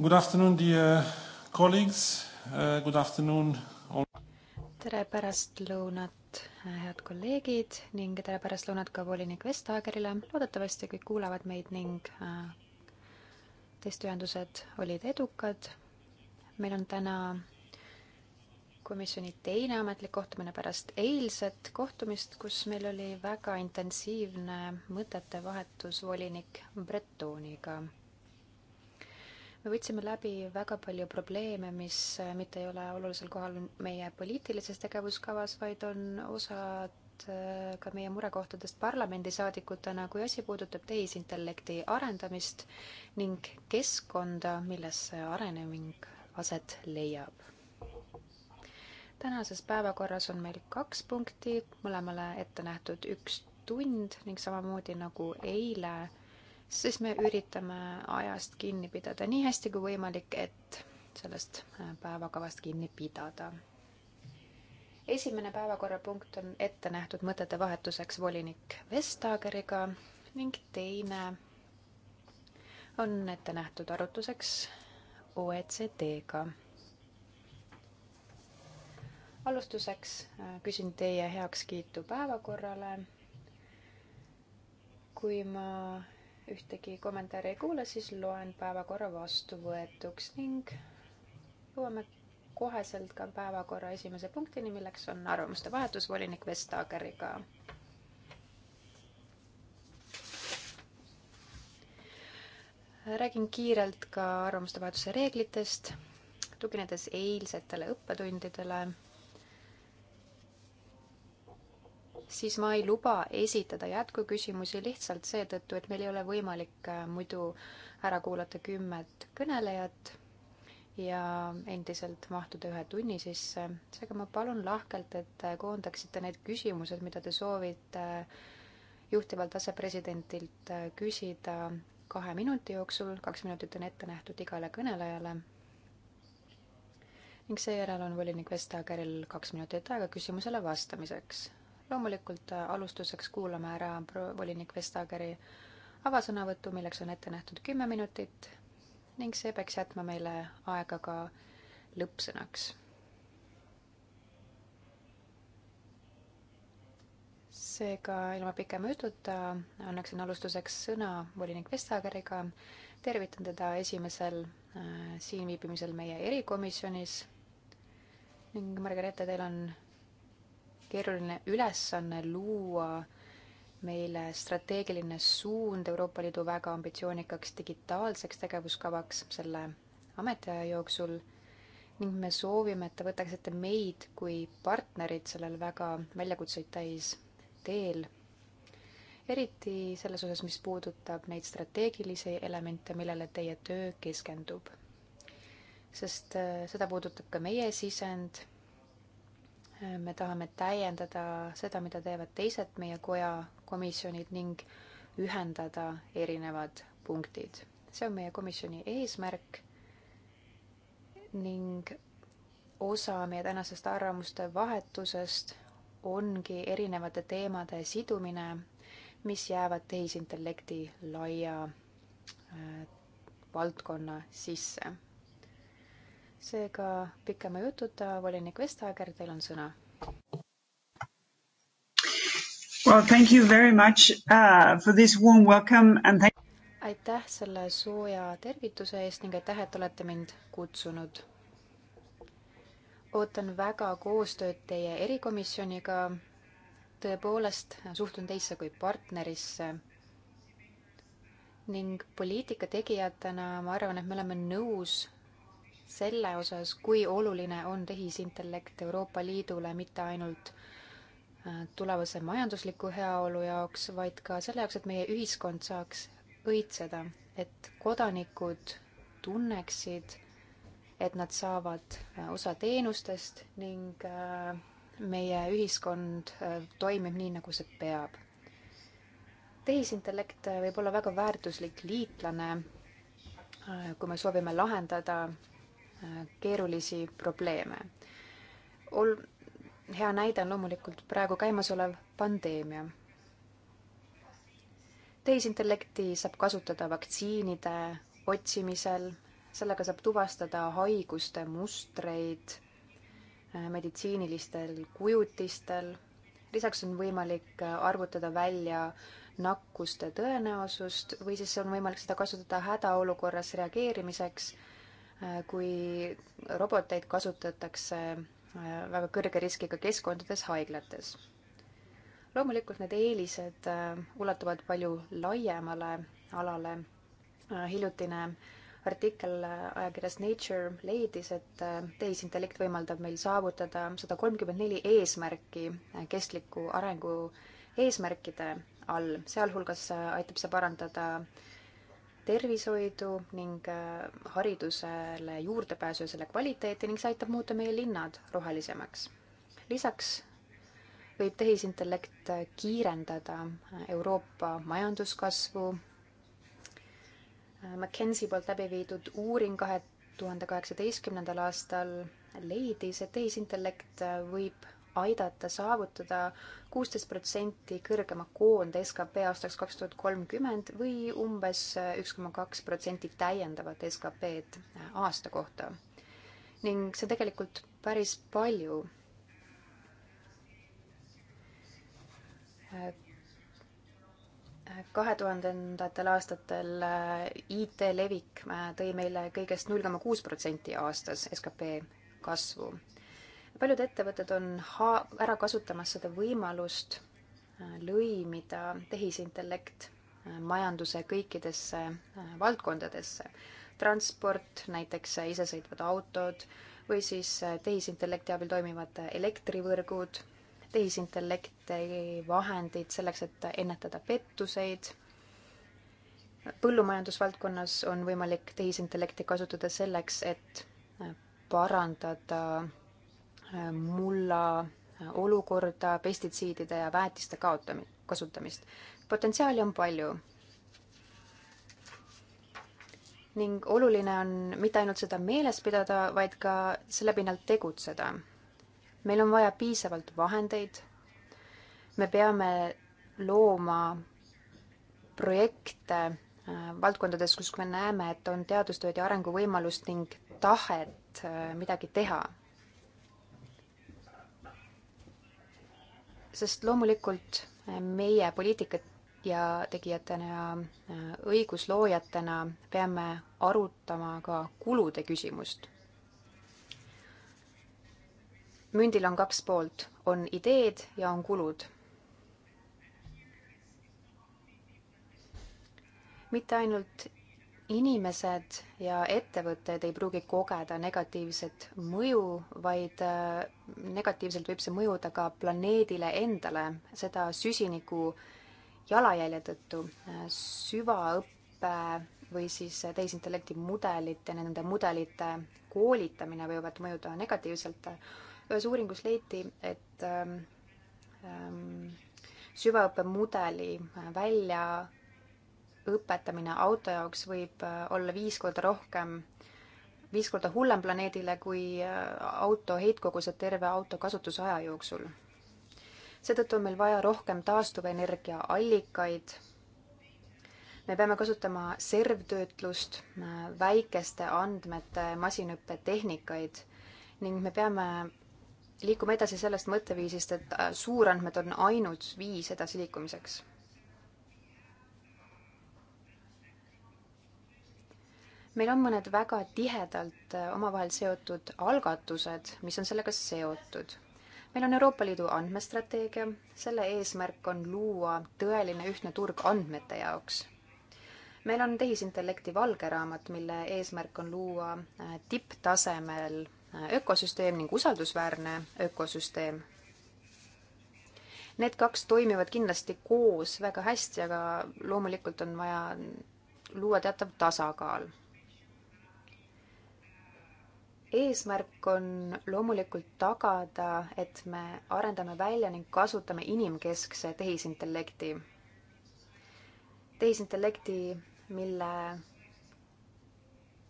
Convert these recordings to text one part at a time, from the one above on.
Good afternoon, dear colleagues. Uh, good afternoon. tere pärastlõunat, head kolleegid ning tere pärastlõunat ka volinik Vestagerile. loodetavasti kõik kuulavad meid ning äh, testiühendused olid edukad. meil on täna komisjoni teine ametlik kohtumine pärast eilset kohtumist, kus meil oli väga intensiivne mõtete vahetus volinik Bretoniga me võtsime läbi väga palju probleeme, mis äh, mitte ei ole olulisel kohal meie poliitilises tegevuskavas, vaid on osad äh, ka meie murekohtadest parlamendisaadikutena, kui asi puudutab tehisintellekti arendamist ning keskkonda, milles see areneming aset leiab. tänases päevakorras on meil kaks punkti, mõlemale ette nähtud üks tund ning samamoodi nagu eile siis me üritame ajast kinni pidada nii hästi kui võimalik, et sellest äh, päevakavast kinni pidada. esimene päevakorrapunkt on ette nähtud mõtete vahetuseks volinik Vestageriga ning teine on ette nähtud arutuseks OECD-ga. alustuseks äh, küsin teie heakskiitu päevakorrale. kui ma ühtegi kommentaari ei kuule, siis loen päevakorra vastuvõetuks ning jõuame koheselt ka päevakorra esimese punktini, milleks on arvamuste vahetus volinik Vestageriga. räägin kiirelt ka arvamuste vahetuse reeglitest, tuginedes eilsetele õppetundidele siis ma ei luba esitada jätkuküsimusi lihtsalt seetõttu, et meil ei ole võimalik äh, muidu ära kuulata kümmet kõnelejat ja endiselt mahtuda ühe tunni sisse. seega ma palun lahkelt, et äh, koondaksite need küsimused, mida te soovite äh, juhtivalt asepresidendilt küsida kahe minuti jooksul, kaks minutit on ette nähtud igale kõnelejale. ning seejärel on volinik Vestageril kaks minutit aega küsimusele vastamiseks loomulikult äh, alustuseks kuulame ära volinik Vestageri avasõnavõtu, milleks on ette nähtud kümme minutit ning see peaks jätma meile aega ka lõppsõnaks. seega ilma pikema jututa annaksin alustuseks sõna volinik Vestageriga. tervitan teda esimesel äh, siinviibimisel meie erikomisjonis ning Margareeta, teil on keeruline ülesanne luua meile strateegiline suund Euroopa Liidu väga ambitsioonikaks digitaalseks tegevuskavaks selle ametiaja jooksul ning me soovime, et te võtaksite meid kui partnerit sellel väga väljakutseid täis teel. eriti selles osas, mis puudutab neid strateegilisi elemente, millele teie töö keskendub. sest eh, seda puudutab ka meie sisend me tahame täiendada seda, mida teevad teised meie koja komisjonid ning ühendada erinevad punktid. see on meie komisjoni eesmärk ning osa meie tänasest arvamuste vahetusest ongi erinevate teemade sidumine, mis jäävad tehisintellekti laia äh, valdkonna sisse seega pikema jututa, volinik Vestager, teil on sõna. Well, thank you very much uh, for this warm welcome and thank aitäh selle sooja tervituse eest ning aitäh, et olete mind kutsunud. ootan väga koostööd teie erikomisjoniga. tõepoolest suhtun teisse kui partnerisse. ning poliitika tegijatena ma arvan, et me oleme nõus selle osas, kui oluline on tehisintellekt Euroopa Liidule mitte ainult äh, tulevase majandusliku heaolu jaoks, vaid ka selle jaoks, et meie ühiskond saaks õitseda, et kodanikud tunneksid, et nad saavad äh, osa teenustest ning äh, meie ühiskond toimib nii, nagu see peab. tehisintellekt võib olla väga väärtuslik liitlane, kui me soovime lahendada keerulisi probleeme. Ol-, hea näide on loomulikult praegu käimasolev pandeemia. tehisintellekti saab kasutada vaktsiinide otsimisel, sellega saab tuvastada haiguste mustreid äh, meditsiinilistel kujutistel, lisaks on võimalik äh, arvutada välja nakkuste tõenäosust või siis on võimalik seda kasutada hädaolukorras reageerimiseks Äh, kui roboteid kasutatakse äh, väga kõrge riskiga keskkondades, haiglates. loomulikult need eelised äh, ulatuvad palju laiemale alale. hiljutine artikkel ajakirjas Nature leidis, et tehisintellekt võimaldab meil saavutada sada kolmkümmend neli eesmärki kestliku arengu eesmärkide all, sealhulgas aitab see parandada äh, tervishoidu ning äh, haridusele juurdepääsu ja selle kvaliteeti ning see aitab muuta meie linnad rohelisemaks. lisaks võib tehisintellekt äh, kiirendada äh, Euroopa majanduskasvu. McKenzie poolt läbi viidud uuring kahe tuhande kaheksateistkümnendal aastal leidis, et tehisintellekt võib aidata saavutada kuusteist protsenti kõrgema koonde skp aastaks kaks tuhat kolmkümmend või umbes üks koma kaks protsenti täiendavat skp-d aasta kohta. ning see tegelikult päris palju kahe tuhandendatel aastatel äh, IT levik äh, tõi meile kõigest null koma kuus protsenti aastas skp kasvu paljud ettevõtted on ha-, ära kasutamas seda võimalust äh, lõimida tehisintellekt äh, majanduse kõikidesse äh, valdkondadesse. transport, näiteks isesõitvad autod või siis tehisintellekti abil toimivad elektrivõrgud, tehisintellekti vahendid selleks, et ennetada pettuseid. põllumajandusvaldkonnas on võimalik tehisintellekti kasutada selleks, et parandada mulla olukorda, pestitsiidide ja väetiste kaotam-, kasutamist. potentsiaali on palju. ning oluline on mitte ainult seda meeles pidada, vaid ka selle pinnalt tegutseda. meil on vaja piisavalt vahendeid, me peame looma projekte äh, valdkondades, kus me näeme, et on teadustööd ja arenguvõimalust ning tahet äh, midagi teha sest loomulikult eh, meie poliitikat ja tegijatena ja eh, õigusloojatena peame arutama ka kulude küsimust. mündil on kaks poolt, on ideed ja on kulud mitte ainult inimesed ja ettevõtted ei pruugi kogeda negatiivset mõju, vaid äh, negatiivselt võib see mõjuda ka planeedile endale, seda süsiniku jalajälje tõttu. Äh, süvaõppe või siis äh, tehisintellekti mudelite, nende mudelite koolitamine võivad mõjuda negatiivselt. ühes uuringus leiti, et ähm, ähm süvaõppemudeli välja õpetamine auto jaoks võib äh, olla viis korda rohkem, viis korda hullem planeedile kui äh, auto heitkogused terve auto kasutusaja jooksul. seetõttu on meil vaja rohkem taastuvenergia allikaid. me peame kasutama servtöötlust, äh, väikeste andmete masinõppetehnikaid ning me peame liikume edasi sellest mõtteviisist, et suurandmed on ainus viis edasiliikumiseks meil on mõned väga tihedalt äh, omavahel seotud algatused, mis on sellega seotud. meil on Euroopa Liidu andmestrateegia, selle eesmärk on luua tõeline ühtne turg andmete jaoks. meil on tehisintellekti valge raamat, mille eesmärk on luua äh, tipptasemel äh, ökosüsteem ning usaldusväärne ökosüsteem need kaks toimivad kindlasti koos väga hästi, aga loomulikult on vaja luua teatav tasakaal eesmärk on loomulikult tagada, et me arendame välja ning kasutame inimkeskse tehisintellekti. tehisintellekti, mille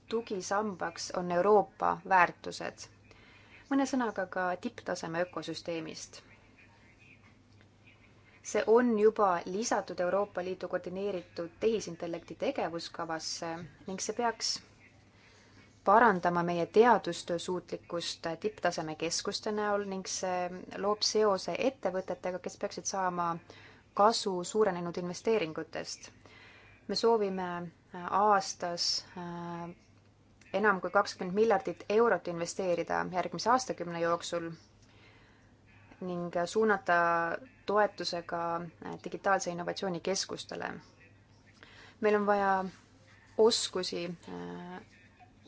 tugisambaks on Euroopa väärtused. mõne sõnaga ka tipptaseme ökosüsteemist. see on juba lisatud Euroopa Liidu koordineeritud tehisintellekti tegevuskavasse ning see peaks parandama meie teadustöö suutlikkust tipptaseme keskuste näol ning see loob seose ettevõtetega, kes peaksid saama kasu suurenenud investeeringutest. me soovime aastas äh, enam kui kakskümmend miljardit eurot investeerida järgmise aastakümne jooksul ning suunata toetusega äh, digitaalse innovatsiooni keskustele. meil on vaja oskusi äh,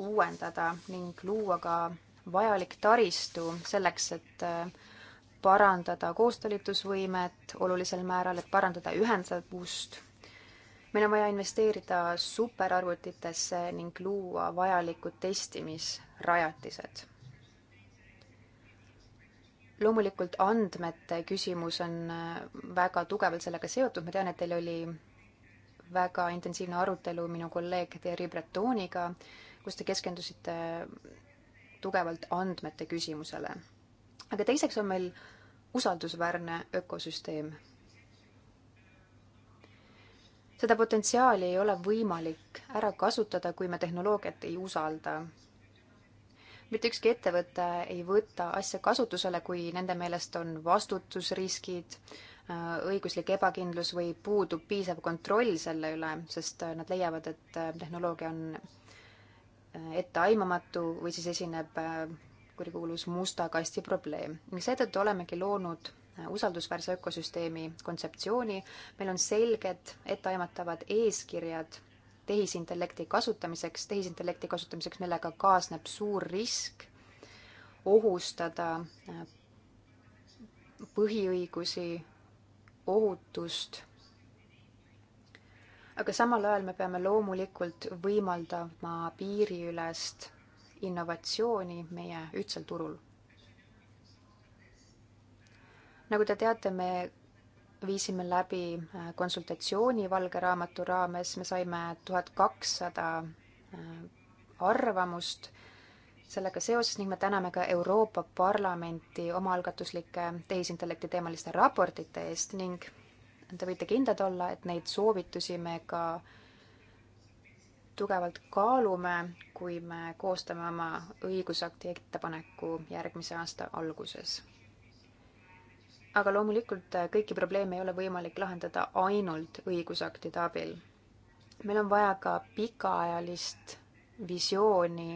uuendada ning luua ka vajalik taristu selleks, et äh, parandada koostalitusvõimet olulisel määral, et parandada ühendavust. meil on vaja investeerida superarvutitesse ning luua vajalikud testimisrajatised. loomulikult andmete küsimus on äh, väga tugevalt sellega seotud, ma tean, et teil oli väga intensiivne arutelu minu kolleeg Thierry Bretoniga, kus te keskendusite tugevalt andmete küsimusele. aga teiseks on meil usaldusväärne ökosüsteem. seda potentsiaali ei ole võimalik ära kasutada, kui me tehnoloogiat ei usalda. mitte ükski ettevõte ei võta asja kasutusele, kui nende meelest on vastutusriskid, õiguslik ebakindlus või puudub piisav kontroll selle üle, sest nad leiavad, et tehnoloogia on etteaimamatu või siis esineb äh, kurikuulus musta kasti probleem ning seetõttu olemegi loonud äh, usaldusväärse ökosüsteemi kontseptsiooni, meil on selged etteaimatavad eeskirjad tehisintellekti kasutamiseks, tehisintellekti kasutamiseks, millega kaasneb suur risk ohustada äh, põhiõigusi, ohutust aga samal ajal me peame loomulikult võimaldama piiriülest innovatsiooni meie ühtsel turul. nagu te teate, me viisime läbi äh, konsultatsiooni valge raamatu raames, me saime tuhat kakssada äh, arvamust sellega seoses ning me täname ka Euroopa Parlamenti omaalgatuslike tehisintellekti teemaliste raportite eest ning Te võite kindlad olla, et neid soovitusi me ka tugevalt kaalume, kui me koostame oma õigusakti ettepaneku järgmise aasta alguses. aga loomulikult kõiki probleeme ei ole võimalik lahendada ainult õigusaktide abil. meil on vaja ka pikaajalist visiooni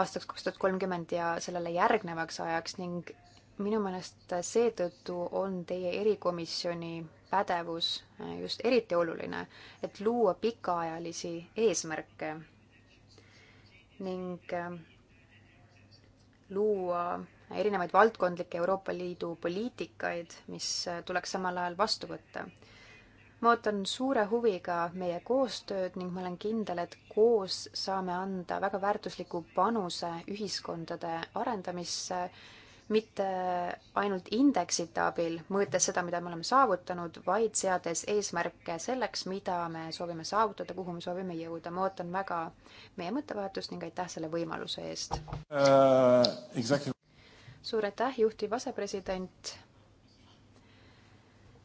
aastaks kaks tuhat kolmkümmend ja sellele järgnevaks ajaks ning minu meelest seetõttu on teie erikomisjoni pädevus äh, just eriti oluline, et luua pikaajalisi eesmärke ning äh, luua erinevaid valdkondlikke Euroopa Liidu poliitikaid, mis äh, tuleks samal ajal vastu võtta. ma ootan suure huviga meie koostööd ning ma olen kindel, et koos saame anda väga väärtusliku panuse ühiskondade arendamisse mitte ainult indeksite abil, mõõtes seda, mida me oleme saavutanud, vaid seades eesmärke selleks, mida me soovime saavutada, kuhu me soovime jõuda. ma ootan väga meie mõttevahetust ning aitäh selle võimaluse eest uh,. Exactly. suur aitäh, juhtiv asepresident.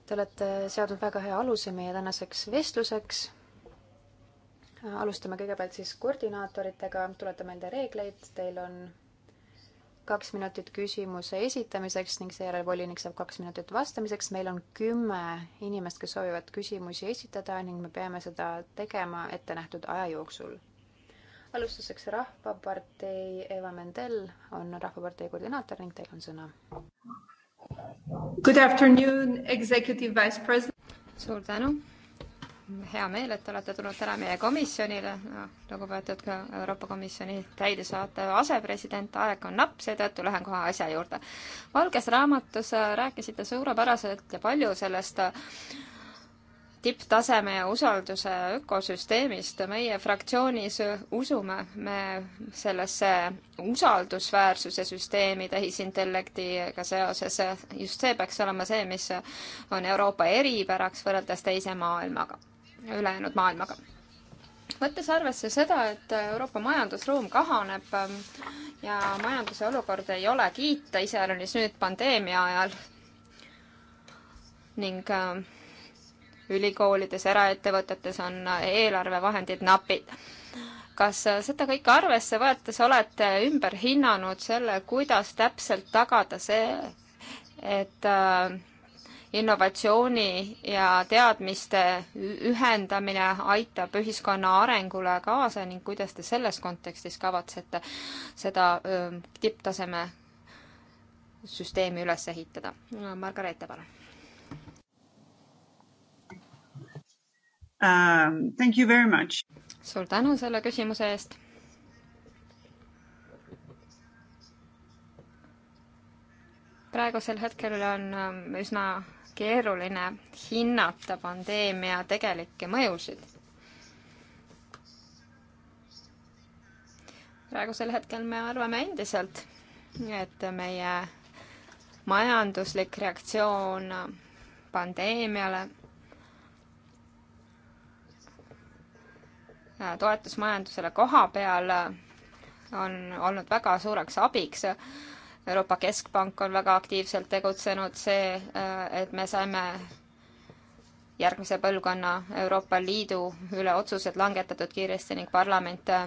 Te olete seadnud väga hea aluse meie tänaseks vestluseks. alustame kõigepealt siis koordinaatoritega, tuletan meelde reegleid, teil on kaks minutit küsimuse esitamiseks ning seejärel volinik saab kaks minutit vastamiseks. meil on kümme inimest, kes soovivad küsimusi esitada ning me peame seda tegema ettenähtud aja jooksul. alustuseks Rahvapartei Eva Mendel on Rahvapartei koordinaator ning teil on sõna. Good afternoon, executive vice president. suur tänu hea meel, et olete tulnud täna meie komisjonile no,, lugupeetud ka Euroopa Komisjoni täidesaatev asepresident, aeg on napp, seetõttu lähen kohe asja juurde. valges raamatus äh, rääkisite suurepäraselt ja palju sellest äh, tipptaseme ja usalduse ökosüsteemist. meie fraktsioonis usume me sellesse usaldusväärsuse süsteemi tehisintellektiga seoses. just see peaks olema see, mis on Euroopa eripäraks võrreldes teise maailmaga ülejäänud maailmaga. võttes arvesse seda, et Euroopa majandusruum kahaneb ähm, ja majanduse olukord ei ole kiita, iseäranis nüüd pandeemia ajal ning ähm, ülikoolides, eraettevõtetes on eelarvevahendid napid kas seda kõike arvesse võttes olete ümber hinnanud selle, kuidas täpselt tagada see, et äh, innovatsiooni ja teadmiste ühendamine aitab ühiskonna arengule kaasa ning kuidas te selles kontekstis kavatsete seda tipptaseme süsteemi üles ehitada? Margareete, palun. Um, thank you very much. suur tänu selle küsimuse eest praegusel hetkel on um, üsna keeruline hinnata pandeemia tegelikke mõjusid. praegusel hetkel me arvame endiselt, et meie majanduslik reaktsioon pandeemiale, toetus majandusele koha peal on olnud väga suureks abiks Euroopa Keskpank on väga aktiivselt tegutsenud, see, äh, et me saime järgmise põlvkonna Euroopa Liidu üle otsused langetatud kiiresti ning parlament äh,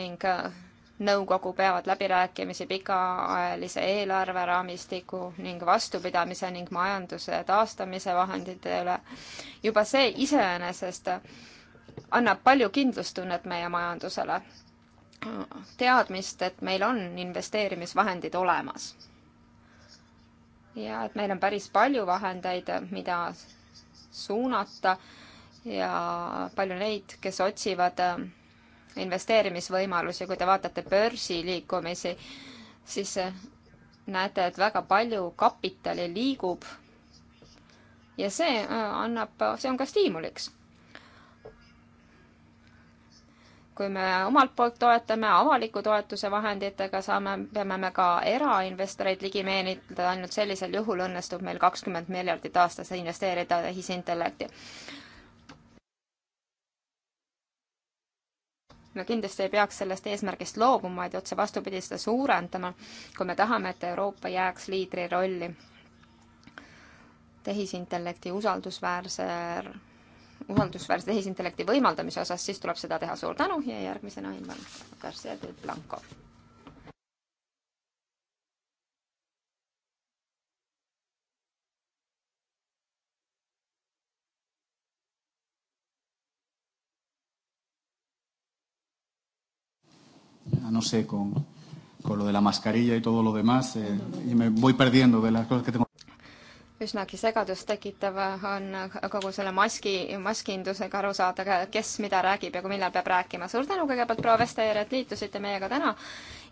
ning äh, nõukogu peavad läbirääkimisi pikaajalise eelarveraamistiku ning vastupidamise ning majanduse taastamise vahendite üle. juba see iseenesest annab palju kindlustunnet meie majandusele teadmist, et meil on investeerimisvahendid olemas. ja et meil on päris palju vahendeid, mida suunata ja palju neid, kes otsivad äh, investeerimisvõimalusi, kui te vaatate börsi liikumisi, siis äh, näete, et väga palju kapitali liigub. ja see äh, annab, see on ka stiimuliks kui me omalt poolt toetame avaliku toetuse vahenditega, saame, peame me ka erainvestoreid ligi meelitada, ainult sellisel juhul õnnestub meil kakskümmend miljardit aastas investeerida tehisintellekti. me kindlasti ei peaks sellest eesmärgist loobuma, vaid otse vastupidi, seda suurendama, kui me tahame, et Euroopa jääks liidri rolli tehisintellekti usaldusväärse usaldusväärse tehisintellekti võimaldamise osas, siis tuleb seda teha. suur tänu ja järgmisena Ilmar Garcia del Blanco. No sé, con, con lo de la mascarilla y todo lo demás, eh, y me voy perdiendo de las cosas que tengo üsnagi segadust tekitav on kogu selle maski, maskindusega aru saada, kes mida räägib ja kui millal peab rääkima. suur tänu kõigepealt, proua Vesteer, et liitusite meiega täna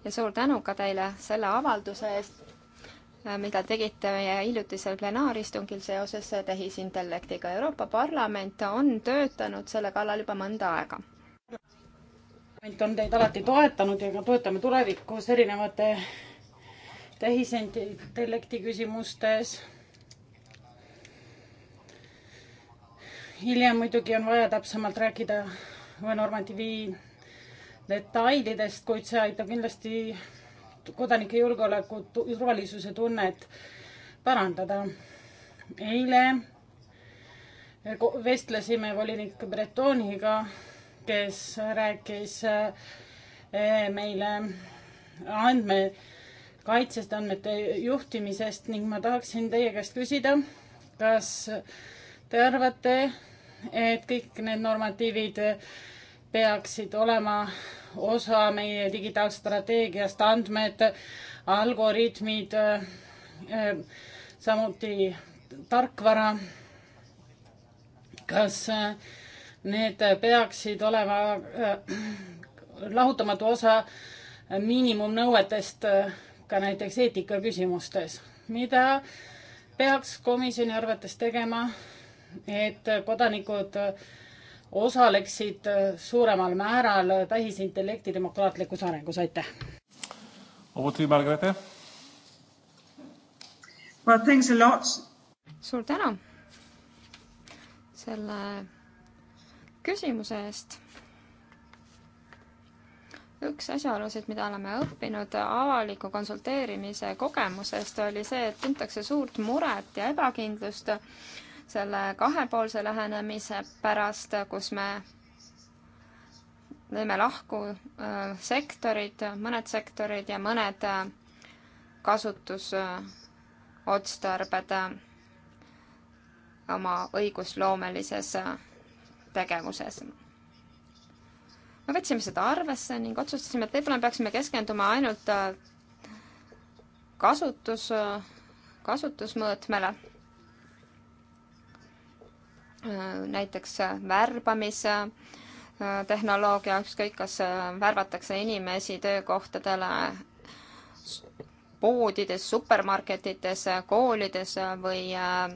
ja suur tänu ka teile selle avalduse eest, mida tegite meie hiljutisel plenaaristungil seoses tehisintellektiga. Euroopa Parlament on töötanud selle kallal juba mõnda aega. parlament on teid alati toetanud ja ka toetame tulevikus erinevate tehisintellekti küsimustes hiljem muidugi on vaja täpsemalt rääkida uue normatiivi detailidest, kuid see aitab kindlasti kodanike julgeoleku, turvalisuse tunnet parandada. eile vestlesime volinik Bretoniga, kes rääkis eh, meile andmekaitsest, andmete juhtimisest ning ma tahaksin teie käest küsida, kas te arvate, et kõik need normatiivid peaksid olema osa meie digitaalstrateegiast, andmed, algoritmid, samuti tarkvara. kas need peaksid olema äh, lahutamatu osa miinimumnõuetest äh, ka näiteks eetikaküsimustes, mida peaks komisjoni arvates tegema et kodanikud osaleksid suuremal määral tehisintellekti demokraatlikus arengus, aitäh! Well, thanks a lot. suur tänu selle küsimuse eest. üks asjaolusid, mida oleme õppinud avaliku konsulteerimise kogemusest, oli see, et tuntakse suurt muret ja ebakindlust äh, selle kahepoolse lähenemise pärast, kus me lõime lahku sektorid, mõned sektorid ja mõned kasutusotstarbed oma õigusloomelises tegevuses me võtsime seda arvesse ning otsustasime, et võib-olla me peaksime keskenduma ainult kasutus, kasutusmõõtmele näiteks värbamise äh, tehnoloogia, ükskõik kas äh, värvatakse inimesi töökohtadele poodides, supermarketites, koolides või äh,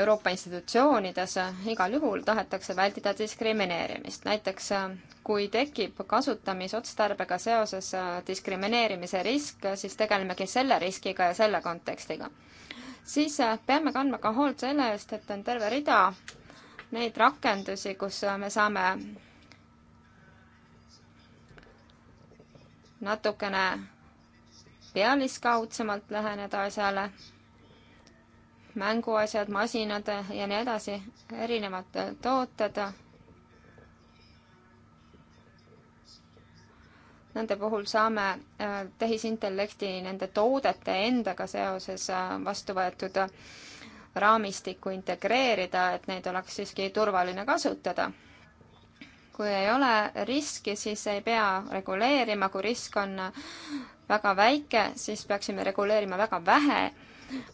Euroopa institutsioonides, igal juhul tahetakse vältida diskrimineerimist. näiteks kui tekib kasutamisotstarbega seoses diskrimineerimise risk, siis tegelemegi selle riskiga ja selle kontekstiga siis äh, peame kandma ka hoolt selle eest, et on terve rida neid rakendusi, kus äh, me saame natukene pealiskaudsemalt läheneda asjale, mänguasjad, masinad ja nii edasi, erinevad äh, tooted nende puhul saame äh, tehisintellekti nende toodete endaga seoses äh, vastu võetud äh, raamistikku integreerida, et neid oleks siiski turvaline kasutada. kui ei ole riski, siis ei pea reguleerima, kui risk on väga väike, siis peaksime reguleerima väga vähe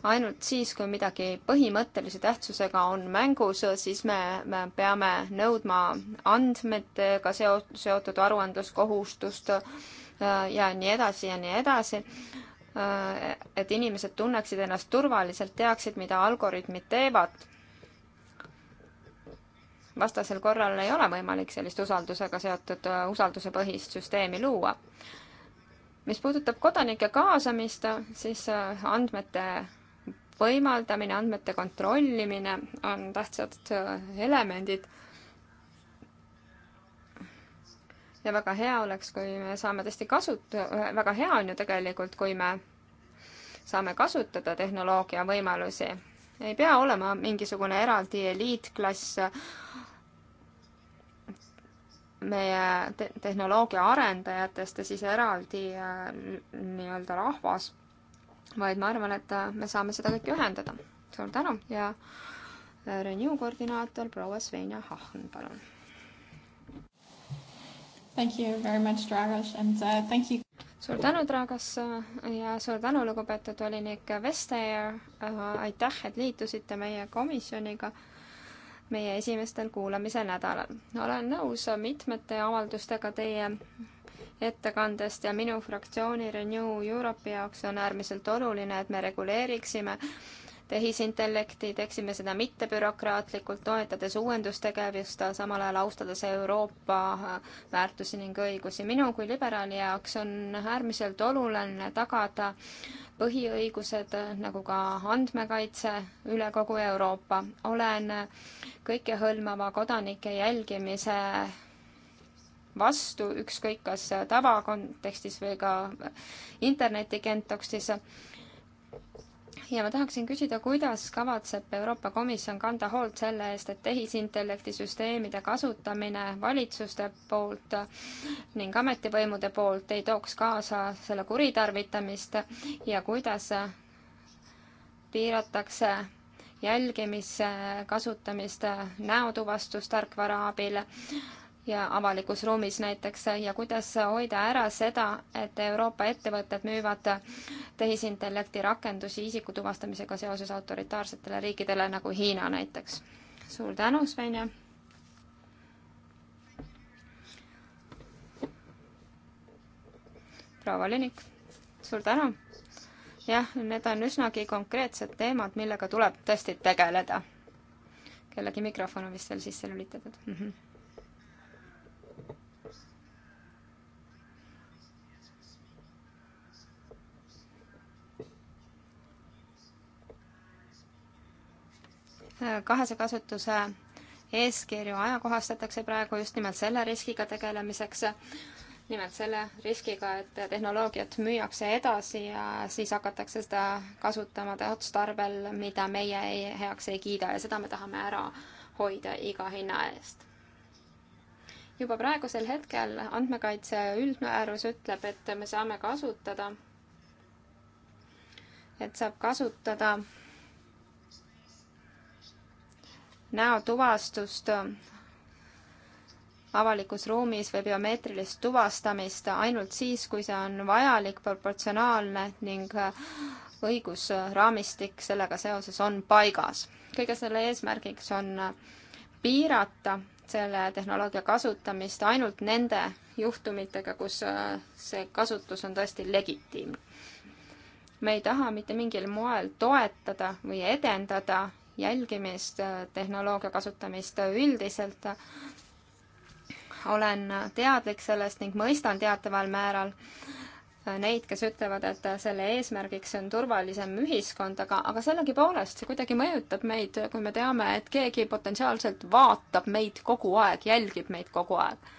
ainult siis, kui midagi põhimõttelise tähtsusega on mängus, siis me, me peame nõudma andmetega seotud aruandluskohustust äh, ja nii edasi ja nii edasi äh, et inimesed tunneksid ennast turvaliselt, teaksid, mida algoritmid teevad. vastasel korral ei ole võimalik sellist usaldusega seotud äh, usaldusepõhist süsteemi luua mis puudutab kodanike kaasamist, siis äh, andmete võimaldamine, andmete kontrollimine on tähtsad äh, elemendid. ja väga hea oleks, kui me saame tõesti kasut-, äh, väga hea on ju tegelikult, kui me saame kasutada tehnoloogia võimalusi. ei pea olema mingisugune eraldi eliitklass meie te tehnoloogia arendajatest ja siis eraldi äh, nii-öelda rahvas, vaid ma arvan, et äh, me saame seda kõike ühendada. suur tänu ja äh, Renew koordinaator proua Svenja Hahn, palun. Thank you very much, Dragos and uh, thank you. suur tänu, Dragos ja suur tänu, lugupeetud volinik Vesteer. aitäh, et liitusite meie komisjoniga meie esimestel kuulamise nädalal. olen nõus mitmete avaldustega teie ettekandest ja minu fraktsiooni Renew Europe jaoks on äärmiselt oluline, et me reguleeriksime tehisintellekti, teeksime seda mittebürokraatlikult, toetades uuendustegevust, samal ajal austades Euroopa väärtusi ning õigusi. minu kui liberaali jaoks on äärmiselt oluline tagada põhiõigused, nagu ka andmekaitse üle kogu Euroopa. olen kõikehõlmava kodanike jälgimise vastu, ükskõik kas tavakontekstis või ka internetikontekstis ja ma tahaksin küsida, kuidas kavatseb Euroopa Komisjon kanda hoolt selle eest, et tehisintellektisüsteemide kasutamine valitsuste poolt ning ametivõimude poolt ei tooks kaasa selle kuritarvitamist ja kuidas piiratakse jälgimise kasutamist näotuvastustarkvara abil ja avalikus ruumis näiteks ja kuidas hoida ära seda, et Euroopa ettevõtted müüvad tehisintellekti rakendusi isiku tuvastamisega seoses autoritaarsetele riikidele nagu Hiina näiteks. suur tänu, Svenja! proua Linik, suur tänu! jah, need on üsnagi konkreetsed teemad, millega tuleb tõesti tegeleda. kellegi mikrofon on vist veel sisse lülitatud mm. -hmm kahese kasutuse eeskirju ajakohastatakse praegu just nimelt selle riskiga tegelemiseks, nimelt selle riskiga, et tehnoloogiat müüakse edasi ja siis hakatakse seda kasutama otstarbel, mida meie ei, heaks ei kiida ja seda me tahame ära hoida iga hinna eest. juba praegusel hetkel andmekaitse üldmäärus ütleb, et me saame kasutada, et saab kasutada näotuvastust avalikus ruumis või biomeetrilist tuvastamist ainult siis, kui see on vajalik, proportsionaalne ning õigusraamistik sellega seoses on paigas. kõige selle eesmärgiks on piirata selle tehnoloogia kasutamist ainult nende juhtumitega, kus äh, see kasutus on tõesti legitiimne. me ei taha mitte mingil moel toetada või edendada jälgimist, tehnoloogia kasutamist üldiselt. olen teadlik sellest ning mõistan teataval määral neid, kes ütlevad, et selle eesmärgiks on turvalisem ühiskond, aga, aga sellegipoolest see kuidagi mõjutab meid, kui me teame, et keegi potentsiaalselt vaatab meid kogu aeg, jälgib meid kogu aeg.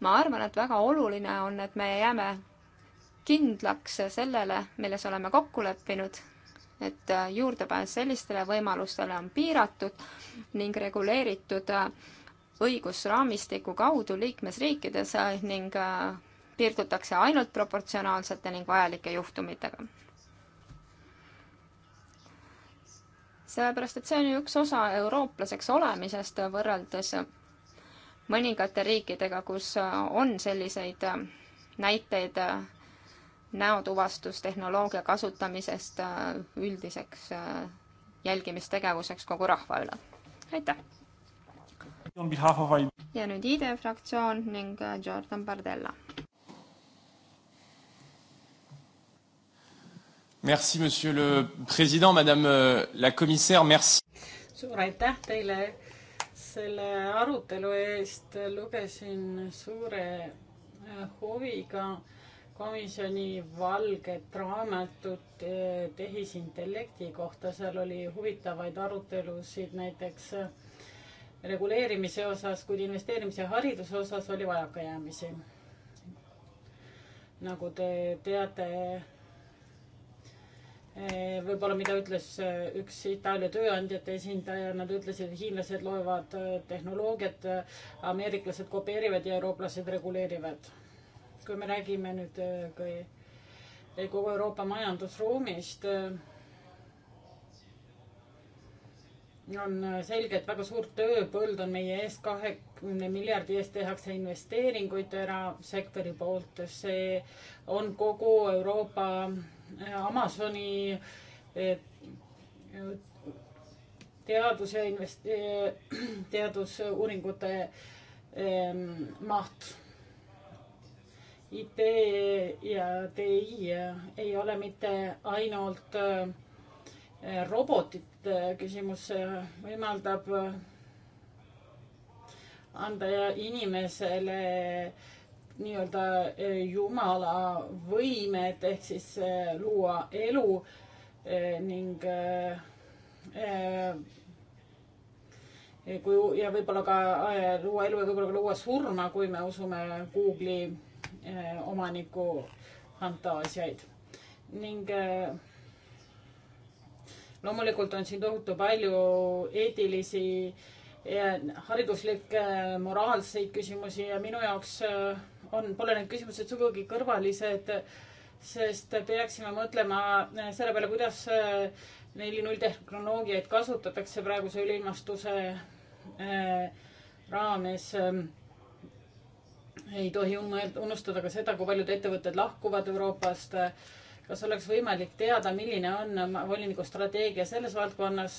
ma arvan, et väga oluline on, et me jääme kindlaks sellele, milles oleme kokku leppinud et äh, juurdepääs sellistele võimalustele on piiratud ning reguleeritud äh, õigusraamistiku kaudu liikmesriikides äh, ning piirdutakse ainult proportsionaalsete ning vajalike juhtumitega. sellepärast, et see on ju üks osa eurooplaseks olemisest võrreldes mõningate riikidega, kus on selliseid näiteid näotuvastustehnoloogia kasutamisest äh, üldiseks äh, jälgimistegevuseks kogu rahva üle. aitäh! ja nüüd IDE fraktsioon ning äh, Jordan Bardella. Merci, monsieur le président, madame euh, la commissaire, merci. suur aitäh teile selle arutelu eest, lugesin suure huviga äh, komisjoni valget raamatut eh, tehisintellekti kohta, seal oli huvitavaid arutelusid näiteks eh, reguleerimise osas, kuid investeerimise ja hariduse osas oli vajakajäämisi. nagu te teate, eh, võib-olla mida ütles üks Itaalia tööandjate esindaja, nad ütlesid, et hiinlased loevad tehnoloogiat, ameeriklased kopeerivad ja eurooplased reguleerivad kui me räägime nüüd äh, kui kogu Euroopa majandusruumist, äh, on äh, selge, et väga suurt tööpõld on meie ees, kahekümne miljardi eest tehakse investeeringuid erasektori poolt, see on kogu Euroopa Amazoni teadus ja invest-, teadusuuringute ähm, maht idee ja TI ei ole mitte ainult äh, robotite äh, küsimus, see äh, võimaldab anda inimesele nii-öelda jumala võimed ehk siis luua elu ning kui ja võib-olla ka luua elu ja võib-olla ka luua surma, kui me usume Google'i Äh, omaniku fantaasiaid ning äh, loomulikult on siin tohutu palju eetilisi hariduslikke, äh, moraalseid küsimusi ja minu jaoks on, pole need küsimused sugugi kõrvalised, sest peaksime mõtlema selle peale, kuidas neli null tehnoloogiaid kasutatakse praeguse üleilmastuse raames ähm, ei tohi unustada ka seda, kui paljud ettevõtted lahkuvad Euroopast. kas oleks võimalik teada, milline on voliniku strateegia selles valdkonnas?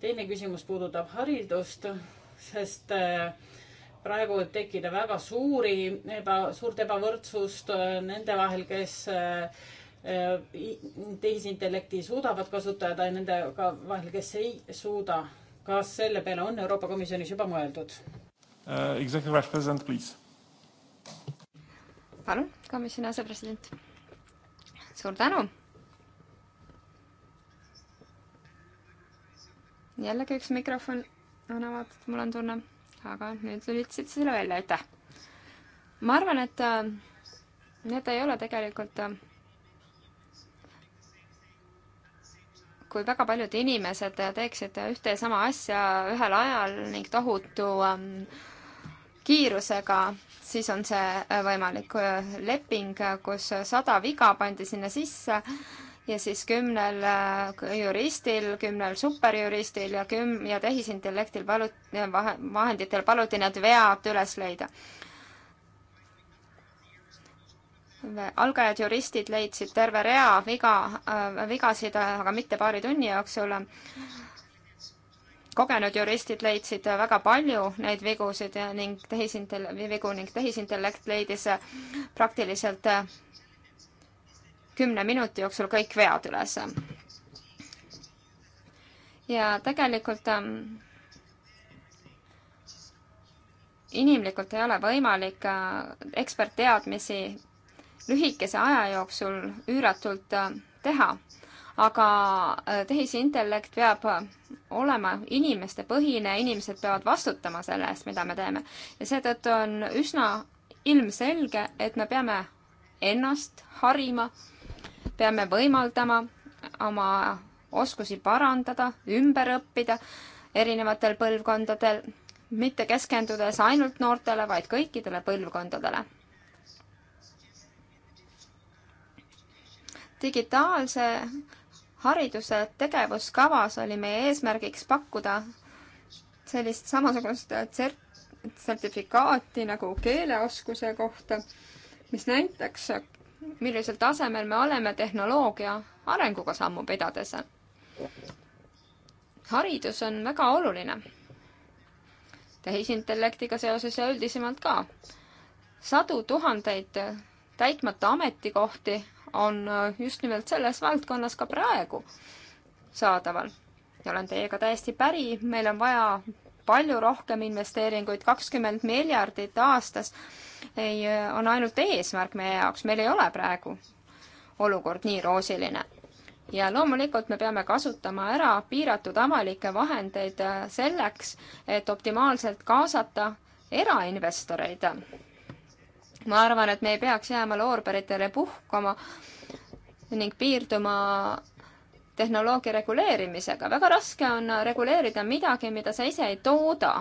teine küsimus puudutab haridust, sest äh, praegu võib tekkida väga suuri eba, suurt ebavõrdsust äh, nende vahel, kes äh, tehisintellekti suudavad kasutada ja nendega vahel, kes ei suuda. kas selle peale on Euroopa Komisjonis juba mõeldud uh,? Executive Vice President, please palun, komisjoni asepresident. suur tänu. jällegi üks mikrofon on avatud, mul on tunne, aga nüüd lülitasid selle välja, aitäh. ma arvan, et äh, need ei ole tegelikult äh, kui väga paljud inimesed teeksid ühte ja sama asja ühel ajal ning tohutu äh, kiirusega, siis on see äh, võimalik äh, leping, äh, kus sada viga pandi sinna sisse ja siis kümnel juristil, kümnel superjuristil ja küm- ja tehisintellektil palut-, vahenditel paluti need vead üles leida. algajad juristid leidsid terve rea viga, vigasid, aga mitte paari tunni jooksul kogenud juristid leidsid väga palju neid vigusid ning tehisintel-, vigu ning tehisintellekt leidis praktiliselt kümne minuti jooksul kõik vead üles. ja tegelikult ähm, inimlikult ei ole võimalik äh, ekspertteadmisi lühikese aja jooksul üüratult äh, teha aga äh, tehisintellekt peab olema inimeste põhine, inimesed peavad vastutama selle eest, mida me teeme. ja seetõttu on üsna ilmselge, et me peame ennast harima, peame võimaldama oma oskusi parandada, ümber õppida erinevatel põlvkondadel, mitte keskendudes ainult noortele, vaid kõikidele põlvkondadele. digitaalse hariduse tegevuskavas oli meie eesmärgiks pakkuda sellist samasugust tsert-, sertifikaati nagu keeleoskuse kohta, mis näitaks, millisel tasemel me oleme tehnoloogia arenguga sammu pidades. haridus on väga oluline. tehisintellektiga seoses ja üldisemalt ka. sadu tuhandeid täitmata ametikohti on äh, just nimelt selles valdkonnas ka praegu saadaval. ja olen teiega täiesti päri, meil on vaja palju rohkem investeeringuid, kakskümmend miljardit aastas ei, äh, on ainult eesmärk meie jaoks, meil ei ole praegu olukord nii roosiline. ja loomulikult me peame kasutama ära piiratud avalikke vahendeid äh, selleks, et optimaalselt kaasata erainvestoreid ma arvan, et me ei peaks jääma loorberitele puhkama ning piirduma tehnoloogia reguleerimisega. väga raske on reguleerida midagi, mida sa ise ei tooda,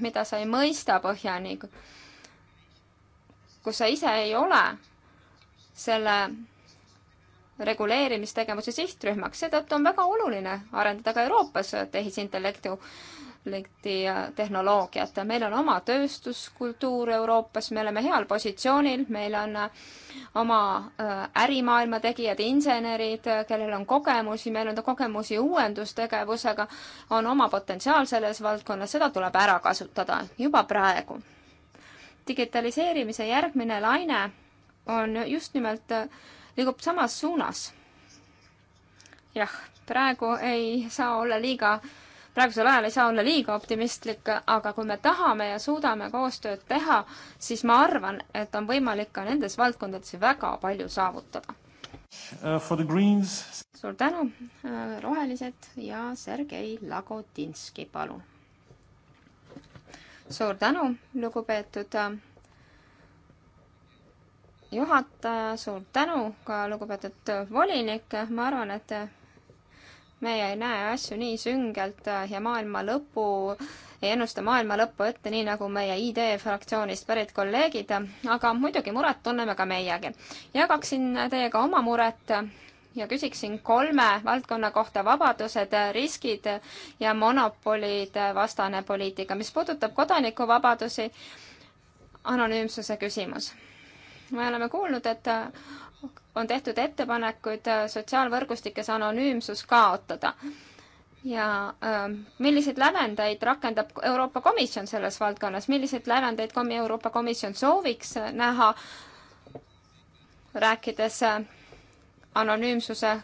mida sa ei mõista põhjani, kus sa ise ei ole selle reguleerimistegevuse sihtrühmaks. seetõttu on väga oluline arendada ka Euroopas tehisintellektu konflikti tehnoloogiat. meil on oma tööstuskultuur Euroopas, me oleme heal positsioonil, meil on äh, oma äh, ärimaailma tegijad, insenerid, äh, kellel on kogemusi, meil on kogemusi uuendustegevusega, on oma potentsiaal selles valdkonnas, seda tuleb ära kasutada juba praegu. digitaliseerimise järgmine laine on just nimelt, liigub samas suunas. jah, praegu ei saa olla liiga äh, praegusel ajal ei saa olla liiga optimistlik, aga kui me tahame ja suudame koostööd teha, siis ma arvan, et on võimalik ka nendes valdkondades väga palju saavutada uh,. suur tänu, uh, rohelised ja Sergei Lagotinski, palun. suur tänu, lugupeetud uh, juhataja, suur tänu ka lugupeetud volinik, ma arvan, et meie ei näe asju nii süngelt äh, ja maailma lõpu, ei ennusta maailma lõppu ette, nii nagu meie ID fraktsioonist pärit kolleegid, aga muidugi muret tunneme ka meiegi. jagaksin teiega oma muret ja küsiksin kolme valdkonna kohta vabadused, riskid ja monopolide vastane poliitika. mis puudutab kodanikuvabadusi, anonüümsuse küsimus. me oleme kuulnud, et on tehtud ettepanekuid äh, sotsiaalvõrgustikes anonüümsus kaotada. ja ähm, milliseid lävendeid rakendab Euroopa Komisjon selles valdkonnas, milliseid lävendeid komi Euroopa Komisjon sooviks äh, näha, rääkides äh, anonüümsuse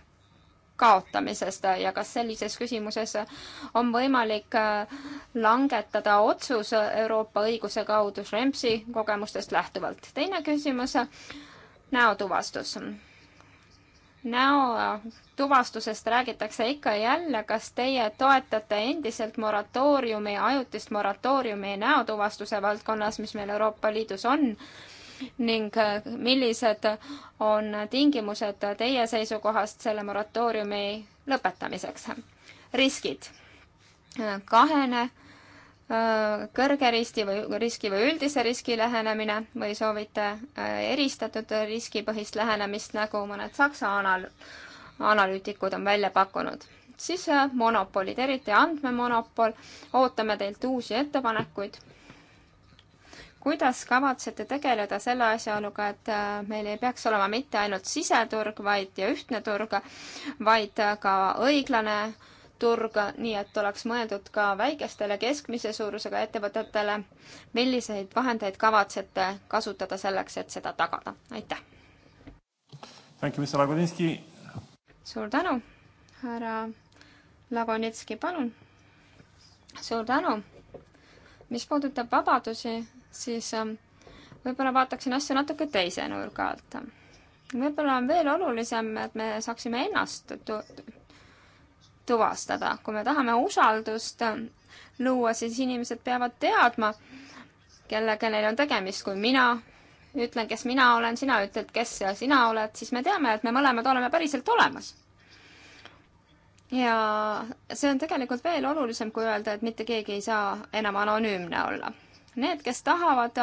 kaotamisest ja kas sellises küsimuses on võimalik langetada otsus Euroopa õiguse kaudu Šremsi kogemustest lähtuvalt. teine küsimus näotuvastus. näotuvastusest räägitakse ikka ja jälle, kas teie toetate endiselt moratooriumi, ajutist moratooriumi näotuvastuse valdkonnas, mis meil Euroopa Liidus on, ning äh, millised on tingimused teie seisukohast selle moratooriumi lõpetamiseks? riskid. Äh, kahene Äh, kõrge riski või, riski või üldise riski lähenemine või soovite äh, eristatud riskipõhist lähenemist, nagu mõned Saksa anal-, analüütikud on välja pakkunud. siis äh, monopolid, eriti andmemonopol, ootame teilt uusi ettepanekuid. kuidas kavatsete tegeleda selle asjaoluga, et meil ei peaks olema mitte ainult siseturg, vaid, ja ühtne turg, vaid ka õiglane turg, nii et oleks mõeldud ka väikestele keskmise suurusega ettevõtetele. milliseid vahendeid kavatsete kasutada selleks, et seda tagada? aitäh! suur tänu, härra Lagonitski, palun! suur tänu! mis puudutab vabadusi, siis ähm, võib-olla vaataksin asju natuke teise nurga alt. võib-olla on veel olulisem, et me saaksime ennast tuvastada. kui me tahame usaldust luua, siis inimesed peavad teadma, kellega neil on tegemist. kui mina ütlen, kes mina olen, sina ütled, kes sina oled, siis me teame, et me mõlemad oleme päriselt olemas. ja see on tegelikult veel olulisem, kui öelda, et mitte keegi ei saa enam anonüümne olla. Need, kes tahavad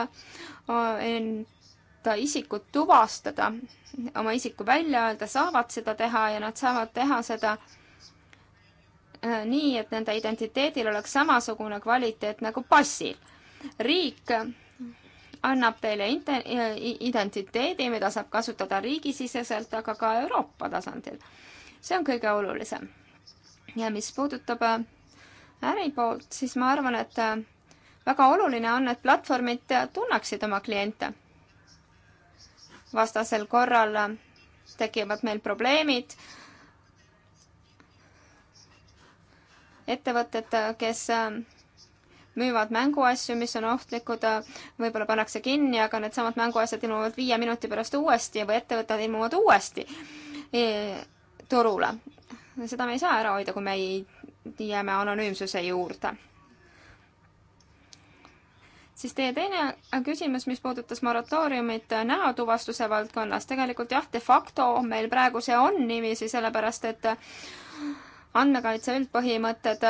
enda isikut tuvastada, oma isiku välja öelda, saavad seda teha ja nad saavad teha seda äh, Äh, nii, et nende identiteedil oleks samasugune kvaliteet nagu passil. riik annab teile äh, identiteedi, mida saab kasutada riigisiseselt, aga ka Euroopa tasandil. see on kõige olulisem. ja mis puudutab äh, äripoolt, siis ma arvan, et väga oluline on, et platvormid tunneksid oma kliente. vastasel korral tekivad meil probleemid ettevõtted, kes ähm, müüvad mänguasju, mis on ohtlikud, äh, võib-olla pannakse kinni, aga needsamad mänguasjad ilmuvad viie minuti pärast uuesti või ettevõtted ilmuvad uuesti e turule. seda me ei saa ära hoida, kui me ei, jääme anonüümsuse juurde. siis teie teine küsimus, mis puudutas moratooriumit näotuvastuse valdkonnas, tegelikult jah, de facto meil praegu see on niiviisi, sellepärast et andmekaitse üldpõhimõtted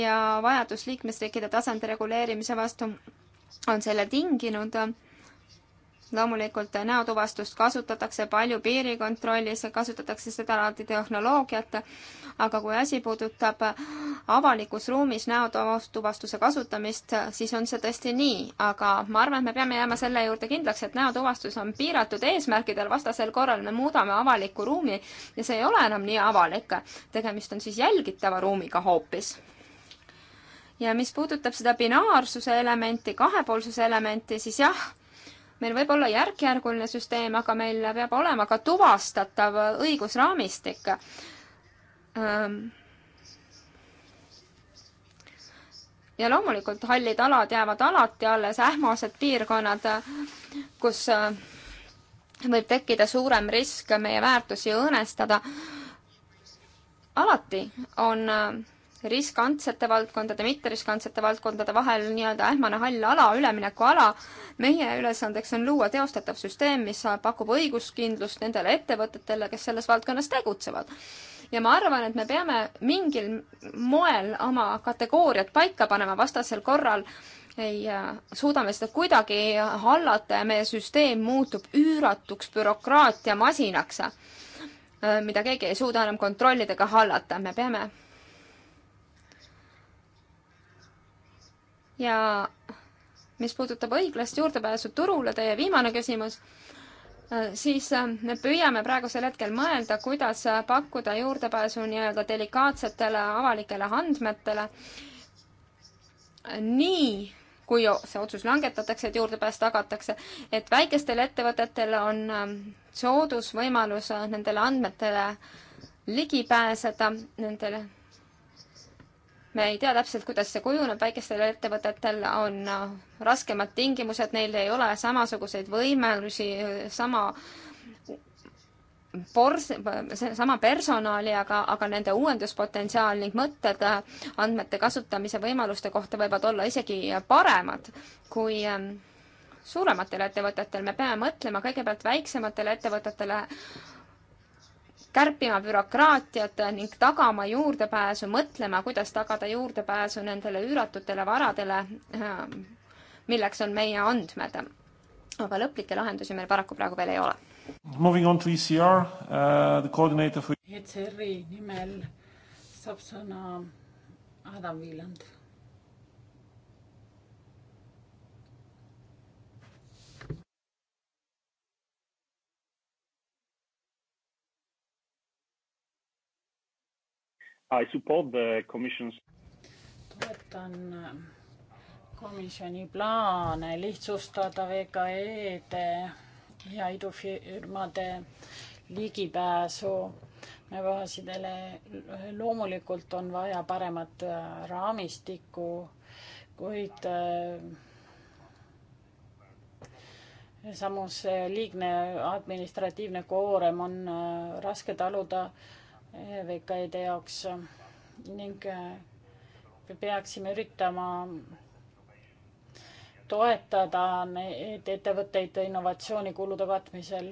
ja vajadus liikmesriikide tasandi reguleerimise vastu on selle tinginud loomulikult näotuvastust kasutatakse palju piirikontrollis, kasutatakse seda laadi tehnoloogiat, aga kui asi puudutab avalikus ruumis näotuvastuse kasutamist, siis on see tõesti nii, aga ma arvan, et me peame jääma selle juurde kindlaks, et näotuvastus on piiratud eesmärkidel, vastasel korral me muudame avalikku ruumi ja see ei ole enam nii avalik. tegemist on siis jälgitava ruumiga hoopis ja mis puudutab seda binaarsuse elementi, kahepoolsuse elementi, siis jah meil võib olla järkjärguline süsteem, aga meil peab olema ka tuvastatav õigusraamistik ja loomulikult hallid alad jäävad alati alles, ähmased piirkonnad, kus äh, võib tekkida suurem risk meie väärtusi õõnestada. alati on äh, riskantsete valdkondade, mitteriskantsete valdkondade vahel nii-öelda ähmane hall ala, üleminekuala. meie ülesandeks on luua teostatav süsteem, mis pakub õiguskindlust nendele ettevõtetele, kes selles valdkonnas tegutsevad. ja ma arvan, et me peame mingil moel oma kategooriad paika panema, vastasel korral ei äh, suuda me seda kuidagi hallata ja meie süsteem muutub üüratuks bürokraatiamasinaks, äh, mida keegi ei suuda enam kontrollida ega hallata. me peame ja mis puudutab õiglast juurdepääsu turule, teie viimane küsimus, äh, siis äh, me püüame praegusel hetkel mõelda, kuidas äh, pakkuda juurdepääsu nii-öelda delikaatsetele avalikele andmetele. nii, kui see otsus langetatakse, et juurdepääs tagatakse, et väikestel ettevõtetel on ähm, soodus võimalus nendele andmetele ligi pääseda, nendele me ei tea täpselt, kuidas see kujuneb, väikestel ettevõtetel on äh, raskemad tingimused, neil ei ole samasuguseid võimalusi, äh, sama pors-, sama personali, aga, aga nende uuenduspotentsiaal ning mõtted äh, andmete kasutamise võimaluste kohta võivad olla isegi paremad kui ähm, suurematel ettevõtetel. me peame mõtlema kõigepealt väiksematele ettevõtetele kärpima bürokraatiat ning tagama juurdepääsu, mõtlema, kuidas tagada juurdepääsu nendele üüratutele varadele, äh, milleks on meie andmed. aga lõplikke lahendusi meil paraku praegu veel ei ole. Moving on to ECR uh,, äh, the coordinator for ECR-i nimel saab sõna Adam Viiland I support the commission's toetan äh, komisjoni plaane lihtsustada VKE-de ja idufirmade ligipääsu baasidele. loomulikult on vaja paremat äh, raamistikku, kuid äh, samas liigne administratiivne koorem on raske taluda ta VKE-de jaoks ning äh, me peaksime üritama toetada neid ettevõtteid innovatsioonikulude katmisel.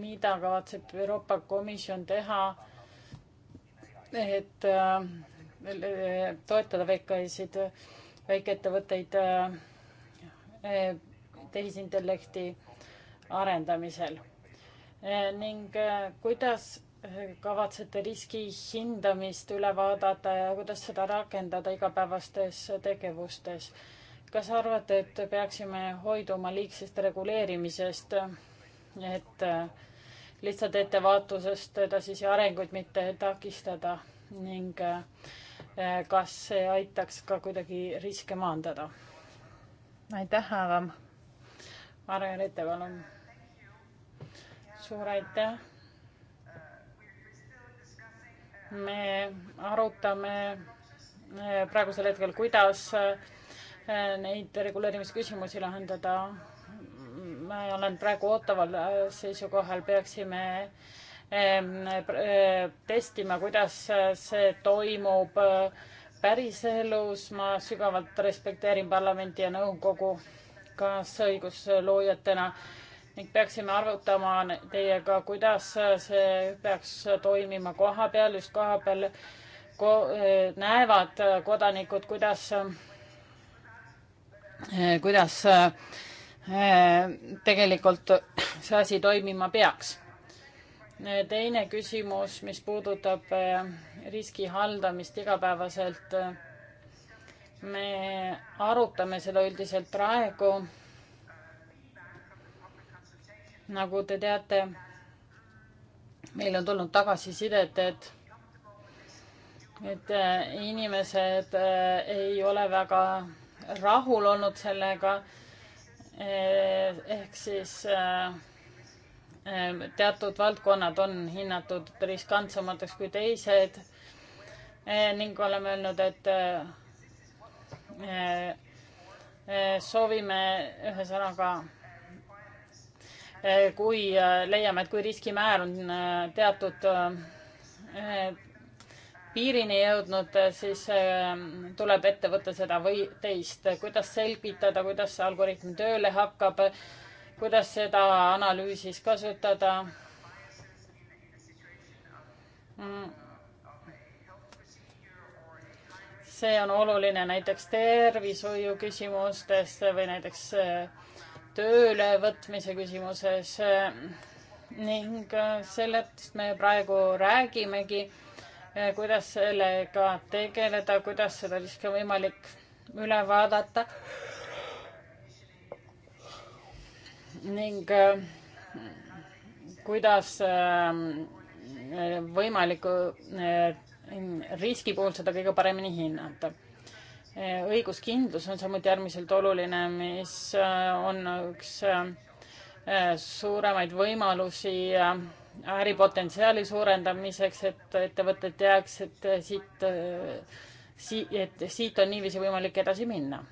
mida kavatseb Euroopa Komisjon teha, et äh, toetada VKE-sid, väikeettevõtteid äh, tehisintellekti arendamisel ning kuidas kavatsete riski hindamist üle vaadata ja kuidas seda rakendada igapäevastes tegevustes? kas arvate, et peaksime hoiduma liigsest reguleerimisest, et lihtsalt ettevaatusest edasisi arenguid mitte takistada ning eh, kas see aitaks ka kuidagi riske maandada? aitäh, Aavam! Margareete, palun! suur aitäh! me arutame eh, praegusel hetkel, kuidas eh, neid reguleerimisküsimusi lahendada. ma olen praegu ootaval eh, seisukohal, peaksime testima, kuidas see toimub päriselus. ma sügavalt respekteerin parlamenti ja nõukogu kaasõigusloojatena ning peaksime arvutama teiega, kuidas see peaks toimima koha peal, just koha peal ko näevad kodanikud, kuidas, kuidas tegelikult see asi toimima peaks. teine küsimus, mis puudutab eh, riski haldamist igapäevaselt. Eh, me arutame seda üldiselt praegu nagu te teate, meil on tulnud tagasisidet, et, et äh, inimesed äh, ei ole väga rahul olnud sellega. Äh, ehk siis teatud valdkonnad on hinnatud riskantsemateks kui teised ning oleme öelnud, et soovime ühesõnaga Eh, kui eh, leiame, et kui riskimäär on eh, teatud piirini jõudnud, siis tuleb ette võtta seda või teist, kuidas selgitada, kuidas see algoritm tööle hakkab, kuidas seda analüüsis kasutada. Mm. see on oluline näiteks tervishoiu küsimustes või näiteks äh, tööle võtmise küsimuses eh, ning eh, sellest me praegu räägimegi, eh, kuidas sellega tegeleda, kuidas seda siis ka võimalik üle vaadata. ning kuidas võimaliku riski puhul seda kõige paremini hinnata Äh, õiguskindlus on samuti äärmiselt oluline, mis äh, on üks äh, suuremaid võimalusi äripotentsiaali suurendamiseks, et ettevõtted teaks, et siit, et siit on niiviisi võimalik edasi minna.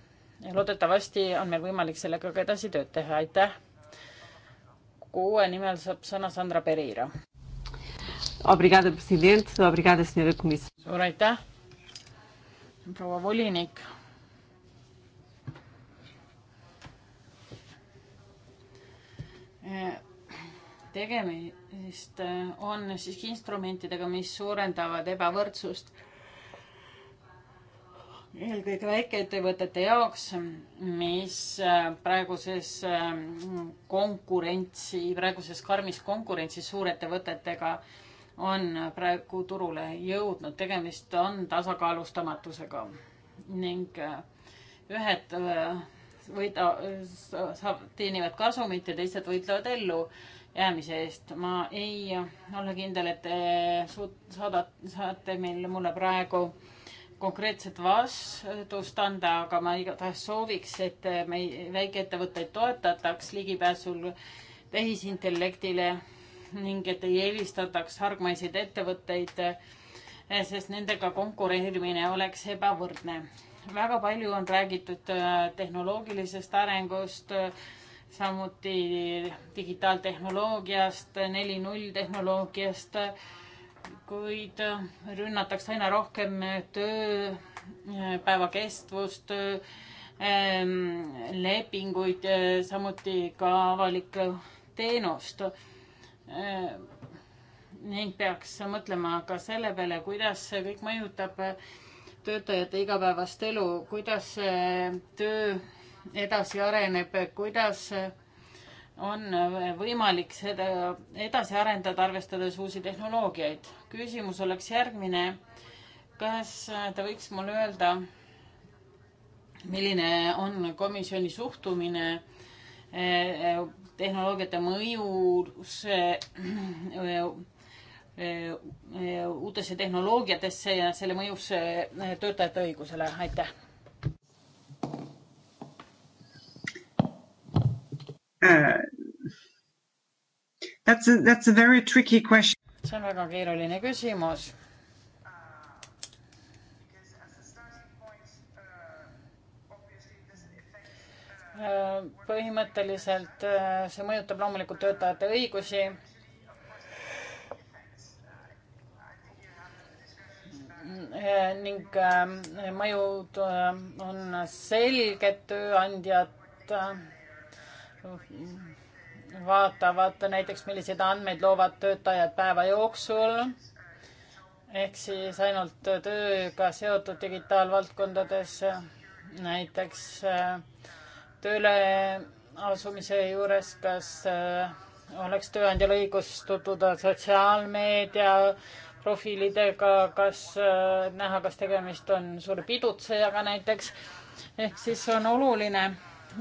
ja loodetavasti on meil võimalik sellega ka edasi tööd teha, aitäh. kuue nimel saab sõna Sandra Pereira. suur aitäh proua volinik. Eh, tegemist eh, on siiski instrumentidega, mis suurendavad ebavõrdsust. eelkõige väikeettevõtete jaoks, mis eh, praeguses konkurentsi, praeguses karmis konkurentsis suurettevõtetega äh, on praegu turule jõudnud. tegemist on tasakaalustamatusega ning äh, ühed äh, võida, saab, teenivad kasumit ja teised võitlevad ellu jäämise eest. ma ei ole kindel, et te saada, saate meil, mulle praegu konkreetset vastust anda, aga ma igatahes sooviks, et meie väikeettevõtteid toetataks ligipääsul tehisintellektile ning et ei eelistataks hargmaiseid ettevõtteid, eh, sest nendega konkureerimine oleks ebavõrdne. väga palju on räägitud eh, tehnoloogilisest arengust, samuti digitaaltehnoloogiast, neli null tehnoloogiast, kuid eh, rünnatakse aina rohkem tööpäeva kestvust, lepinguid, samuti ka avalikku teenust Äh, ning peaks mõtlema ka selle peale, kuidas see kõik mõjutab äh, töötajate igapäevast elu, kuidas äh, töö edasi areneb, kuidas on võimalik seda edasi arendada, arvestades uusi tehnoloogiaid. küsimus oleks järgmine. kas ta võiks mulle öelda, milline on komisjoni suhtumine tehnoloogiate mõjus eh, eh, eh, uutesse tehnoloogiatesse ja selle mõjus töötajate õigusele, aitäh. Uh, that's a, that's a very tricky question. see on väga keeruline küsimus põhimõtteliselt äh, see mõjutab loomulikult töötajate õigusi. ning äh, mõjud äh, on selged, tööandjad vaatavad näiteks, milliseid andmeid loovad töötajad päeva jooksul ehk siis ainult tööga seotud digitaalvaldkondades näiteks äh, tööle asumise juures, kas äh, oleks tööandjal õigus tutvuda sotsiaalmeedia profiilidega, kas äh, näha, kas tegemist on suure pidutsejaga näiteks. ehk siis on oluline,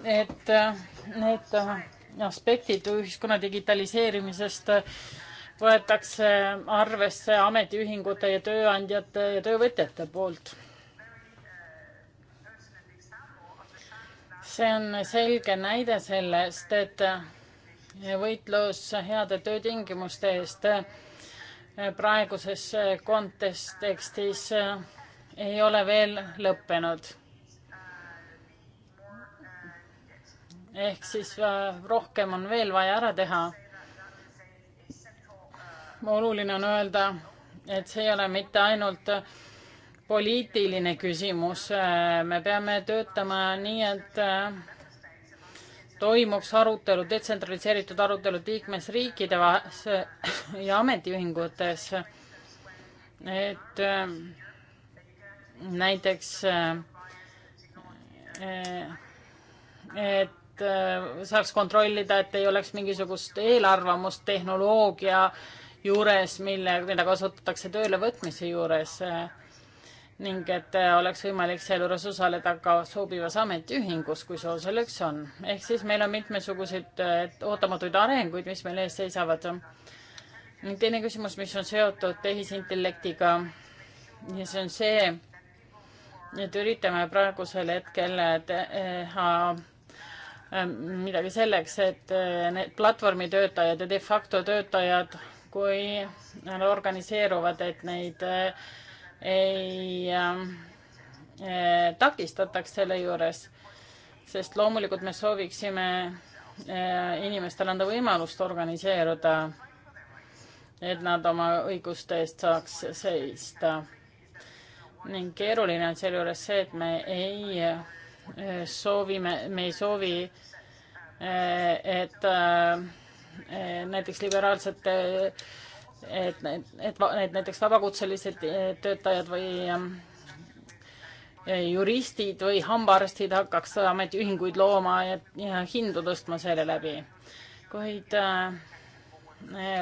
et äh, need aspektid ühiskonna digitaliseerimisest võetakse arvesse ametiühingute ja tööandjate ja töövõtjate poolt see on selge näide sellest, et võitlus heade töötingimuste eest praeguses kontekstis ei ole veel lõppenud. ehk siis äh, rohkem on veel vaja ära teha. oluline on öelda, et see ei ole mitte ainult poliitiline küsimus. me peame töötama nii, et äh, toimuks arutelu, detsentraliseeritud arutelud liikmesriikide ja ametiühingutes. et äh, näiteks, äh, et saaks kontrollida, et ei oleks mingisugust eelarvamust tehnoloogia juures, mille, mida kasutatakse töölevõtmise juures ning et äh, oleks võimalik sealjuures osaleda ka sobivas ametiühingus, kui soov selleks on. ehk siis meil on mitmesuguseid äh, ootamatuid arenguid, mis meil ees seisavad. ning teine küsimus, mis on seotud tehisintellektiga ja see on see, et üritame praegusel hetkel äh, teha midagi selleks, et need platvormitöötajad ja de facto töötajad, kui nad organiseeruvad, et neid äh, ei ähm, äh, takistataks selle juures, sest loomulikult me sooviksime äh, inimestele anda võimalust organiseeruda, et nad oma õiguste eest saaks seista. ning keeruline on sealjuures see, et me ei äh, soovi, me ei soovi, äh, et äh, äh, näiteks liberaalsete et, et, et need näiteks vabakutselised eh, töötajad või eh, juristid või hambaarstid hakkaks ametiühinguid looma ja, ja hindu tõstma selle läbi. kuid äh,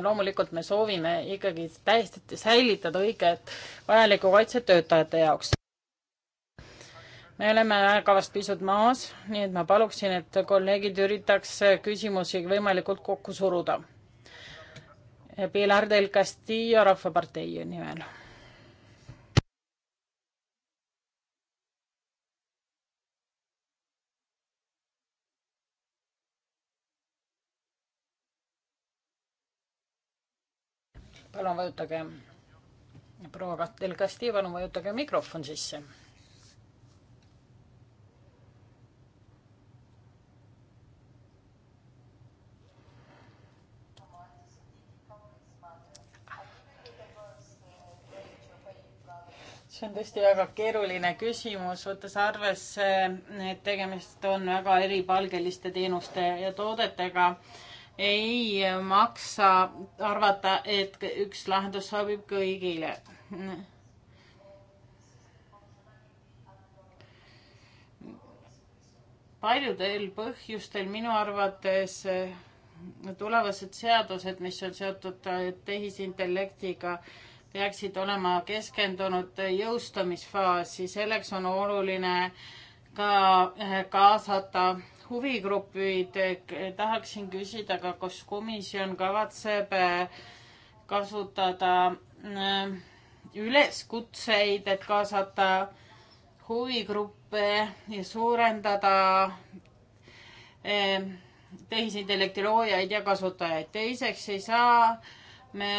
loomulikult me soovime ikkagi täiesti säilitada õiget vajalikku kaitset töötajate jaoks. me oleme ajakavast pisut maas, nii et ma paluksin, et kolleegid üritaks küsimusi võimalikult kokku suruda Pilar del Castillo Rahvapartei nimel. palun vajutage, proua Del Castillo, palun vajutage mikrofon sisse see on tõesti väga keeruline küsimus, võttes arvesse, et tegemist on väga eripalgeliste teenuste ja toodetega. ei maksa arvata, et üks lahendus sobib kõigile. paljudel põhjustel minu arvates tulevased seadused, mis on seotud tehisintellektiga, peaksid olema keskendunud jõustamisfaasi, selleks on oluline ka eh, kaasata huvigrupid. tahaksin küsida ka, kas komisjon kavatseb eh, kasutada eh, üleskutseid, et kaasata huvigruppe ja suurendada tehisintellekti loojaid ja kasutajaid. teiseks ei saa me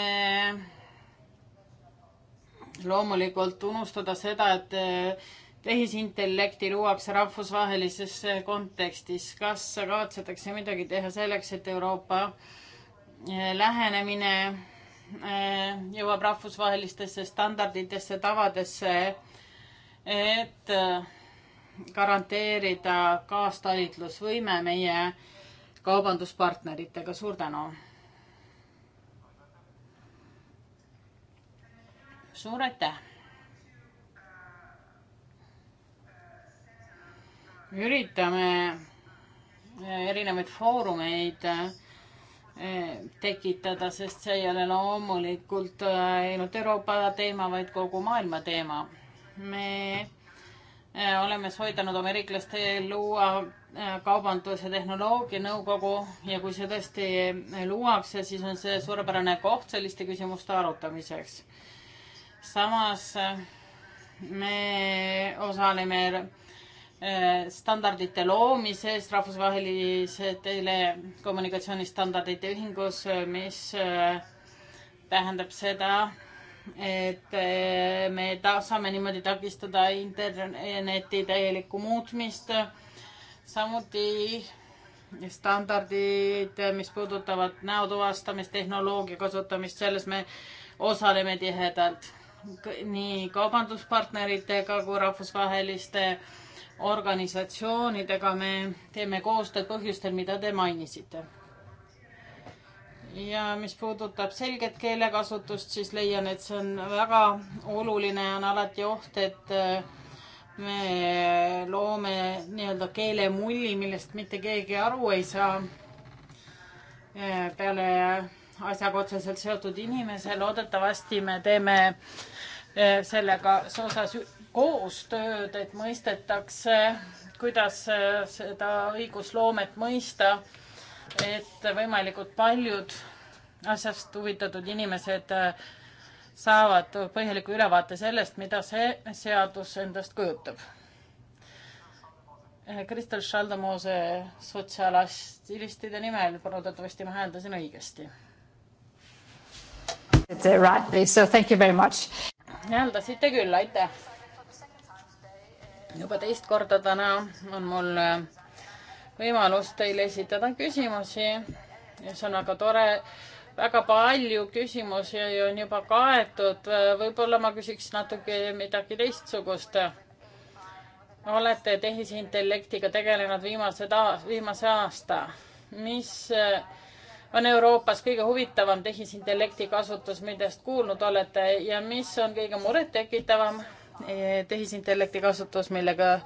loomulikult unustada seda, et eh, tehisintellekti luuakse rahvusvahelises eh, kontekstis. kas kavatsetakse midagi teha selleks, et Euroopa eh, lähenemine jõuab rahvusvahelistesse standarditesse, tavadesse, et garanteerida kaastalitlusvõime meie kaubanduspartneritega. suur tänu! suur aitäh. üritame eh, erinevaid foorumeid eh, tekitada, sest see ei ole loomulikult eh, ainult Euroopa teema, vaid kogu maailma teema. me oleme soidanud ameeriklaste luua kaubandus- ja tehnoloogianõukogu ja kui see tõesti luuakse, siis on see suurepärane koht selliste küsimuste arutamiseks samas me osaleme eh, standardite loomises rahvusvahelise telekommunikatsioonistandardite ühingus, mis eh, tähendab seda, et eh, me ta-, saame niimoodi takistada interneti täielikku muutmist. samuti standardid, mis puudutavad näotuvastamistehnoloogia kasutamist, selles me osaleme tihedalt nii kaubanduspartneritega kui rahvusvaheliste organisatsioonidega me teeme koostööd põhjustel, mida te mainisite. ja mis puudutab selget keelekasutust, siis leian, et see on väga oluline, on alati oht, et äh, me loome nii-öelda keelemulli, millest mitte keegi aru ei saa. Äh, peale asjaga otseselt seotud inimese, loodetavasti me teeme äh, Eh, sellega osas koostööd, et mõistetakse, kuidas eh, seda õigusloomet mõista, et võimalikult paljud asjast huvitatud inimesed eh, saavad põhjaliku ülevaate sellest, mida see seadus endast kujutab. Kristel Šaldamose sotsialastilistide nimel, loodetavasti ma hääldasin õigesti. Right, please, so thank you very much hääldasite küll, aitäh. juba teist korda täna on mul äh, võimalus teile esitada küsimusi ja see on väga tore. väga palju küsimusi on juba kaetud, äh, võib-olla ma küsiks natuke midagi teistsugust. olete tehisintellektiga tegelenud viimased, viimase aasta, mis äh, on Euroopas kõige huvitavam tehisintellekti kasutus, millest kuulnud olete ja mis on kõige murettekitavam eh, tehisintellekti kasutus, millega,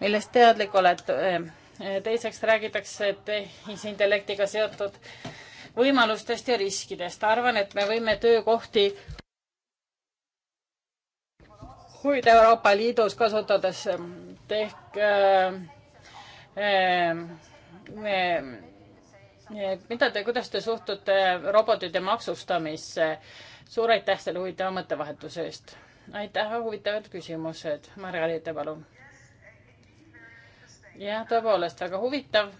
millest teadlik olete? Eh, eh, teiseks räägitakse tehisintellektiga seotud võimalustest ja riskidest. arvan, et me võime töökohti hoida Euroopa Liidus, kasutades ehk äh, äh, mida te, kuidas te suhtute robotite maksustamisse? suur aitäh selle huvitava mõttevahetuse eest. aitäh, huvitavad küsimused. Margareete, palun. jah, tõepoolest väga huvitav.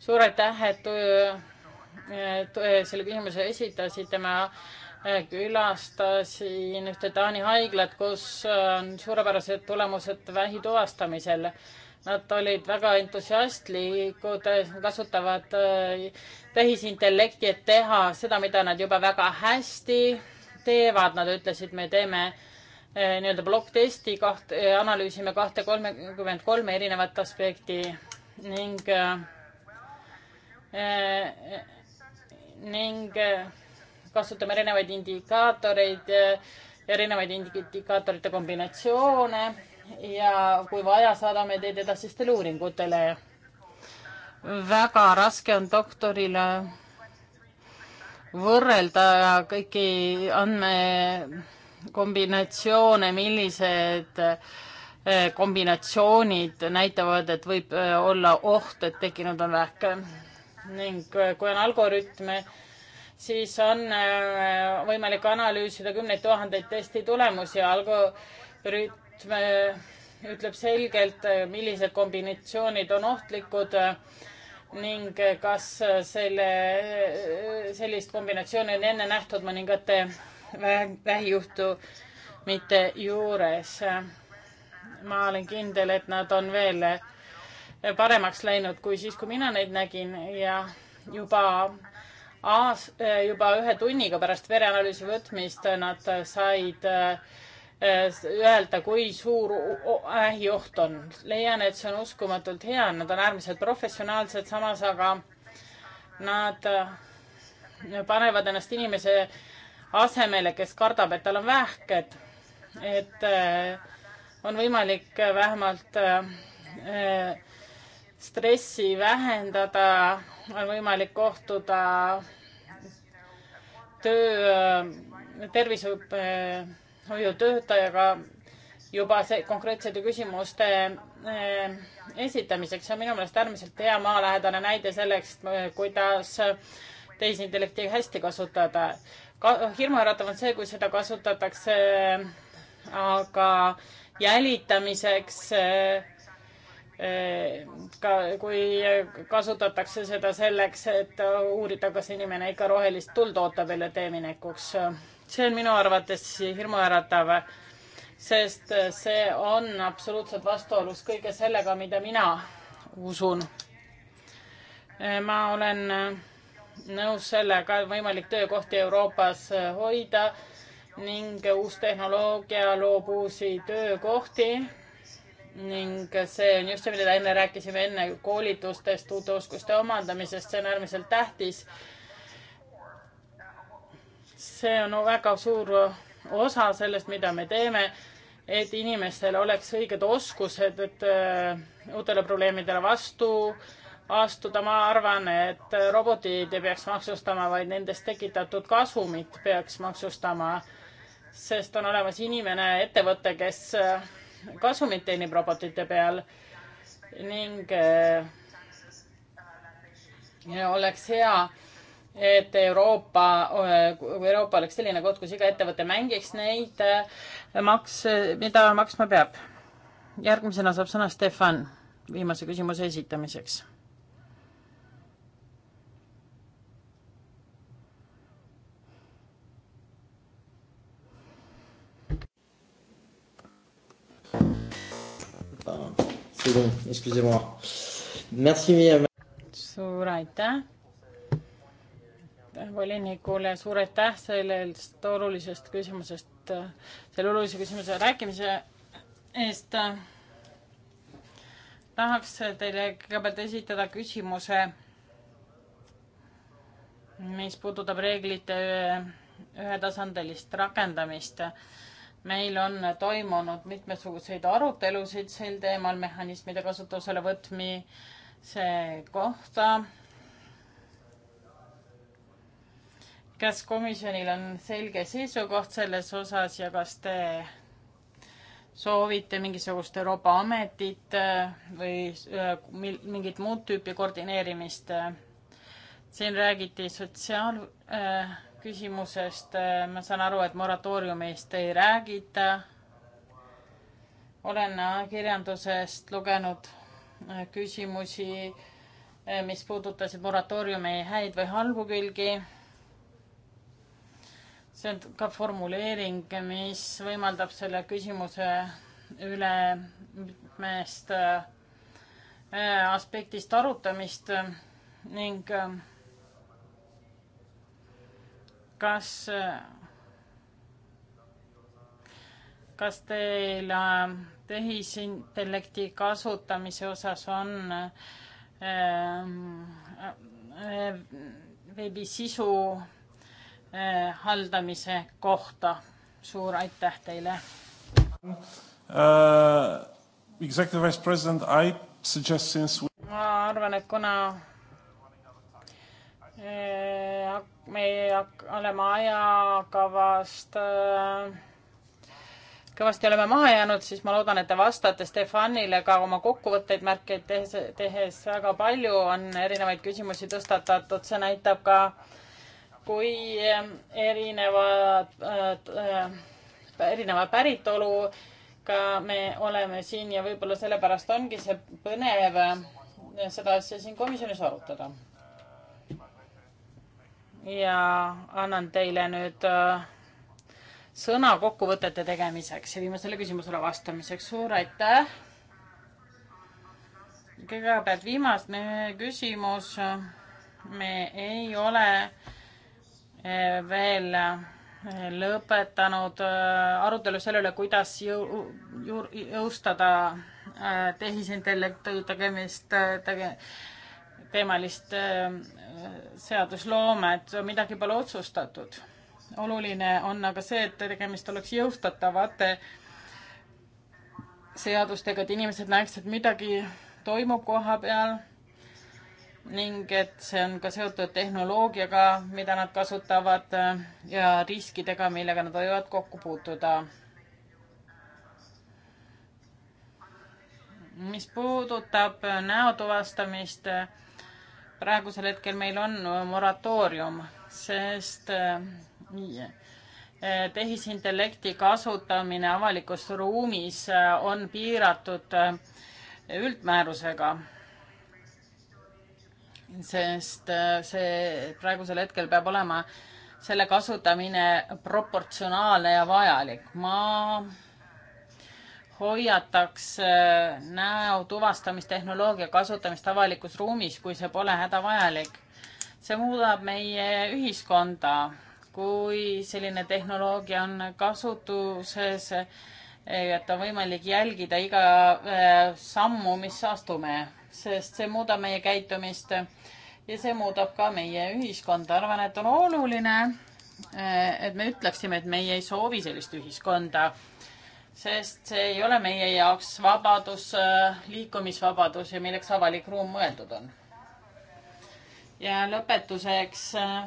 suur aitäh, et selle küsimuse esitasite. ma külastasin ühte Taani haiglat, kus on suurepärased tulemused vähi tuvastamisel. Nad olid väga entusiastlikud, kasutavad äh, tehisintellekti, et teha seda, mida nad juba väga hästi teevad. Nad ütlesid, me teeme äh, nii-öelda plokktesti, kaht, äh, analüüsime kahte kolmekümmend kolme erinevat aspekti ning äh, ning äh, kasutame erinevaid indikaatoreid, erinevaid indikaatorite kombinatsioone ja kui vaja, saadame teid edasistele uuringutele. väga raske on doktorile võrrelda kõiki andmekombinatsioone, millised eh, kombinatsioonid näitavad, et võib eh, olla oht, et tekkinud on vähk ning eh, kui on algoritme, siis on äh, võimalik analüüsida kümneid tuhandeid testi tulemusi. algorütm äh, ütleb selgelt, äh, millised kombinatsioonid on ohtlikud ning kas selle, sellist kombinatsiooni on enne nähtud mõningate vähijuhtumite juures. ma olen kindel, et nad on veel paremaks läinud kui siis, kui mina neid nägin ja juba aas-, äh, juba ühe tunniga pärast vereanalüüsi võtmist nad said äh, öelda, kui suur vähioht on. leian, et see on uskumatult hea, nad on äärmiselt professionaalsed, samas aga nad äh, panevad ennast inimese asemele, kes kardab, et tal on vähk, et, et on võimalik vähemalt äh, stressi vähendada, on võimalik kohtuda töö, tervishoiutöötajaga juba see konkreetsete küsimuste eh, esitamiseks. see on minu meelest äärmiselt hea maalähedane näide selleks, eh, kuidas tehisintellekti hästi kasutada Ka,. hirmuäratav on see, kui seda kasutatakse eh, aga jälitamiseks ka kui kasutatakse seda selleks, et uurida, kas inimene ikka rohelist tuld ootab jälle tee minekuks. see on minu arvates hirmuäratav, sest see on absoluutselt vastuolus kõige sellega, mida mina usun. ma olen nõus sellega, et võimalik töökohti Euroopas hoida ning uus tehnoloogia loob uusi töökohti ning see on just see, millele enne rääkisime, enne koolitustest, uute oskuste omandamisest, see on äärmiselt tähtis. see on väga suur osa sellest, mida me teeme, et inimestel oleks õiged oskused, et äh, uutele probleemidele vastu astuda, ma arvan, et robotid ei peaks maksustama, vaid nendest tekitatud kasumit peaks maksustama, sest on olemas inimene, ettevõte, kes äh, kasumit teenib robotite peal ning ja äh, oleks hea, et Euroopa, äh, Euroopa oleks selline koht, kus iga ettevõte mängiks neid äh, makse, mida maksma peab. järgmisena saab sõna Stefan viimase küsimuse esitamiseks pardon, excusez-moi. Merci. suur aitäh volinikule, suur aitäh sellest olulisest küsimusest, selle olulise küsimuse rääkimise eest. tahaks teile kõigepealt esitada küsimuse, mis puudutab reeglite ühetasandilist rakendamist meil on toimunud mitmesuguseid arutelusid sel teemal mehhanismide kasutusele võtmise kohta. kas komisjonil on selge seisukoht selles osas ja kas te soovite mingisugust Euroopa ametit äh, või äh, mingit muud tüüpi koordineerimist? siin räägiti sotsiaal äh, küsimusest. Äh, ma saan aru, et moratooriumist ei räägita. olen kirjandusest lugenud äh, küsimusi, äh, mis puudutasid moratooriumi häid või halbu külgi. see on ka formuleering, mis võimaldab selle küsimuse üle mitmest aspektist arutamist ning kas, kas teil äh, tehisintellekti kasutamise osas on äh, äh, veebisisu äh, haldamise kohta? suur aitäh teile uh,! Executive Vice President, I suggest since we ma arvan, et kuna äh, me oleme ajakavast äh, kõvasti oleme maha jäänud, siis ma loodan, et te vastate Stefanile ka oma kokkuvõtteid, märkeid tehes, tehes väga palju on erinevaid küsimusi tõstatatud, see näitab ka, kui äh, erinevad äh,, erineva päritoluga me oleme siin ja võib-olla sellepärast ongi see põnev äh, seda asja siin komisjonis arutada ja annan teile nüüd äh, sõna kokkuvõtete tegemiseks ja viimasele küsimusele vastamiseks. suur aitäh. kõigepealt viimane küsimus. me ei ole äh, veel äh, lõpetanud arutelu selle üle, kuidas jõu, jõu, jõustada tehisintellekti tegemist tege, teemalist seadusloomet, midagi pole otsustatud. oluline on aga see, et tegemist oleks jõustatavate seadustega, et inimesed näeksid, midagi toimub koha peal ning et see on ka seotud tehnoloogiaga, mida nad kasutavad ja riskidega, millega nad võivad kokku puutuda. mis puudutab näo tuvastamist praegusel hetkel meil on moratoorium, sest äh, tehisintellekti kasutamine avalikus ruumis äh, on piiratud äh, üldmäärusega. sest see praegusel hetkel peab olema selle kasutamine proportsionaalne ja vajalik. ma hoiataks äh, näo tuvastamistehnoloogia kasutamist avalikus ruumis, kui see pole hädavajalik. see muudab meie ühiskonda, kui selline tehnoloogia on kasutuses, äh, et on võimalik jälgida iga äh, sammu, mis astume, sest see muudab meie käitumist ja see muudab ka meie ühiskonda. arvan, et on oluline, et me ütleksime, et meie ei soovi sellist ühiskonda sest see ei ole meie jaoks vabadus, äh, liikumisvabadus ja milleks avalik ruum mõeldud on. ja lõpetuseks, äh,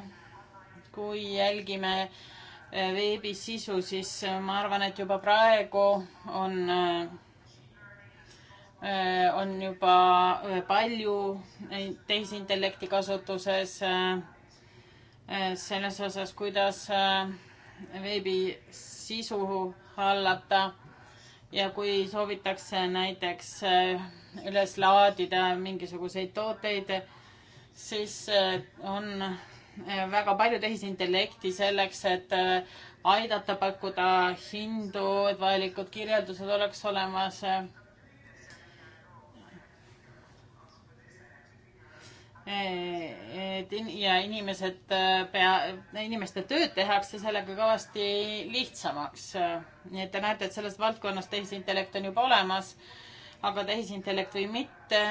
kui jälgime äh, veebis sisu, siis ma arvan, et juba praegu on, on juba palju tehisintellekti kasutuses selles osas, kuidas veebi sisu hallata ja kui soovitakse näiteks äh, üles laadida mingisuguseid tooteid, siis äh, on äh, väga palju tehisintellekti selleks, et aidata pakkuda hindu, et vajalikud kirjeldused oleks olemas Eh, et ja inimesed eh, pea, inimeste tööd tehakse sellega kõvasti lihtsamaks. nii et te näete, et selles valdkonnas tehisintellekt on juba olemas, aga tehisintellekt või mitte,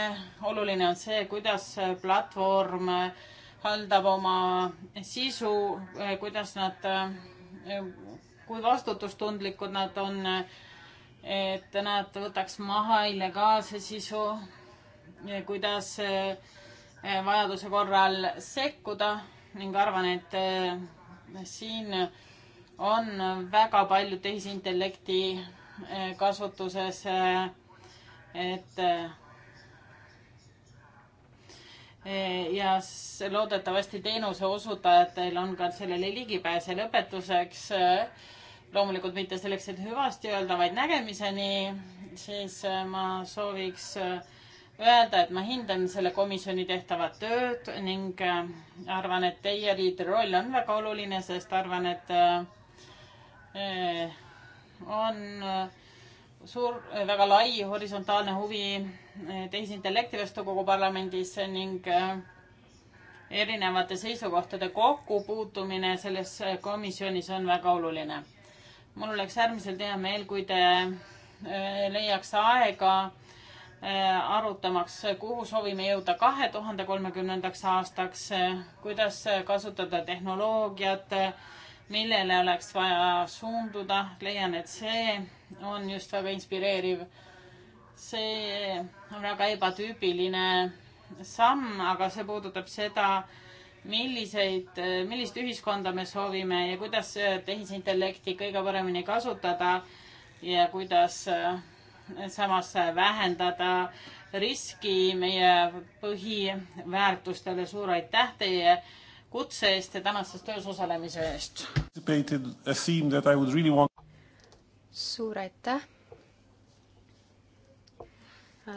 oluline on see, kuidas platvorm haldab oma sisu, eh, kuidas nad, kui vastutustundlikud nad on, et nad võtaks maha illegaalse sisu, kuidas äh, Eh, vajaduse korral sekkuda ning arvan, et eh, siin on väga palju tehisintellekti eh, kasutuses, et ja loodetavasti teenuse osutajatel on ka sellele ligipääs ja lõpetuseks loomulikult mitte selleks, et hüvasti öelda, vaid nägemiseni, siis ma sooviks äh, öelda, et ma hindan selle komisjoni tehtavat tööd ning äh, arvan, et teie liidri roll on väga oluline, sest arvan, et äh, äh, on suur, väga lai horisontaalne huvi tehisintellekti vastu kogu parlamendis ning erinevate seisukohtade kokkupuutumine selles komisjonis on väga oluline. mul oleks äärmiselt hea meel, kui te leiaks aega Äh, arutamaks, kuhu soovime jõuda kahe tuhande kolmekümnendaks aastaks, kuidas kasutada tehnoloogiat, millele oleks vaja suunduda, leian, et see on just väga inspireeriv. see on väga ebatüüpiline samm, aga see puudutab seda, milliseid, millist ühiskonda me soovime ja kuidas tehisintellekti kõige paremini kasutada ja kuidas samas vähendada riski meie põhiväärtustele. suur aitäh teie kutse eest ja tänases töös osalemise eest. suur aitäh.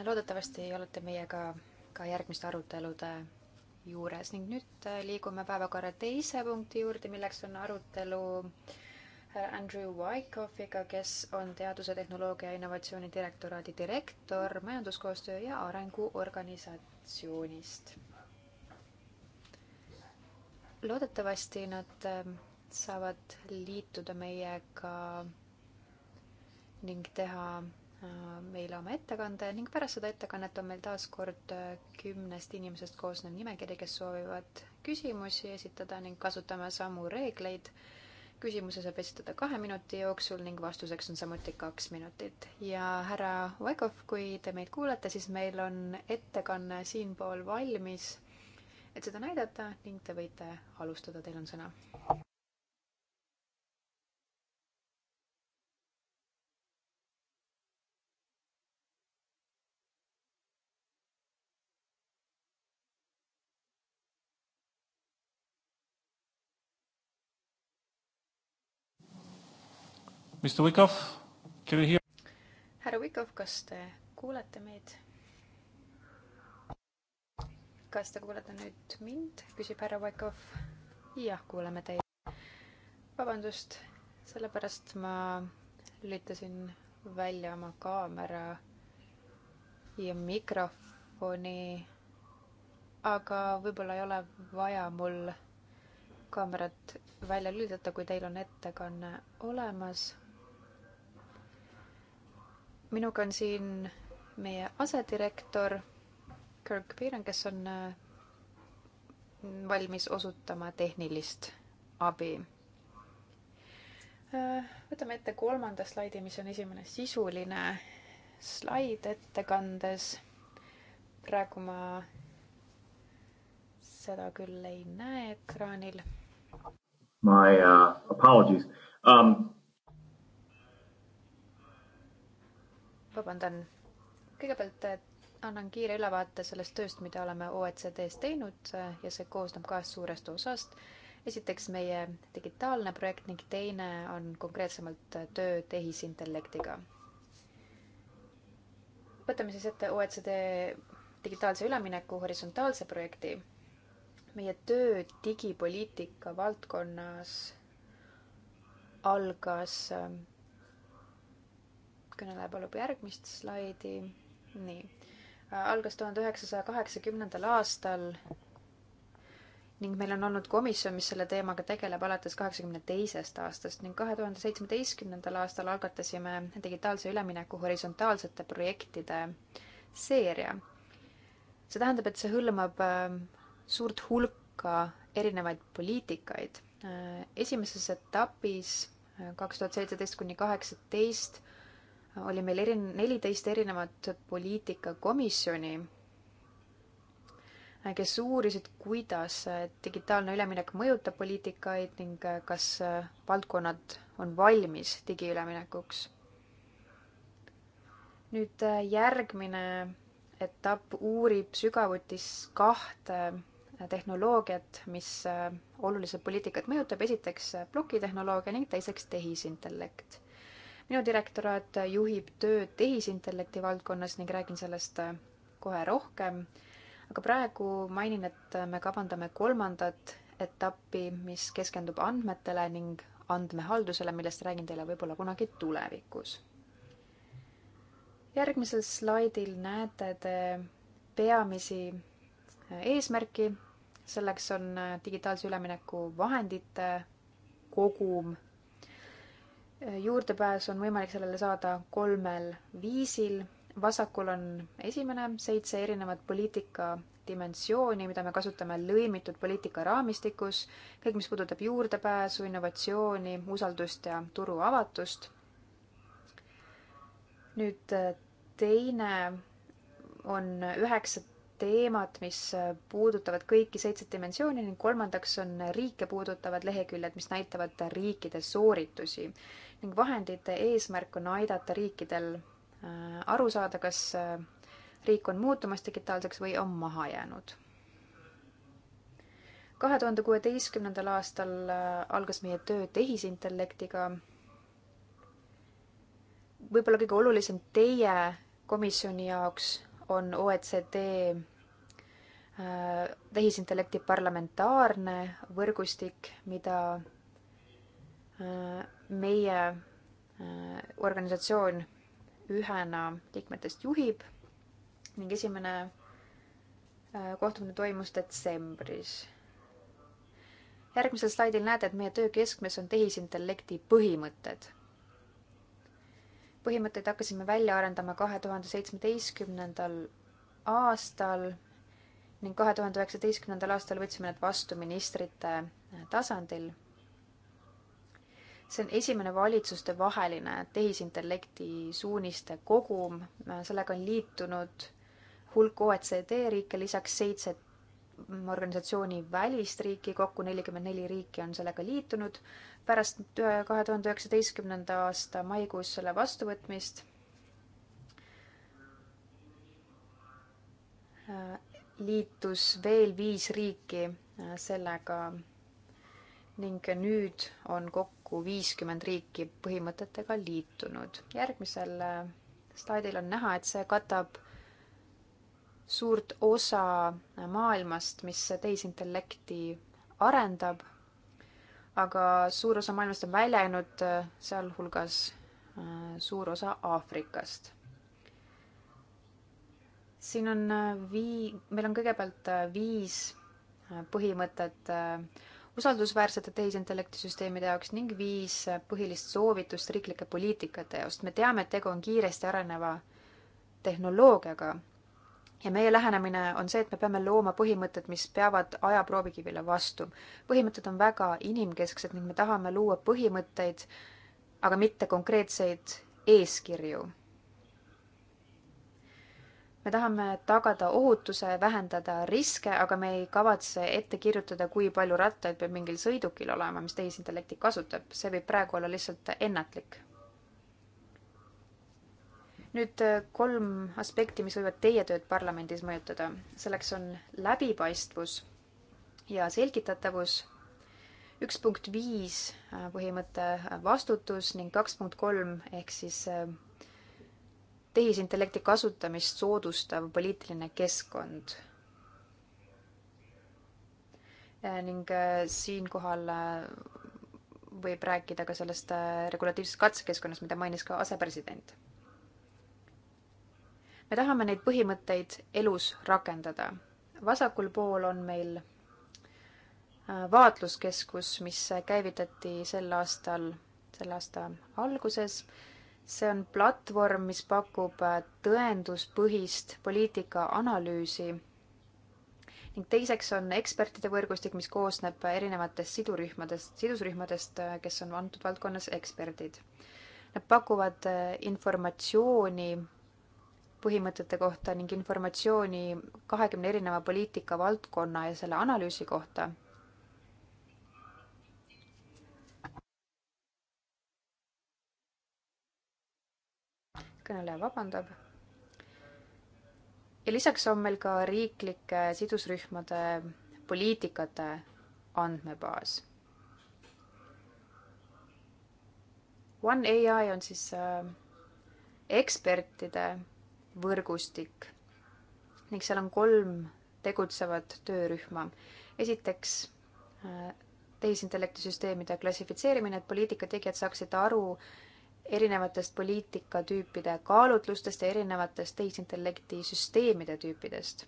loodetavasti olete meiega ka järgmiste arutelude juures ning nüüd äh, liigume päevakorra teise punkti juurde, milleks on arutelu äh, Äh, Andrew Wyckoffega, kes on Teaduse, Tehnoloogia ja Innovatsiooni direktoraadi direktor Majanduskoostöö ja Arengu Organisatsioonist. loodetavasti nad ähm, saavad liituda meiega ning teha äh, meile oma ettekande ning pärast seda ettekannet on meil taas kord äh, kümnest inimesest koosnev nimekiri, kes soovivad küsimusi esitada ning kasutame samu reegleid küsimuse saab esitada kahe minuti jooksul ning vastuseks on samuti kaks minutit. ja härra Vaikov, kui te meid kuulete, siis meil on ettekanne siinpool valmis, et seda näidata ning te võite alustada, teil on sõna Mr Wyckoff, can you hear? härra Wyckoff, kas te kuulete meid? kas te kuulete nüüd mind, küsib härra Wyckoff. jah, kuuleme teid. vabandust, sellepärast ma lülitasin välja oma kaamera ja mikrofoni. aga võib-olla ei ole vaja mul kaamerat välja lülitada, kui teil on ettekanne olemas minuga on siin meie asedirektor Kirk Piiran, kes on äh, valmis osutama tehnilist abi. Äh, võtame ette kolmanda slaidi, mis on esimene sisuline slaid ettekandes. praegu ma seda küll ei näe ekraanil. My uh, apologies um,. vabandan. kõigepealt eh, annan kiire ülevaate sellest tööst, mida oleme OECD-s teinud eh, ja see koosneb kahest suurest osast. esiteks meie digitaalne projekt ning teine on konkreetsemalt eh, töö tehisintellektiga. võtame siis ette OECD digitaalse ülemineku horisontaalse projekti. meie töö digipoliitika valdkonnas algas kõneleja palub järgmist slaidi. nii, algas tuhande üheksasaja kaheksakümnendal aastal ning meil on olnud komisjon, mis selle teemaga tegeleb alates kaheksakümne teisest aastast ning kahe tuhande seitsmeteistkümnendal aastal algatasime digitaalse ülemineku horisontaalsete projektide seeria. see tähendab, et see hõlmab äh, suurt hulka erinevaid poliitikaid. Äh, esimeses etapis äh, kaks tuhat seitseteist kuni kaheksateist oli meil erin-, neliteist erinevat poliitikakomisjoni, kes uurisid, kuidas digitaalne üleminek mõjutab poliitikaid ning kas valdkonnad on valmis digiüleminekuks. nüüd järgmine etapp uurib sügavutis kahte tehnoloogiat, mis oluliselt poliitikat mõjutab, esiteks plokitehnoloogia ning teiseks tehisintellekt minu direktoraat juhib tööd tehisintellekti valdkonnas ning räägin sellest äh, kohe rohkem. aga praegu mainin, et äh, me kavandame kolmandat etappi, mis keskendub andmetele ning andmehaldusele, millest räägin teile võib-olla kunagi tulevikus. järgmisel slaidil näete te peamisi äh, eesmärki, selleks on digitaalse ülemineku vahendite kogum Äh, juurdepääs on võimalik sellele saada kolmel viisil. vasakul on esimene seitse erinevat poliitika dimensiooni, mida me kasutame lõimitud poliitika raamistikus, kõik, mis puudutab juurdepääsu, innovatsiooni, usaldust ja turu avatust. nüüd äh, teine on üheksa teemat, mis äh, puudutavad kõiki seitset dimensiooni ning kolmandaks on riike puudutavad leheküljed, mis näitavad riikide sooritusi ning vahendite eesmärk on aidata riikidel äh, aru saada, kas äh, riik on muutumas digitaalseks või on maha jäänud. kahe tuhande kuueteistkümnendal aastal äh, algas meie töö tehisintellektiga. võib-olla kõige olulisem teie komisjoni jaoks on OECD tehisintellekti parlamentaarne võrgustik, mida meie äh, organisatsioon ühena liikmetest juhib ning esimene äh, kohtumine toimus detsembris. järgmisel slaidil näete, et meie töö keskmes on tehisintellekti põhimõtted. põhimõtteid hakkasime välja arendama kahe tuhande seitsmeteistkümnendal aastal ning kahe tuhande üheksateistkümnendal aastal võtsime need vastu ministrite äh, tasandil see on esimene valitsustevaheline tehisintellekti suuniste kogum, sellega on liitunud hulk OECD riike, lisaks seitse organisatsiooni välist riiki, kokku nelikümmend neli riiki on sellega liitunud. pärast kahe tuhande üheksateistkümnenda aasta maikuus selle vastuvõtmist liitus veel viis riiki sellega ning nüüd on kokku kokku viiskümmend riiki põhimõtetega liitunud. järgmisel äh, slaidil on näha, et see katab suurt osa äh, maailmast, mis tehisintellekti arendab, aga suur osa maailmast on välja jäänud, äh, sealhulgas suur osa Aafrikast. siin on vii-, meil on kõigepealt viis põhimõtet usaldusväärsete tehisintellektisüsteemide jaoks ning viis põhilist soovitust riiklike poliitikate jaoks. me teame, et tegu on kiiresti areneva tehnoloogiaga ja meie lähenemine on see, et me peame looma põhimõtted, mis peavad aja proovikivile vastu. põhimõtted on väga inimkesksed ning me tahame luua põhimõtteid, aga mitte konkreetseid eeskirju me tahame tagada ohutuse, vähendada riske, aga me ei kavatse ette kirjutada, kui palju rattaid peab mingil sõidukil olema, mis tehisintellekti kasutab, see võib praegu olla lihtsalt ennatlik. nüüd äh, kolm aspekti, mis võivad teie tööd parlamendis mõjutada. selleks on läbipaistvus ja selgitatavus, üks punkt viis äh, põhimõte äh, vastutus ning kaks punkt kolm ehk siis tehisintellekti kasutamist soodustav poliitiline keskkond. Äh, ning äh, siinkohal äh, võib rääkida ka sellest regulatiivsest katsekeskkonnast, mida mainis ka asepresident. me tahame neid põhimõtteid elus rakendada. vasakul pool on meil vaatluskeskus, mis käivitati sel aastal, selle aasta alguses see on platvorm, mis pakub äh, tõenduspõhist poliitika analüüsi ning teiseks on ekspertide võrgustik, mis koosneb äh, erinevatest sidurühmadest, sidusrühmadest, äh, kes on antud valdkonnas eksperdid. Nad pakuvad informatsiooni põhimõtete kohta ning informatsiooni kahekümne erineva poliitikavaldkonna ja selle analüüsi kohta eelkõneleja vabandab. ja lisaks on meil ka riiklike sidusrühmade poliitikate andmebaas. One ai on siis äh, ekspertide võrgustik ning seal on kolm tegutsevat töörühma. esiteks äh, tehisintellektisüsteemide klassifitseerimine, et poliitikategijad saaksid aru äh, erinevatest poliitikatüüpide kaalutlustest ja erinevatest tehisintellekti süsteemide tüüpidest.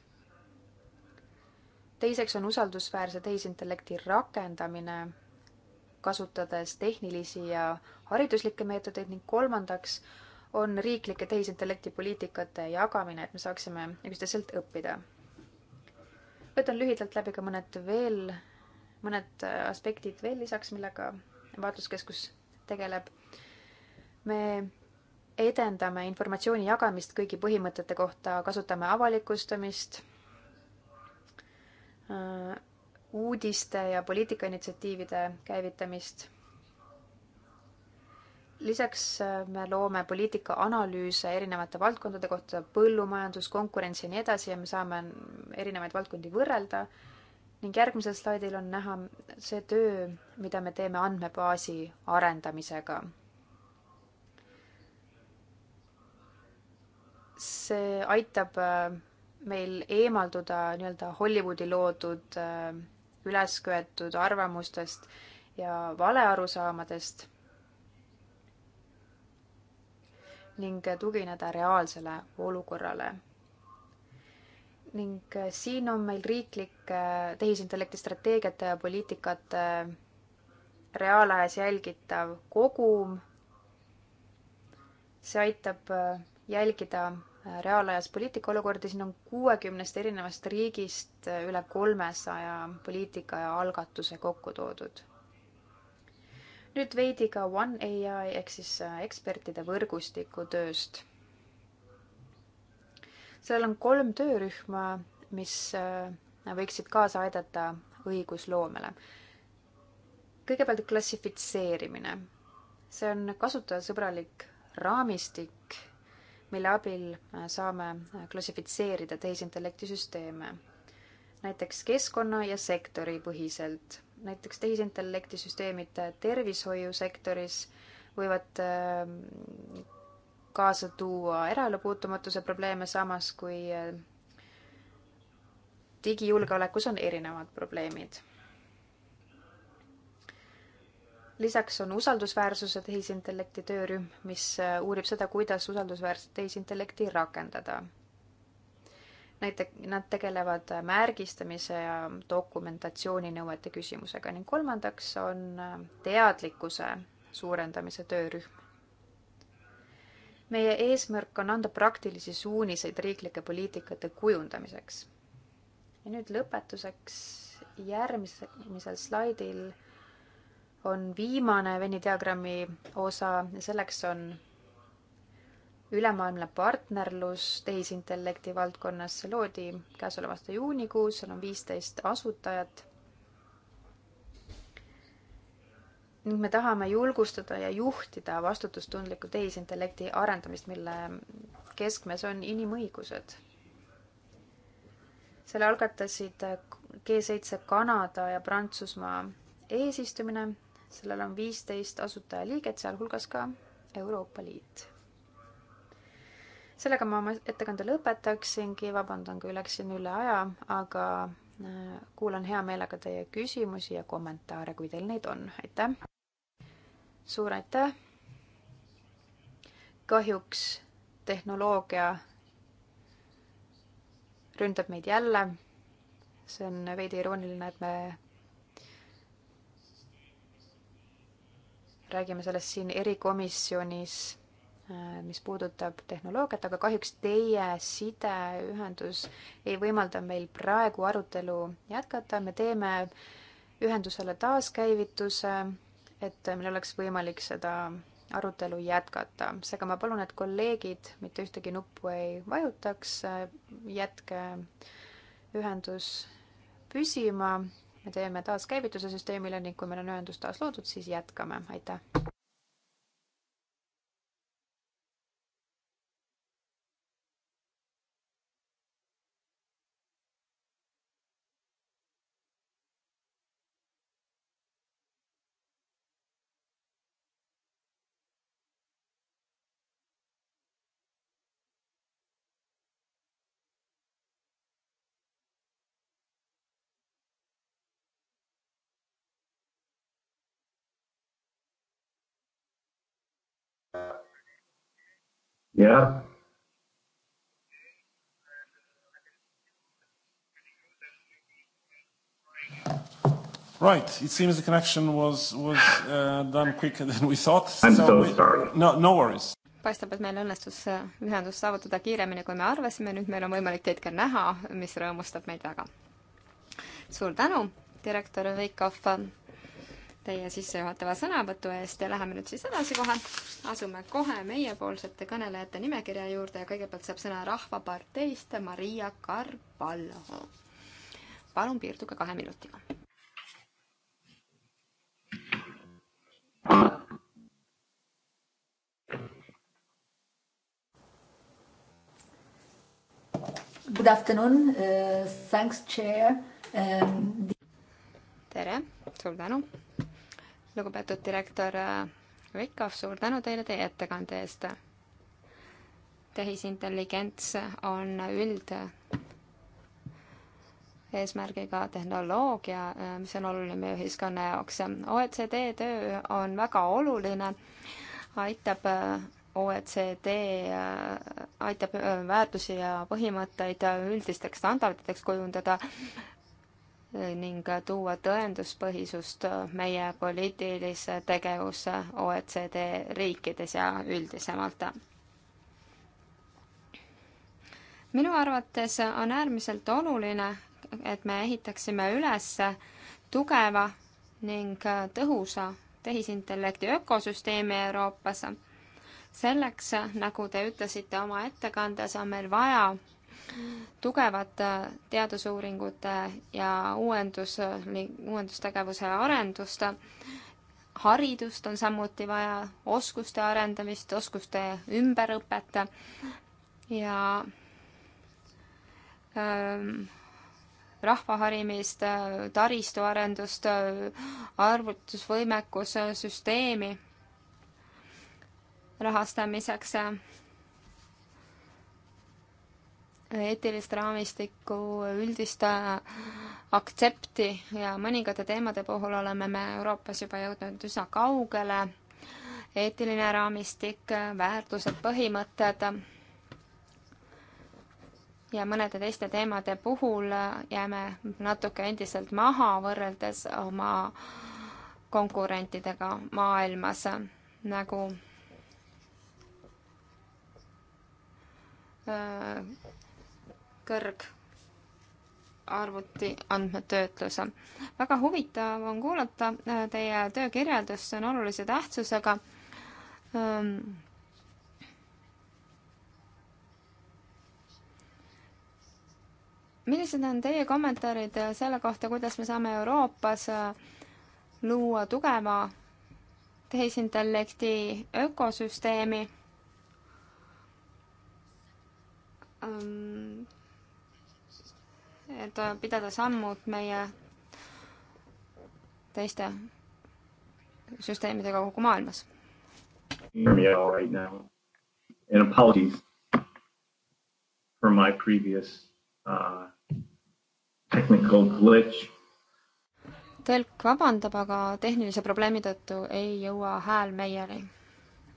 teiseks on usaldusväärse tehisintellekti rakendamine, kasutades tehnilisi ja hariduslikke meetodeid ning kolmandaks on riiklike tehisintellekti poliitikate jagamine, et me saaksime üksteiselt õppida. võtan lühidalt läbi ka mõned veel, mõned aspektid veel lisaks, millega vaatluskeskus tegeleb me edendame informatsiooni jagamist kõigi põhimõtete kohta, kasutame avalikustamist, äh, uudiste ja poliitikainitsiatiivide käivitamist. lisaks äh, me loome poliitikaanalüüse erinevate valdkondade kohta, põllumajandus, konkurents ja nii edasi ja me saame erinevaid valdkondi võrrelda ning järgmisel slaidil on näha see töö, mida me teeme andmebaasi arendamisega see aitab äh, meil eemalduda nii-öelda Hollywoodi loodud äh, ülesköetud arvamustest ja valearusaamadest ning tugineda reaalsele olukorrale. ning äh, siin on meil riiklike tehisintellekti strateegiate ja poliitikate reaalajas jälgitav kogum. see aitab jälgida reaalajas poliitikaolukordi, siin on kuuekümnest erinevast riigist üle kolmesaja poliitika ja algatuse kokku toodud. nüüd veidi ka One ai ehk siis äh, ekspertide võrgustiku tööst. seal on kolm töörühma, mis äh, võiksid kaasa aidata õigusloomele. kõigepealt klassifitseerimine. see on kasutajasõbralik raamistik mille abil äh, saame äh, klassifitseerida tehisintellekti süsteeme, näiteks keskkonna ja sektori põhiselt. näiteks tehisintellekti süsteemid tervishoiusektoris võivad äh, kaasa tuua eraelu puutumatuse probleeme, samas kui digijulgeolekus on erinevad probleemid. lisaks on usaldusväärsuse tehisintellekti töörühm, mis äh, uurib seda, kuidas usaldusväärset tehisintellekti rakendada. näite-, nad tegelevad äh, märgistamise ja dokumentatsiooninõuete küsimusega ning kolmandaks on äh, teadlikkuse suurendamise töörühm. meie eesmärk on anda praktilisi suuniseid riiklike poliitikate kujundamiseks. ja nüüd lõpetuseks järgmisel slaidil on viimane Veni diagrammi osa ja selleks on ülemaailmne partnerlus tehisintellekti valdkonnas. see loodi käesoleva aasta juunikuus, seal on viisteist asutajat. ning me tahame julgustada ja juhtida vastutustundliku tehisintellekti arendamist, mille keskmes on inimõigused. selle algatasid G7 Kanada ja Prantsusmaa eesistumine sellel on viisteist asutajaliiget, sealhulgas ka Euroopa Liit. sellega ma oma ettekande lõpetaksingi, vabandan, kui läksin üle aja, aga äh, kuulan hea meelega teie küsimusi ja kommentaare, kui teil neid on, aitäh! suur aitäh! kahjuks tehnoloogia ründab meid jälle. see on veidi irooniline, et me räägime sellest siin erikomisjonis, äh, mis puudutab tehnoloogiat, aga kahjuks teie sideühendus ei võimalda meil praegu arutelu jätkata, me teeme ühendusele taaskäivituse, et meil oleks võimalik seda arutelu jätkata. seega ma palun, et kolleegid mitte ühtegi nuppu ei vajutaks, jätke ühendus püsima me teeme taas käivituse süsteemile ning kui meil on ühendus taas loodud, siis jätkame, aitäh! Yeah. Right. It seems the connection was, was uh, done quicker than we thought. I'm so, so we, sorry. No, no worries. paistab, et meil õnnestus äh, ühendus saavutada kiiremini, kui me arvasime, nüüd meil on võimalik teid ka näha, mis rõõmustab meid väga. suur tänu, direktor Veikov teie sissejuhatava sõnavõtu eest ja läheme nüüd siis edasi kohe. asume kohe meiepoolsete kõnelejate nimekirja juurde ja kõigepealt saab sõna Rahvaparteist Maria Carvalho. palun piirduge kahe minutiga. Good afternoon uh,, thanks chair um,. tere, suur tänu lugupeetud direktor Vikov, äh, suur tänu teile teie ettekande eest. tehisintelligents on üld eesmärgiga tehnoloogia, äh, mis on oluline meie ühiskonna jaoks. OECD töö on väga oluline, aitab äh, OECD aitab väärtusi ja põhimõtteid üldisteks standarditeks kujundada ning tuua tõenduspõhisust meie poliitilise tegevuse OECD riikides ja üldisemalt. minu arvates on äärmiselt oluline, et me ehitaksime üles tugeva ning tõhusa tehisintellekti ökosüsteemi Euroopas. selleks, nagu te ütlesite oma ettekandes, on meil vaja tugevad äh, teadusuuringute äh, ja uuendus, äh, uuendustegevuse arendust. haridust on samuti vaja, oskuste arendamist, oskuste ümberõpet ja ähm, rahvaharimist, taristuarendust, arvutusvõimekuse süsteemi rahastamiseks eetilist raamistikku, üldist äh, aktsepti ja mõningate teemade puhul oleme me Euroopas juba jõudnud üsna kaugele. eetiline raamistik, väärtused, põhimõtted ja mõnede teiste teemade puhul jääme natuke endiselt maha võrreldes oma konkurentidega maailmas, nagu äh, kõrgarvuti andmetöötluse. väga huvitav on kuulata äh, teie töökirjeldust, see on olulise tähtsusega. millised on teie kommentaarid selle kohta, kuidas me saame Euroopas äh, luua tugeva tehisintellekti ökosüsteemi? et äh, pidada sammu meie teiste süsteemidega kogu maailmas. Right now. and apologies for my previous uh, technical glitch. tõlk vabandab, aga tehnilise probleemi tõttu ei jõua hääl meieni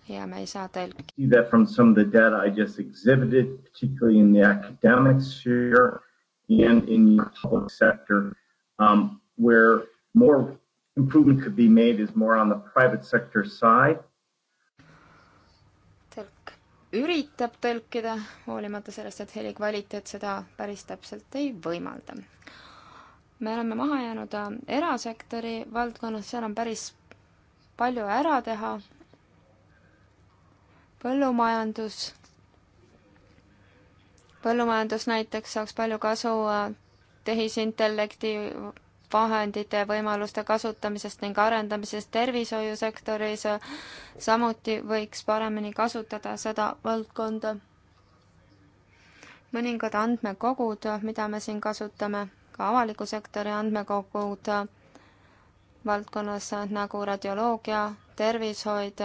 ja me ei saa tõlki. See that from some of the data I just exhibited, particularly in the academic sphere and in your public sector. Um, where more improvement could be made is more on the private sector side. tõlk üritab tõlkida, hoolimata sellest, et heli kvaliteet seda päris täpselt ei võimalda. me oleme maha jäänud äh, erasektori valdkonnas, seal on päris palju ära teha. põllumajandus põllumajandus näiteks saaks palju kasu äh, tehisintellekti vahendite võimaluste kasutamisest ning arendamisest tervishoiusektoris. Äh, samuti võiks paremini kasutada seda valdkonda. mõningad andmekogud, äh, mida me siin kasutame, ka avaliku sektori andmekogud valdkonnas nagu radioloogia, tervishoid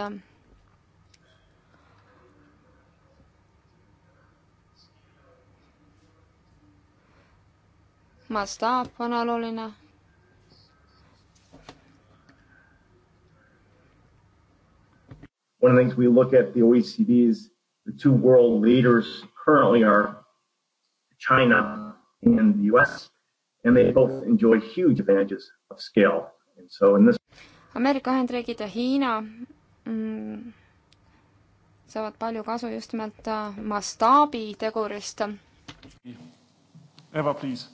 mastaap on oluline. One of the things we look at the OECD is the two world leaders currently are China and the US and they both enjoy huge advantages of scale. And so in this Ameerika Ühendriigid ja Hiina mm, saavad palju kasu just nimelt äh, mastaabitegurist. Eva, please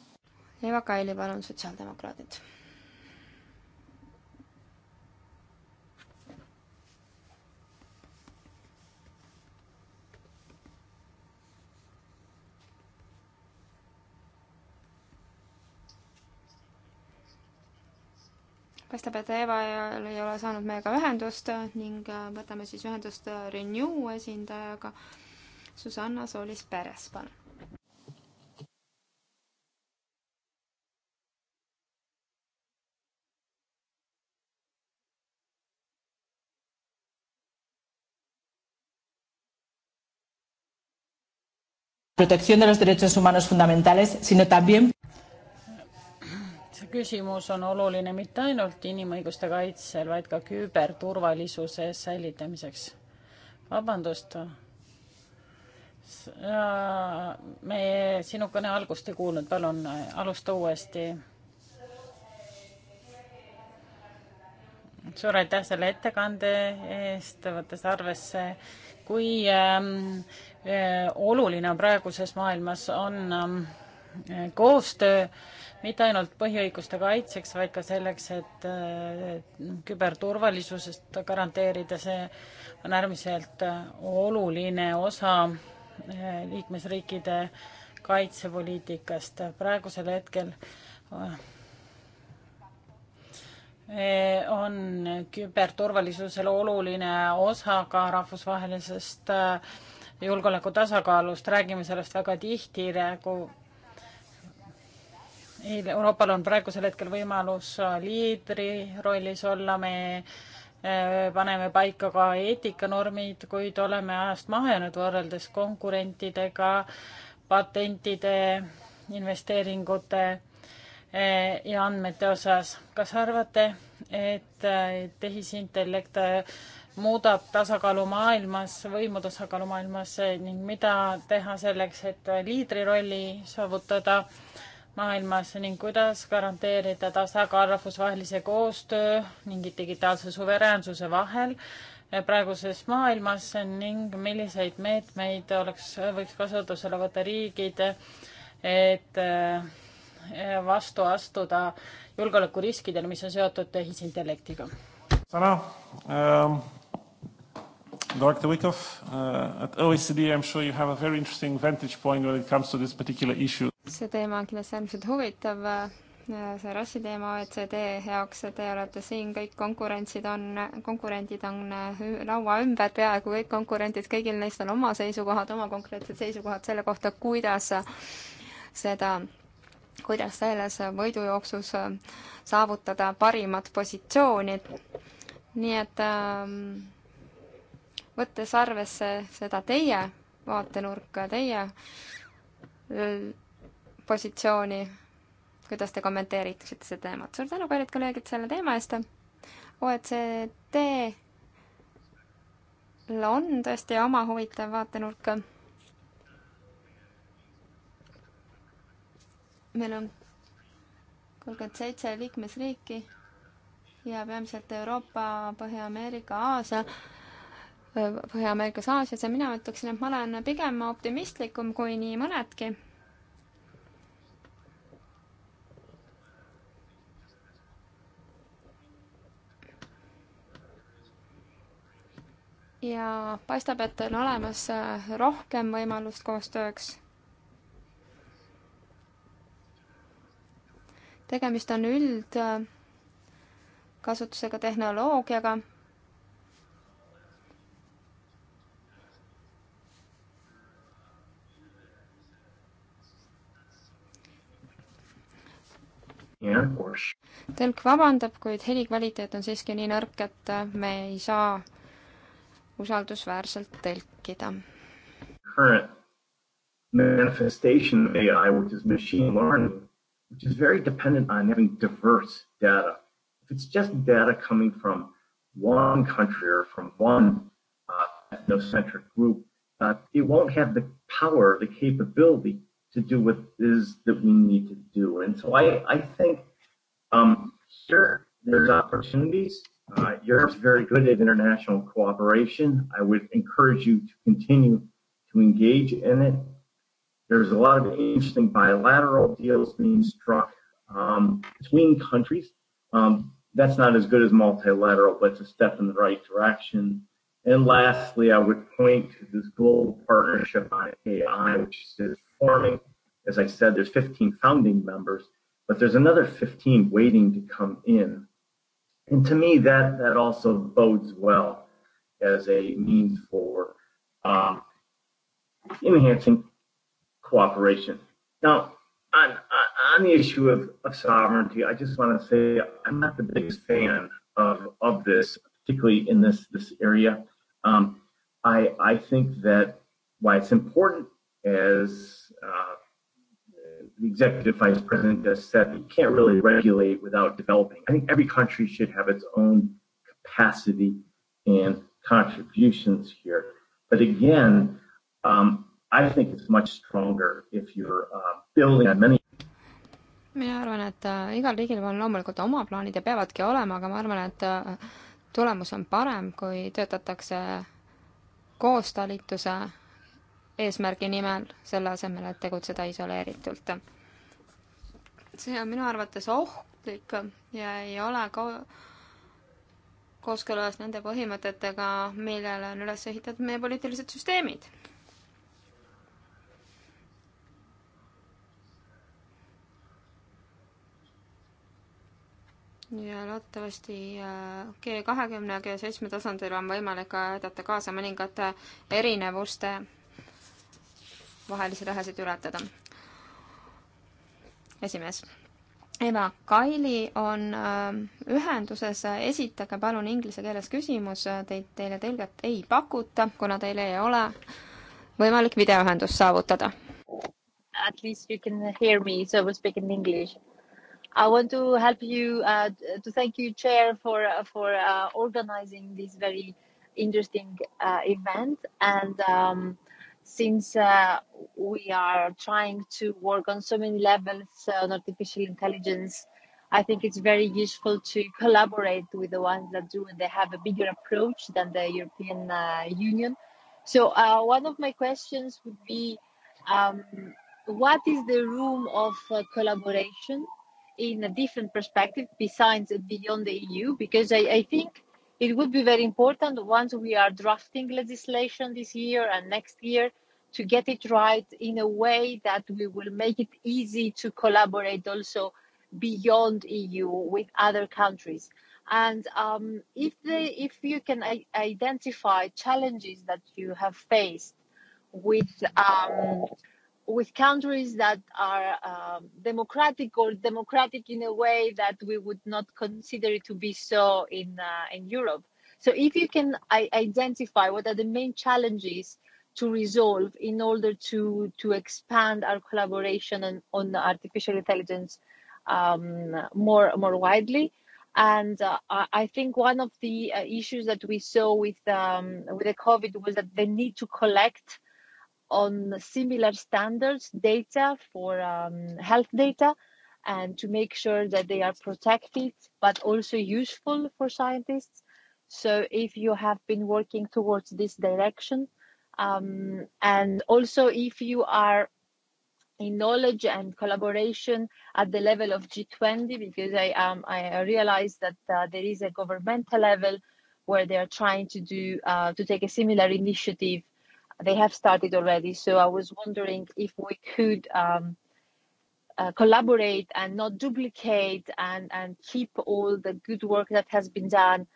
Eva Kaili, palun, sotsiaaldemokraadid. paistab, et Eva ei ole saanud meiega ühendust ning äh, võtame siis ühendust äh, Renew esindajaga. Susanna Solis-Peres, palun protección de los derechos humanos fundamentales, sino también see küsimus on oluline mitte ainult inimõiguste kaitsel, vaid ka küberturvalisuse säilitamiseks. vabandust. me sinu kõne algust ei kuulnud, palun alusta uuesti. suur aitäh selle ettekande eest, võttes arvesse, kui ähm, Äh, oluline on praeguses maailmas, on ähm, koostöö mitte ainult põhiõiguste kaitseks, vaid ka selleks, et äh, küberturvalisusest garanteerida, see on äärmiselt äh, oluline osa liikmesriikide kaitsepoliitikast. praegusel hetkel on küberturvalisusel oluline osa ka rahvusvahelisest äh, julgeoleku tasakaalust, räägime sellest väga tihti, nagu Euroopal on praegusel hetkel võimalus äh, liidri rollis olla, me äh, paneme paika ka eetikanormid, kuid oleme ajast maha jäänud võrreldes konkurentidega, patentide, investeeringute äh, ja andmete osas. kas arvate, et tehisintellekt muudab tasakaalu maailmas, võimu tasakaalu maailmas ning mida teha selleks, et liidrirolli saavutada maailmas ning kuidas garanteerida tasakaal rahvusvahelise koostöö ning digitaalse suveräänsuse vahel praeguses maailmas ning milliseid meetmeid oleks, võiks kasutusele võtta riigid, et eh, vastu astuda julgeolekuriskidele, mis on seotud tehisintellektiga. tänan ähm Dr. Wyckoff, uh, at OECD, I'm sure you have a very interesting vantage point when it comes to this particular issue. see teema on kindlasti äärmiselt huvitav, uh, see rassiteema OECD jaoks, te olete siin, kõik konkurentsid on, konkurendid on uh, laua ümber, peaaegu kõik konkurendid, kõigil neist on oma seisukohad, oma konkreetsed seisukohad selle kohta, kuidas seda kuidas selles võidujooksus uh, saavutada parimat positsiooni. nii et ähm, võttes arvesse seda teie vaatenurka, teie positsiooni, kuidas te kommenteeriksite seda teemat. suur tänu, kallid kolleegid, selle teema eest. OECD-l on tõesti oma huvitav vaatenurk. meil on kolmkümmend seitse liikmesriiki ja peamiselt Euroopa, Põhja-Ameerika, Aasia Põhja-Ameerikas, Aasias ja mina ütleksin, et ma olen pigem optimistlikum kui nii mõnedki. ja paistab, et on olemas äh, rohkem võimalust koostööks tegemist on üldkasutusega tehnoloogiaga, Mm. tõlk vabandab, kuid heli kvaliteet on siiski nii nõrk, et äh, me ei saa usaldusväärselt tõlkida. Current manifestation of AI, which is machine learning, which is very dependent on having diverse data. If it's just data coming from one country or from one uh, ethnocentric group, uh, it won't have the power, the capability to do what is that we need to do. And so I, I think um, here there's opportunities. Uh, Europe's very good at international cooperation. I would encourage you to continue to engage in it. There's a lot of interesting bilateral deals being struck um, between countries. Um, that's not as good as multilateral, but it's a step in the right direction. And lastly, I would point to this global partnership on AI, which is forming. As I said, there's 15 founding members, but there's another 15 waiting to come in. And to me, that, that also bodes well as a means for um, enhancing cooperation. Now, on, on the issue of, of sovereignty, I just want to say I'm not the biggest fan of, of this, particularly in this, this area. Um, I, I think that why it's important as uh, the executive vice president just said, you can't really regulate without developing. I think every country should have its own capacity and contributions here. But again, um, I think it's much stronger if you're uh, building on many mina arvan, et uh, igal riigil on loomulikult oma plaanid ja peavadki olema, aga ma arvan, et uh, tulemus on parem, kui töötatakse koostalituse eesmärgi nimel, selle asemel, et tegutseda isoleeritult. see on minu arvates ohtlik ja ei ole ka kooskõlas nende põhimõtetega, millele on üles ehitatud meie poliitilised süsteemid. ja loodetavasti äh, G kahekümne ja G seitsme tasandil on võimalik aidata kaasa mõningate erinevuste vahelisi lõhesid ületada. esimees. Eva Kaili on äh, ühenduses, esitage palun inglise keeles küsimus, teid, teile tõlget ei pakuta, kuna teil ei ole võimalik videoühendust saavutada. At least you can hear me, so I will speak in english. I want to help you uh, to thank you, Chair, for for uh, organizing this very interesting uh, event. And um, since uh, we are trying to work on so many levels uh, on artificial intelligence, I think it's very useful to collaborate with the ones that do and they have a bigger approach than the European uh, Union. So uh, one of my questions would be, um, what is the room of uh, collaboration in a different perspective besides beyond the EU? Because I, I think It would be very important once we are drafting legislation this year and next year to get it right in a way that we will make it easy to collaborate also beyond EU with other countries. And um, if they, if you can identify challenges that you have faced with um, with countries that are um, democratic or democratic in a way that we would not consider it to be so in uh, in Europe. So if you can I- identify what are the main challenges to resolve in order to to expand our collaboration on, on artificial intelligence um, more more widely. And uh, I think one of the uh, issues that we saw with um, with the COVID was that the need to collect on similar standards data for um, health data and to make sure that they are protected but also useful for scientists. So if you have been working towards this direction, um, and also if you are in knowledge and collaboration at the level of G20, because I um, I realize that uh, there is a governmental level where they are trying to do uh, to take a similar initiative they have started already. So I was wondering if we could um, uh, collaborate and not duplicate and, and keep all the good work that has been done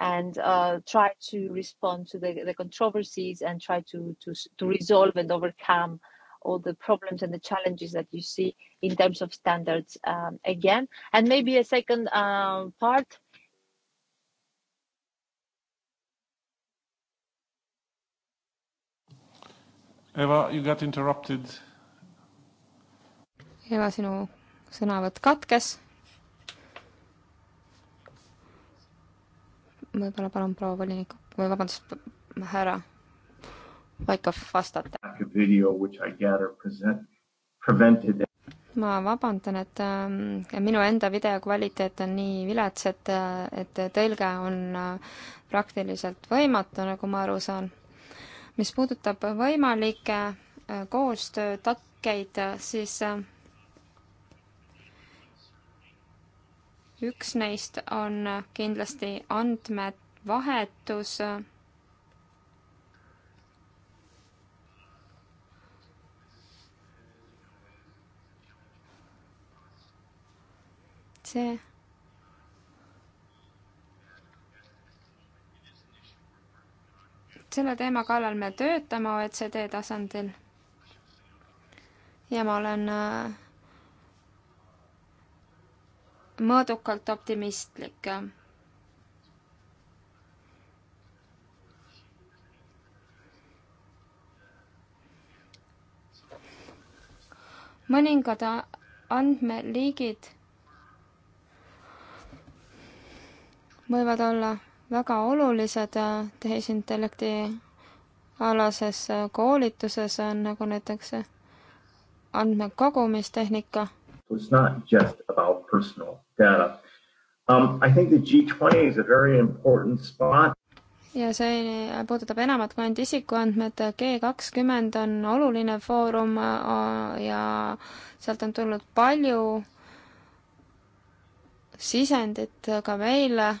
and uh, try to respond to the, the controversies and try to, to, to resolve and overcome all the problems and the challenges that you see in terms of standards um, again. And maybe a second um, part Eva, you got interrupted. Eva, sinu sõnavõtt katkes. võib-olla palun proua volinik või vabandust, härra Vaikov vastata. ma vabandan, et äh, minu enda video kvaliteet on nii vilets, et, äh, et tõlge on äh, praktiliselt võimatu, nagu ma aru saan mis puudutab võimalikke äh, koostöötakkeid, siis äh, üks neist on kindlasti andmevahetus see selle teema kallal me töötame OECD tasandil. ja ma olen äh, mõõdukalt optimistlik. mõningad andmeliigid võivad olla väga olulised äh, tehisintellekti alases äh, koolituses on nagu näiteks äh, andmekogumistehnika. It's not just about personal data. Um, I think the G20 is a very important spot ja see puudutab enamat kui ainult isikuandmed. G kakskümmend on oluline foorum ja sealt on tulnud palju sisendit ka meile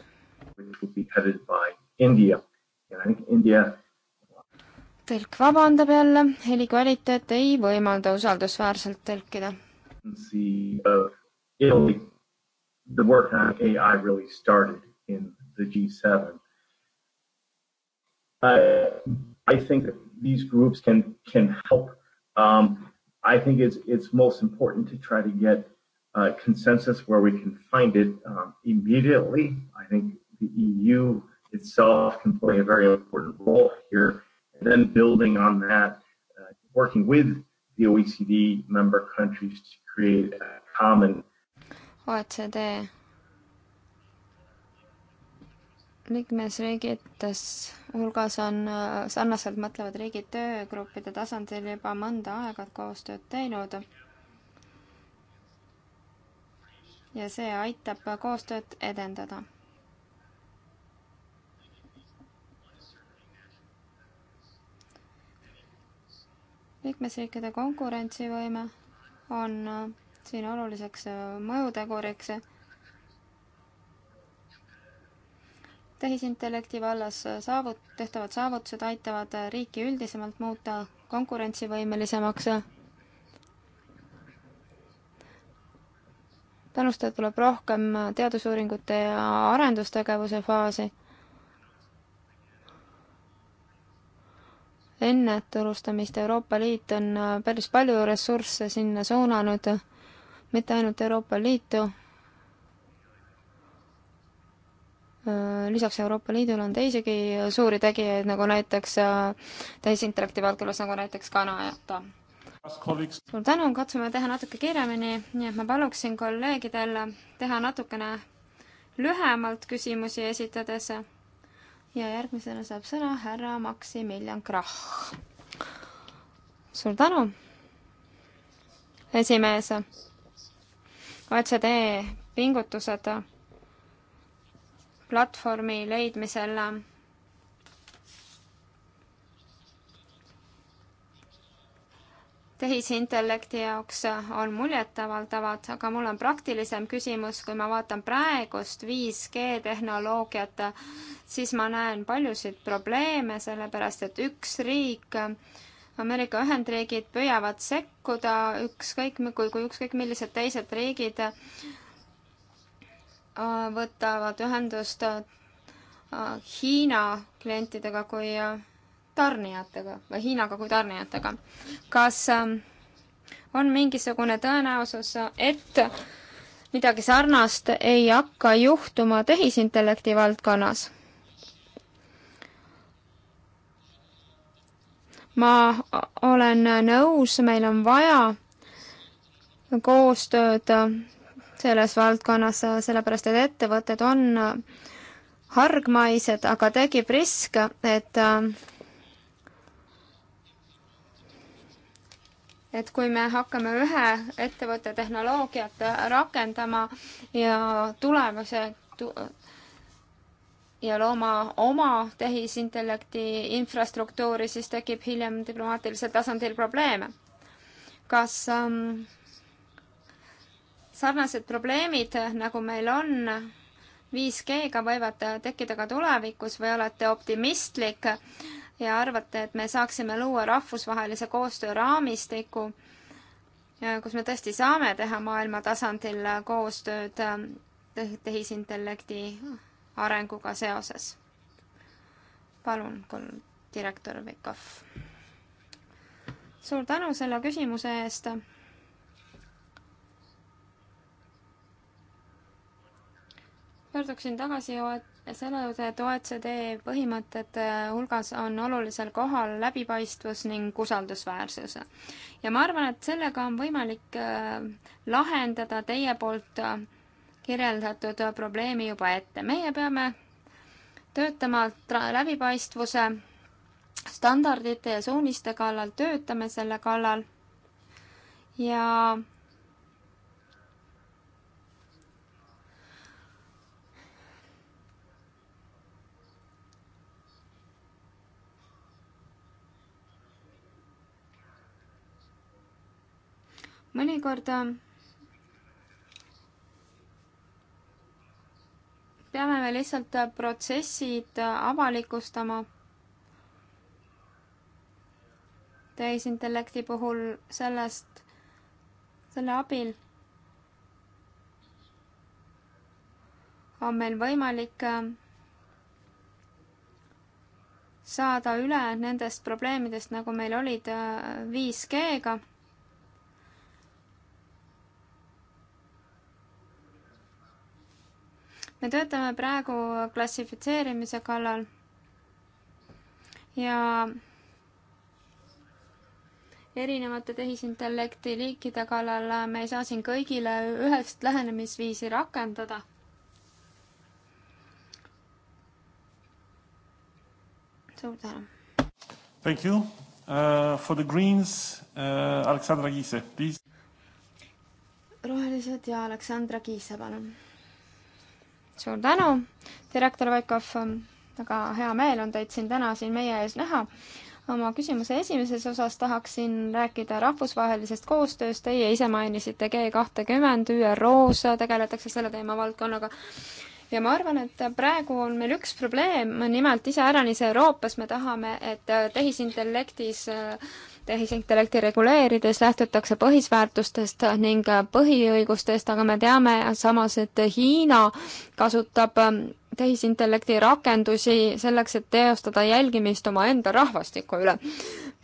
which will be headed by India. And I think India tõlk vabandab jälle, heli kvaliteet ei võimalda usaldusväärselt tõlkida. Uh, the work on AI really started in the G7. Uh, I think that these groups can can help. Um, I think it's it's most important to try to get uh, consensus where we can find it um, immediately. I think the EU itself can play a very important role here. And then building on that, uh, working with the OECD member countries to create a common OECD liikmesriigides hulgas on äh, sarnaselt mõtlevad riigid töögruppide tasandil juba mõnda aega koostööd teinud. ja see aitab koostööd edendada liikmesriikide konkurentsivõime on äh, siin oluliseks äh, mõjuteguriks. tehisintellekti vallas äh, saavut-, tehtavad saavutused aitavad riiki üldisemalt muuta konkurentsivõimelisemaks. panustada tuleb rohkem teadusuuringute ja arendustegevuse faasi enne turustamist Euroopa Liit on äh, päris palju ressursse sinna suunanud, mitte ainult Euroopa Liitu. Äh, lisaks Euroopa Liidule on teisigi suuri tegijaid, nagu näiteks äh, tehisintellekti valdkonnas, nagu näiteks Kanada suur tänu, katsume teha natuke kiiremini, nii et ma paluksin kolleegidel teha natukene lühemalt küsimusi esitades ja järgmisena saab sõna härra Maximilian Krahh. suur tänu, esimees. OECD pingutused platvormi leidmisel tehisintellekti jaoks on muljetavaldavad, aga mul on praktilisem küsimus, kui ma vaatan praegust 5G tehnoloogiat, siis ma näen paljusid probleeme, sellepärast et üks riik, Ameerika Ühendriigid püüavad sekkuda, ükskõik, kui, kui ükskõik millised teised riigid äh, võtavad ühendust äh, Hiina klientidega, kui äh, tarnijatega või Hiinaga kui tarnijatega. kas ähm, on mingisugune tõenäosus, et midagi sarnast ei hakka juhtuma tehisintellekti valdkonnas? ma olen nõus, meil on vaja koostööd selles valdkonnas, sellepärast et ettevõtted on hargmaised, aga tekib risk, et äh, et kui me hakkame ühe ettevõtte tehnoloogiat rakendama ja tulemuse tu ja looma oma tehisintellekti infrastruktuuri, siis tekib hiljem diplomaatilisel tasandil probleeme. kas ähm, sarnased probleemid, nagu meil on 5G-ga, võivad tekkida ka tulevikus või olete optimistlik äh, ja arvate, et me saaksime luua rahvusvahelise koostöö raamistiku, kus me tõesti saame teha maailma tasandil koostööd tehisintellekti arenguga seoses. palun, direktor Vikov. suur tänu selle küsimuse eest pöörduksin tagasi sõnade OECD põhimõtete hulgas on olulisel kohal läbipaistvus ning usaldusväärsus. ja ma arvan, et sellega on võimalik äh, lahendada teie poolt äh, kirjeldatud probleemi juba ette. meie peame töötama läbipaistvuse standardite ja suuniste kallal, töötame selle kallal ja mõnikord äh, peame me lihtsalt äh, protsessid äh, avalikustama. tehisintellekti puhul sellest, selle abil on meil võimalik saada üle nendest probleemidest, nagu meil olid 5G-ga me töötame praegu klassifitseerimise kallal ja erinevate tehisintellekti liikide kallal me ei saa siin kõigile ühest lähenemisviisi rakendada. suur tänu. Thank you uh, for the greens uh,, Aleksandra Kiise, please. rohelised ja Aleksandra Kiise, palun suur tänu, direktor Vaikov, väga hea meel on teid siin täna siin meie ees näha. oma küsimuse esimeses osas tahaksin rääkida rahvusvahelisest koostööst, teie ise mainisite G kahtekümmend, ÜRO-s tegeletakse selle teemavaldkonnaga ja ma arvan, et praegu on meil üks probleem, nimelt iseäranis Euroopas me tahame, et äh, tehisintellektis äh, tehisintellekti reguleerides lähtutakse põhisväärtustest ning äh, põhiõigustest, aga me teame samas, et Hiina kasutab ähm, tehisintellekti rakendusi selleks, et teostada jälgimist omaenda rahvastiku üle,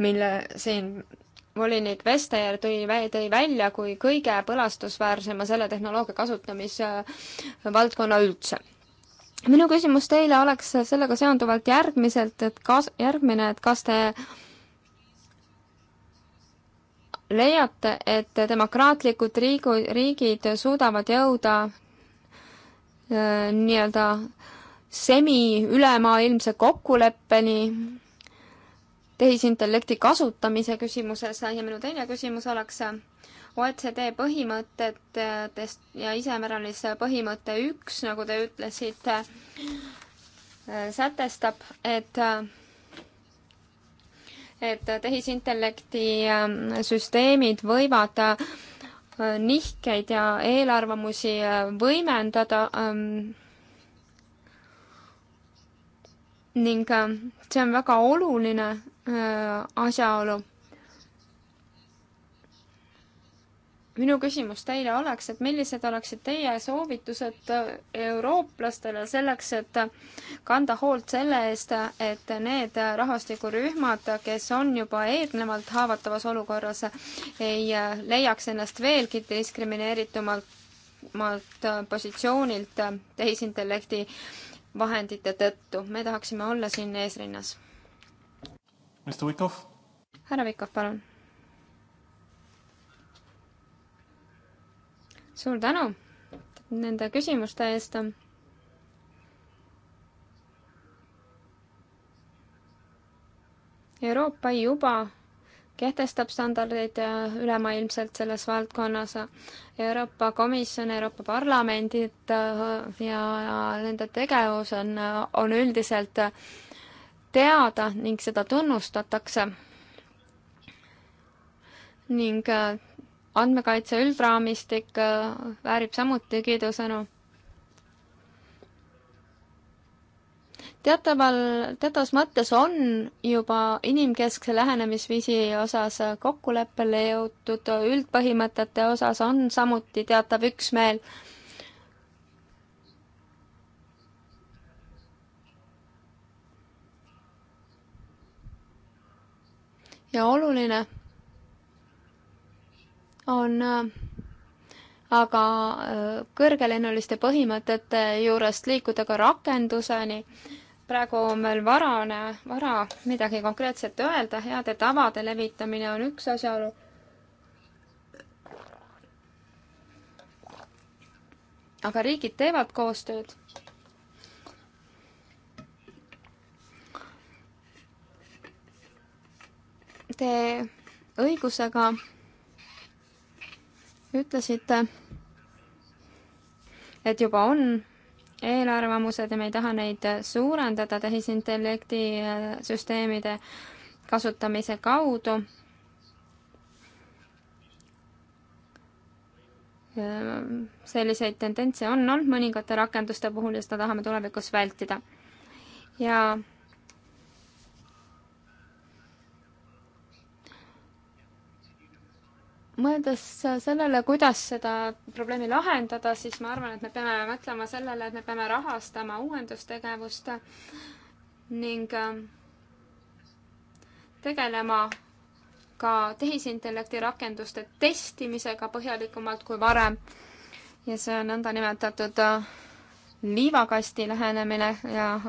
mille siin volinik Vestager tõi, tõi välja kui kõige põlastusväärsema selle tehnoloogia kasutamise valdkonna üldse minu küsimus teile oleks sellega seonduvalt järgmiselt, et kas, järgmine, et kas te leiate, et demokraatlikud riigu, riigid suudavad jõuda äh, nii-öelda semi-ülemaailmse kokkuleppeni tehisintellekti kasutamise küsimuses ja minu teine küsimus oleks OECD põhimõtetest ja iseäranis põhimõte üks, nagu te ütlesite, sätestab, et et tehisintellekti ähm, süsteemid võivad äh, nihkeid ja eelarvamusi äh, võimendada ähm, ning äh, see on väga oluline asjaolu. minu küsimus teile oleks, et millised oleksid teie soovitused eurooplastele selleks, et kanda hoolt selle eest, et need rahvastikurühmad, kes on juba eelnevalt haavatavas olukorras, ei leiaks ennast veelgi diskrimineeritumalt positsioonilt tehisintellekti vahendite tõttu. me tahaksime olla siin eesrinnas Mr Wikoff. härra Wikoff, palun. suur tänu nende küsimuste eest Euroopa juba kehtestab standardeid ülemaailmselt selles valdkonnas. Euroopa Komisjon, Euroopa Parlamendid äh, ja nende tegevus on, on üldiselt teada ning seda tunnustatakse. ning äh, andmekaitse üldraamistik äh, väärib samuti kiidusõnu. teataval, teatavas mõttes on juba inimkeskse lähenemisviisi osas kokkuleppele jõutud, üldpõhimõtete osas on samuti teatav üksmeel ja oluline on äh, aga äh, kõrgelennuliste põhimõtete juurest liikuda ka rakenduseni. praegu on veel varane, vara midagi konkreetset öelda, heade tavade levitamine on üks asjaolu. aga riigid teevad koostööd Te õigusega ütlesite, et juba on eelarvamused ja me ei taha neid suurendada tehisintellekti äh, süsteemide kasutamise kaudu. selliseid tendentse on olnud mõningate rakenduste puhul ja seda tahame tulevikus vältida. ja mõeldes sellele, kuidas seda probleemi lahendada, siis ma arvan, et me peame mõtlema sellele, et me peame rahastama uuendustegevust ning äh, tegelema ka tehisintellekti rakenduste testimisega põhjalikumalt kui varem. ja see on nõndanimetatud äh, liivakasti lähenemine ja,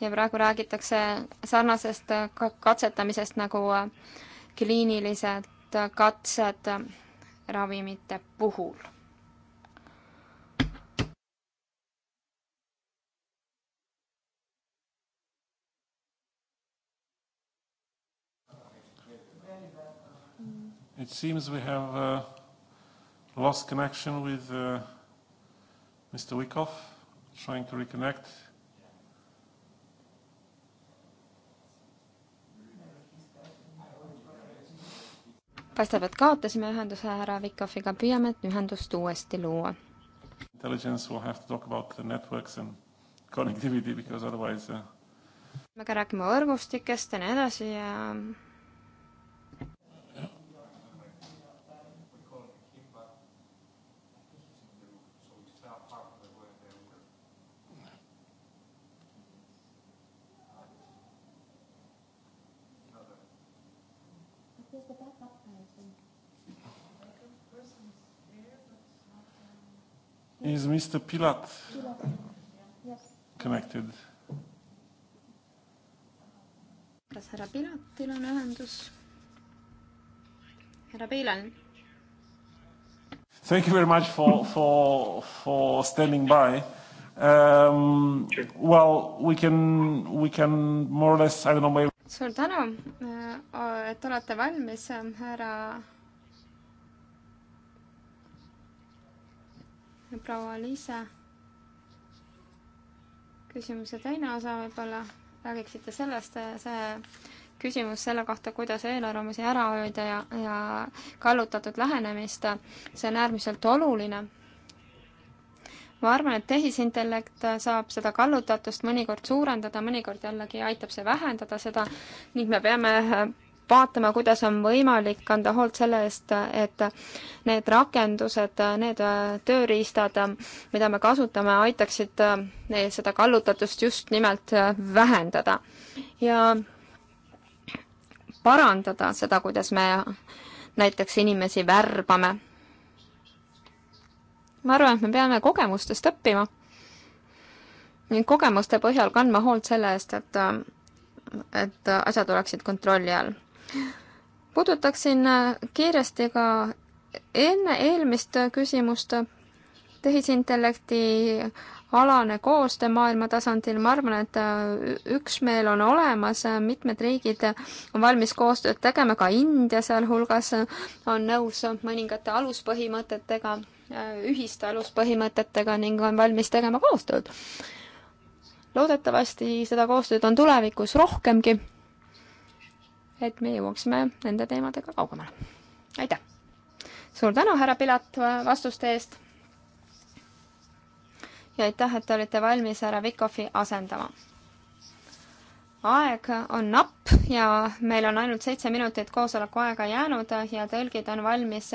ja praegu räägitakse sarnasest äh, katsetamisest nagu kliinilised toimuvad äh, katsed äh, ravimite puhul. It seems we have uh, lost connection with uh, Mr. Wyckoff, trying to reconnect. paistab, et kaotasime ühenduse härra Vikhofiga, püüame ühendust uuesti luua. Intelligence will have to talk about the networks and connectivity because otherwise uh... me ka räägime võrgustikest ja nii edasi ja Is Mr. Pilat connected? kas härra Pilatil on ühendus? härra Pilan. Thank you very much for, for, for standing by. Um, well, we can, we can more or less, I don't know, maybe. suur tänu, et olete valmis, härra proua Liisa, küsimuse teine osa võib-olla, räägiksite sellest, see küsimus selle kohta, kuidas eelarvamusi ära hoida ja, ja kallutatud lähenemist, see on äärmiselt oluline. ma arvan, et tehisintellekt saab seda kallutatust mõnikord suurendada, mõnikord jällegi aitab see vähendada seda ning me peame vaatama, kuidas on võimalik kanda hoolt selle eest, et need rakendused, need äh, tööriistad, mida me kasutame, aitaksid äh, seda kallutatust just nimelt äh, vähendada ja parandada seda, kuidas me näiteks inimesi värbame. ma arvan, et me peame kogemustest õppima ning kogemuste põhjal kandma hoolt selle eest, et, et asjad oleksid kontrolli all puudutaksin äh, kiiresti ka enne eelmist äh, küsimust äh, tehisintellekti alane koostöö maailma tasandil, ma arvan, et üksmeel on olemas, mitmed riigid on valmis koostööd tegema, ka India sealhulgas on nõus mõningate aluspõhimõtetega, ühiste aluspõhimõtetega ning on valmis tegema koostööd. loodetavasti seda koostööd on tulevikus rohkemgi et me jõuaksime nende teemadega kaugemale. aitäh! suur tänu, härra Pilat, vastuste eest! ja aitäh, et olite valmis härra Vikhofi asendama. aeg on napp ja meil on ainult seitse minutit koosoleku aega jäänud ja tõlgid on valmis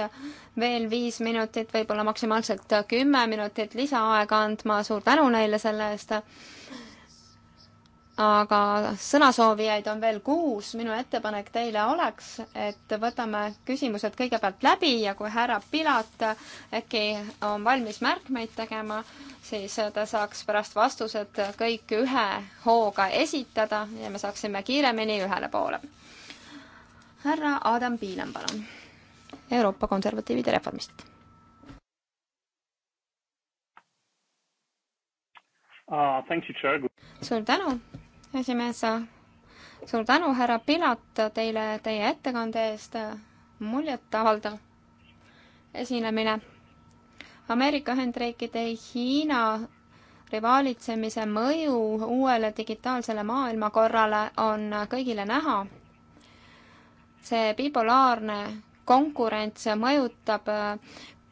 veel viis minutit, võib-olla maksimaalselt kümme minutit lisaaega andma. suur tänu neile selle eest aga sõnasoovijaid on veel kuus, minu ettepanek teile oleks, et võtame küsimused kõigepealt läbi ja kui härra Pilat äkki on valmis märkmeid tegema, siis ta saaks pärast vastused kõik ühe hooga esitada ja me saaksime kiiremini ühele poole. härra Adam Piilan, palun. Euroopa Konservatiivide Reformist Uh, thank you, Chair. suur tänu, esimees, suur tänu, härra Pilat, teile teie ettekande eest, muljetavaldav esinemine. Ameerika Ühendriikide ja Hiina rivaalitsemise mõju uuele digitaalsele maailmakorrale on kõigile näha. see bipolaarne konkurents mõjutab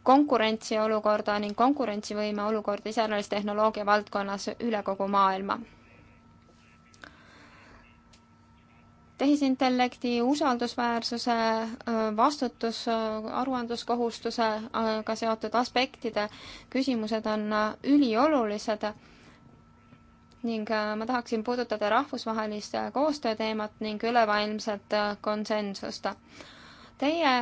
konkurentsiolukorda ning konkurentsivõime olukorda iseäranis tehnoloogia valdkonnas üle kogu maailma tehisintellekti usaldusväärsuse, vastutus, aruandluskohustusega seotud aspektide küsimused on üliolulised ning äh, ma tahaksin puudutada rahvusvahelist äh, koostööteemat ning ülevaimset äh, konsensust. Teie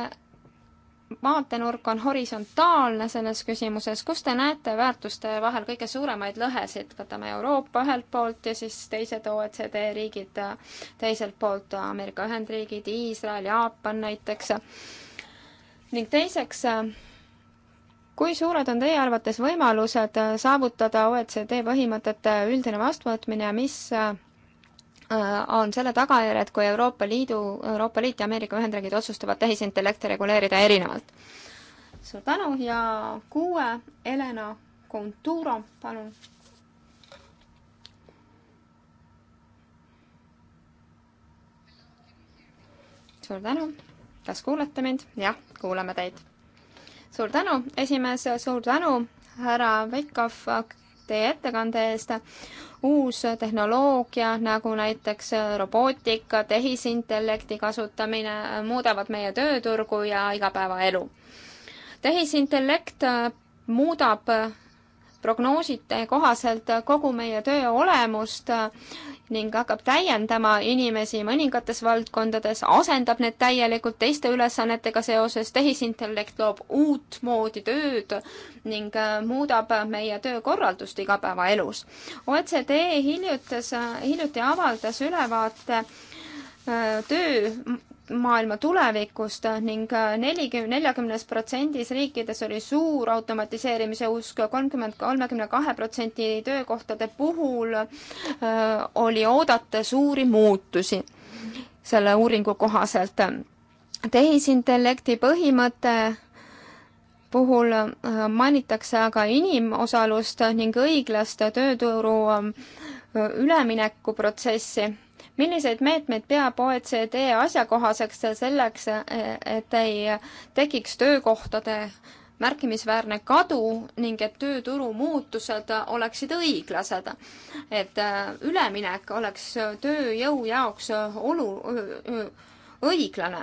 vaatenurk on horisontaalne selles küsimuses, kus te näete väärtuste vahel kõige suuremaid lõhesid, võtame Euroopa ühelt poolt ja siis teised OECD riigid äh, teiselt poolt, Ameerika Ühendriigid, Iisrael, Jaapan näiteks. ning teiseks, äh, kui suured on teie arvates võimalused äh, saavutada OECD põhimõtete üldine vastuvõtmine ja mis Äh, on selle tagajärg, et kui Euroopa Liidu, Euroopa Liit ja Ameerika Ühendriigid otsustavad tehisintellekti reguleerida erinevalt. suur tänu ja kuue, Elena Conturo, palun. suur tänu, kas kuulete mind? jah, kuulame teid. suur tänu, esimees, suur tänu, härra Veikov, teie ettekande eest uus tehnoloogia, nagu näiteks robootika, tehisintellekti kasutamine, muudavad meie tööturgu ja igapäevaelu. tehisintellekt muudab prognooside kohaselt kogu meie töö olemust ning hakkab täiendama inimesi mõningates valdkondades, asendab need täielikult teiste ülesannetega seoses, tehisintellekt loob uutmoodi tööd ning äh, muudab meie töökorraldust igapäevaelus. OECD hiljutas, hiljuti avaldas ülevaate äh, töö maailma tulevikust ning nelikümmend, neljakümnes protsendis riikides oli suur automatiseerimise usk, kolmkümmend, kolmekümne kahe protsendi töökohtade puhul öö, oli oodata suuri muutusi selle uuringu kohaselt. tehisintellekti põhimõte puhul mainitakse aga inimosalust ning õiglast tööturu üleminekuprotsessi milliseid meetmeid peab OECD asjakohaseks selleks, et ei tekiks töökohtade märkimisväärne kadu ning et tööturu muutused oleksid õiglased. et äh, üleminek oleks tööjõu jaoks olu-, õiglane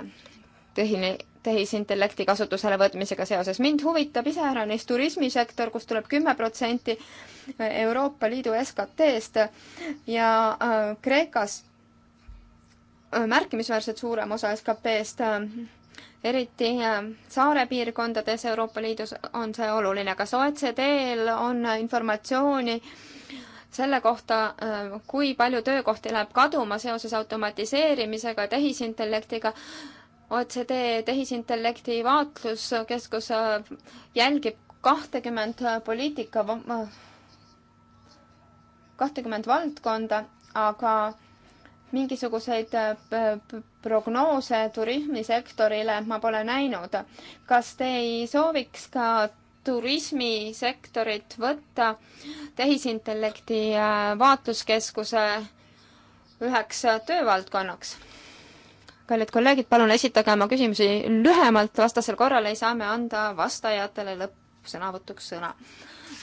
tehini-, tehisintellekti kasutusele võtmisega seoses. mind huvitab iseäranis turismisektor, kus tuleb kümme protsenti Euroopa Liidu SKT-st ja äh, Kreekas Äh, märkimisväärselt suurem osa SKP-st äh, eriti äh, saare piirkondades Euroopa Liidus on see oluline. kas OECD-l on informatsiooni selle kohta, kui palju töökohti läheb kaduma seoses automatiseerimisega, tehisintellektiga? OECD tehisintellekti vaatluskeskus jälgib kahtekümmend poliitika, kahtekümmend valdkonda, aga mingisuguseid äh, prognoose turismisektorile ma pole näinud. kas te ei sooviks ka turismisektorit võtta tehisintellekti äh, vaatluskeskuse üheks äh, töövaldkonnaks? kallid kolleegid, palun esitage oma küsimusi lühemalt, vastasel korral ei saa me anda vastajatele lõppsõnavõtuks sõna.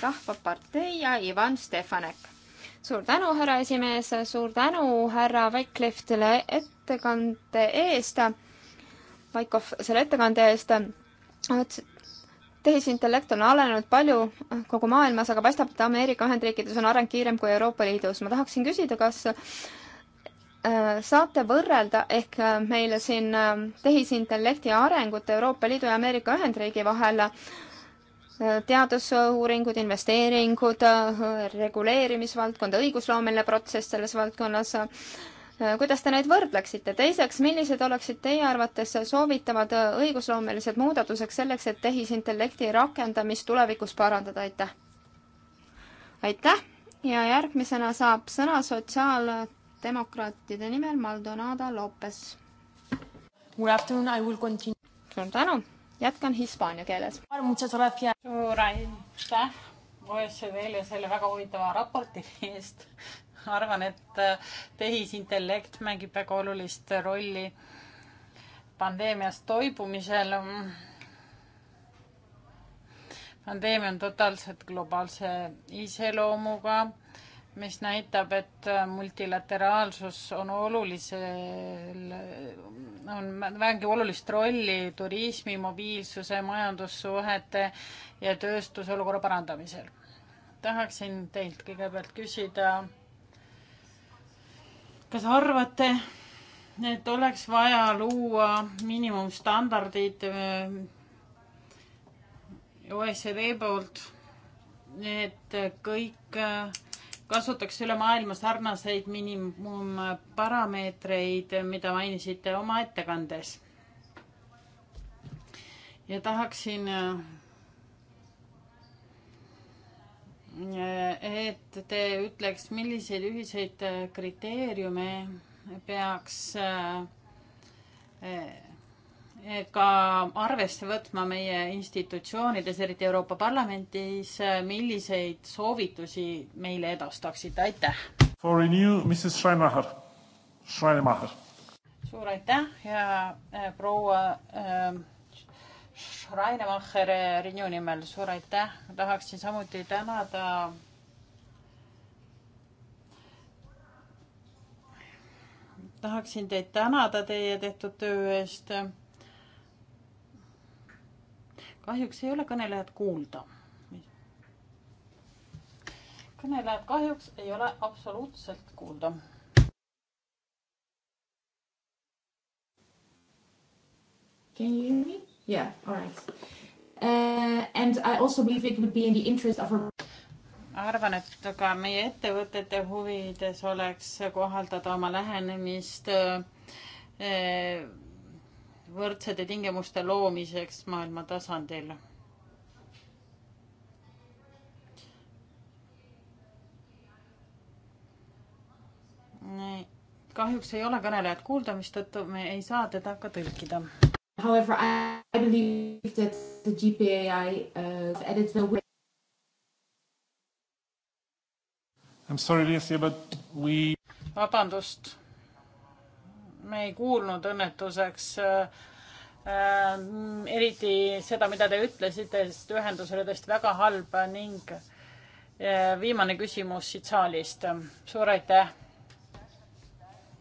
rahvapartei ja Ivan Stefanek suur tänu, härra esimees, suur tänu härra Väikliftile ettekande eest, Vaikov selle ettekande eest. tehisintellekt on arenenud palju kogu maailmas, aga paistab, et Ameerika Ühendriikides on areng kiirem kui Euroopa Liidus. ma tahaksin küsida, kas äh, saate võrrelda ehk äh, meile siin äh, tehisintellekti arengut Euroopa Liidu ja Ameerika Ühendriigi vahel teadusuuringud, investeeringud, reguleerimisvaldkond, õigusloomeline protsess selles valdkonnas. kuidas te neid võrdleksite? teiseks, millised oleksid teie arvates soovitavad õigusloomelised muudatuseks selleks, et tehisintellekti rakendamist tulevikus parandada? aitäh! aitäh ja järgmisena saab sõna sotsiaaldemokraatide nimel Maldonada Lopes. suur tänu! jätkan hispaania keeles. suur aitäh OSCD-le selle väga huvitava raporti eest. arvan, et äh, tehisintellekt mängib väga olulist rolli pandeemiast toibumisel. pandeemia on totaalselt globaalse iseloomuga mis näitab, et äh, multilateraalsus on olulisel, on, mängib olulist rolli turismi, mobiilsuse, majandussuhete ja tööstusolukorra parandamisel. tahaksin teilt kõigepealt küsida, kas arvate, et oleks vaja luua miinimumstandardid äh, OECD poolt, et kõik äh, kasutatakse üle maailma sarnaseid miinimumparameetreid, mida mainisite oma ettekandes. ja tahaksin, et te ütleks, milliseid ühiseid kriteeriume peaks ka arvesse võtma meie institutsioonides, eriti Euroopa Parlamendis, milliseid soovitusi meile edastaksite, aitäh! For renew, Mrs Schreimacher, Schreimacher. suur aitäh ja äh, proua ähm, äh, Schreinemacher Renew nimel, suur aitäh, tahaksin samuti tänada tahaksin teid tänada teie tehtud töö eest kahjuks ei ole kõnelejat kuulda. kõnelejat kahjuks ei ole absoluutselt kuulda. Can you hear me? Yeah, all right uh,. And I also believe it would be in the interest of our arvan, et ka meie ettevõtete huvides oleks kohaldada oma lähenemist äh, võrdsete tingimuste loomiseks maailma tasandil. kahjuks ei ole kõnelejat kuulda, mistõttu me ei saa teda ka tõlkida. However, I believe that the GPAI uh, added no I am sorry, Liisi, but we. vabandust me ei kuulnud õnnetuseks äh, äh, eriti seda, mida te ütlesite, sest ühendus oli tõesti väga halb ning äh, viimane küsimus siit saalist. suur aitäh!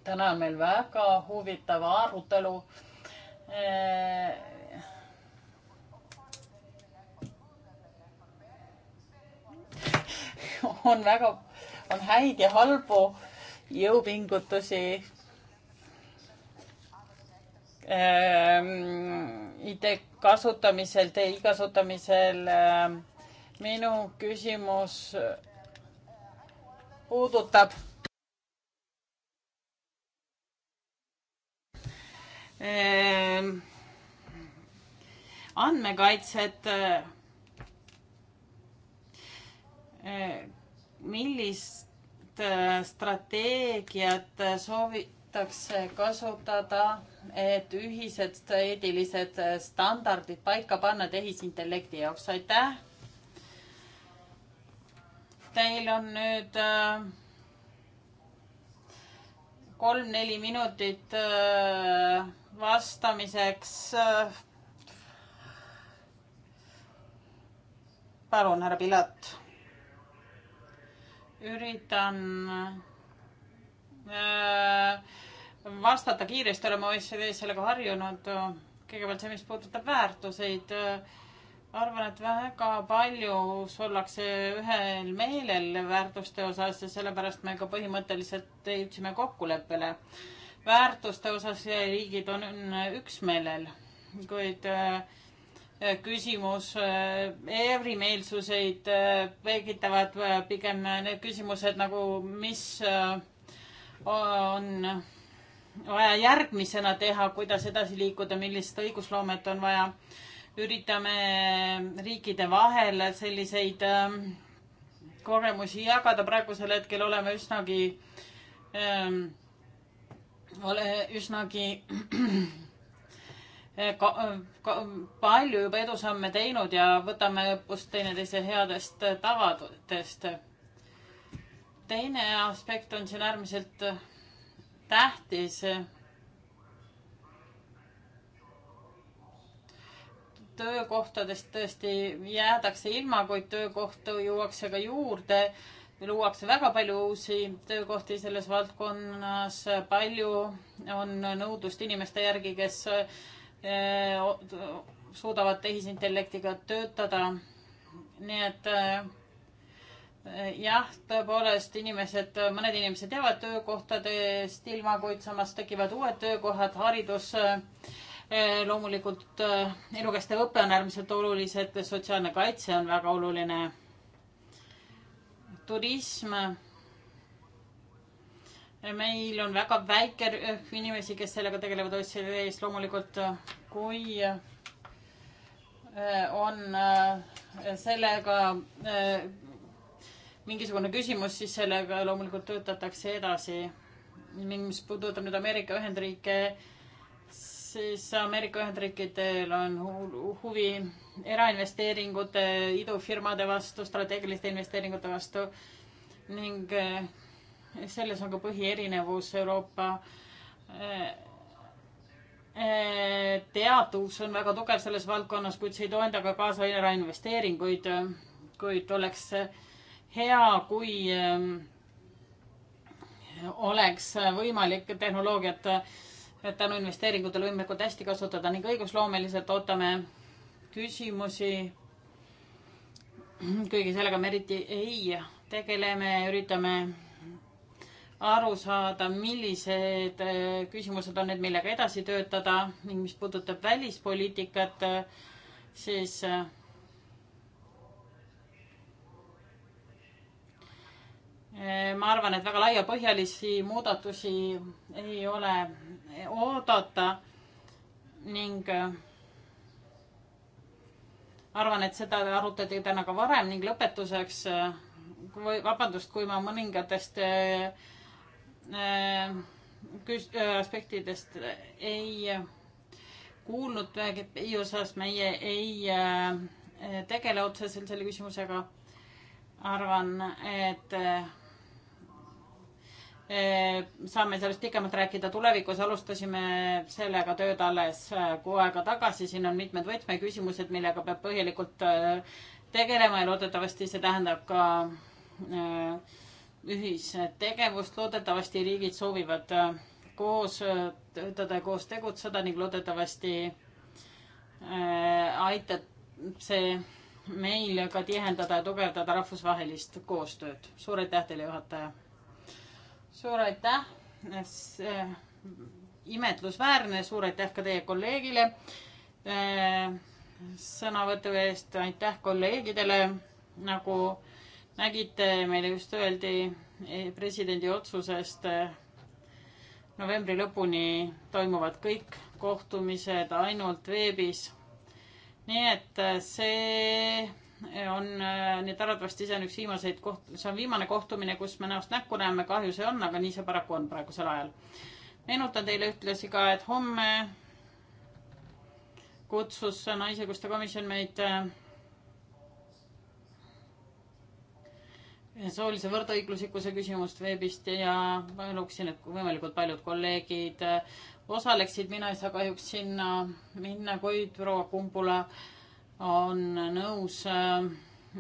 täna on meil väga huvitav arutelu äh,. on väga, on häid ja halbu jõupingutusi Ehm, ID kasutamisel, TI kasutamisel. Ehm, minu küsimus eh, puudutab ehm, andmekaitset. Eh, millist eh, strateegiat soovi-, tahetakse kasutada, et ühised eetilised standardid paika panna tehisintellekti jaoks. aitäh. Teil on nüüd äh, kolm-neli minutit äh, vastamiseks. Äh, palun, härra Pilat. üritan Äh, vastata kiiresti, oleme OECD-s sellega harjunud. kõigepealt see, mis puudutab väärtuseid. Äh, arvan, et väga paljus ollakse ühel meelel väärtuste osas ja sellepärast me ka põhimõtteliselt jõudsime kokkuleppele. väärtuste osas riigid on üksmeelel, kuid äh, küsimus, erimeelsuseid tekitavad pigem need küsimused nagu, mis äh, on vaja järgmisena teha, kuidas edasi liikuda, millist õigusloomet on vaja. üritame riikide vahel selliseid ähm, kogemusi jagada, praegusel hetkel oleme üsnagi, ähm, ole üsnagi ka, ka, palju juba edusamme teinud ja võtame õppust teineteise headest tavadest teine aspekt on siin äärmiselt tähtis. töökohtadest tõesti jäädakse ilma, kuid töökohta juuakse ka juurde. luuakse väga palju uusi töökohti selles valdkonnas, palju on nõudlust inimeste järgi, kes eh, suudavad tehisintellektiga töötada. nii et eh, jah, tõepoolest inimesed, mõned inimesed jäävad töökohtadest ilma, kuid samas tekivad uued töökohad, haridus, eh, loomulikult eh, elukestev õpe on äärmiselt olulised, sotsiaalne kaitse on väga oluline, turism. meil on väga väike rühm inimesi, kes sellega tegelevad OECD-s, loomulikult kui eh, on sellega mingisugune küsimus, siis sellega loomulikult töötatakse edasi. ning mis puudutab nüüd Ameerika Ühendriike, siis Ameerika Ühendriikidel on huvi erainvesteeringute, idufirmade vastu, strateegiliste investeeringute vastu ning eh, selles on ka põhierinevus Euroopa eh, eh, teadus on väga tugev selles valdkonnas, kuid see ei too endaga kaasa erainvesteeringuid, kuid oleks äh, hea, kui ähm, oleks võimalik tehnoloogiat tänu investeeringutele võimalikult hästi kasutada ning õigusloomeliselt ootame küsimusi. kuigi sellega me eriti ei tegele, me üritame aru saada, millised äh, küsimused on need, millega edasi töötada ning mis puudutab välispoliitikat, siis äh, Äh, ma arvan, et väga laiapõhjalisi muudatusi ei ole oodata ning äh, arvan, et seda arutati täna ka varem ning lõpetuseks, äh, kui, vabandust, kui ma mõningatest küs-, aspektidest ei kuulnud ei osas, meie ei tegele otseselt selle küsimusega. arvan, et Ehm, saame sellest pikemalt rääkida tulevikus, alustasime sellega tööd alles äh, kuu aega tagasi, siin on mitmed võtmeküsimused, millega peab põhjalikult äh, tegelema ja loodetavasti see tähendab ka äh, ühistegevust, loodetavasti riigid soovivad koos töötada ja koos tegutseda ning loodetavasti aitab see meil ka tihendada ja tugevdada rahvusvahelist koostööd. suur aitäh teile, juhataja! suur aitäh, äh, imetlusväärne, suur aitäh ka teie kolleegile äh, sõnavõtu eest, aitäh kolleegidele, nagu nägite, meile just öeldi e, presidendi otsusest äh, novembri lõpuni toimuvad kõik kohtumised ainult veebis. nii et see on, äh, nii et arvatavasti see on üks viimaseid koht-, see on viimane kohtumine, kus me näost näkku näeme, kahju see on, aga nii see paraku on praegusel ajal. meenutan teile ühtlasi ka, et homme kutsus Naisõiguste komisjon meid äh, soolise võrdõiguslikkuse küsimust veebist ja ma loodan, et võimalikult paljud kolleegid äh, osaleksid, mina ei saa kahjuks sinna minna, kuid proua Kumbula äh, on nõus äh,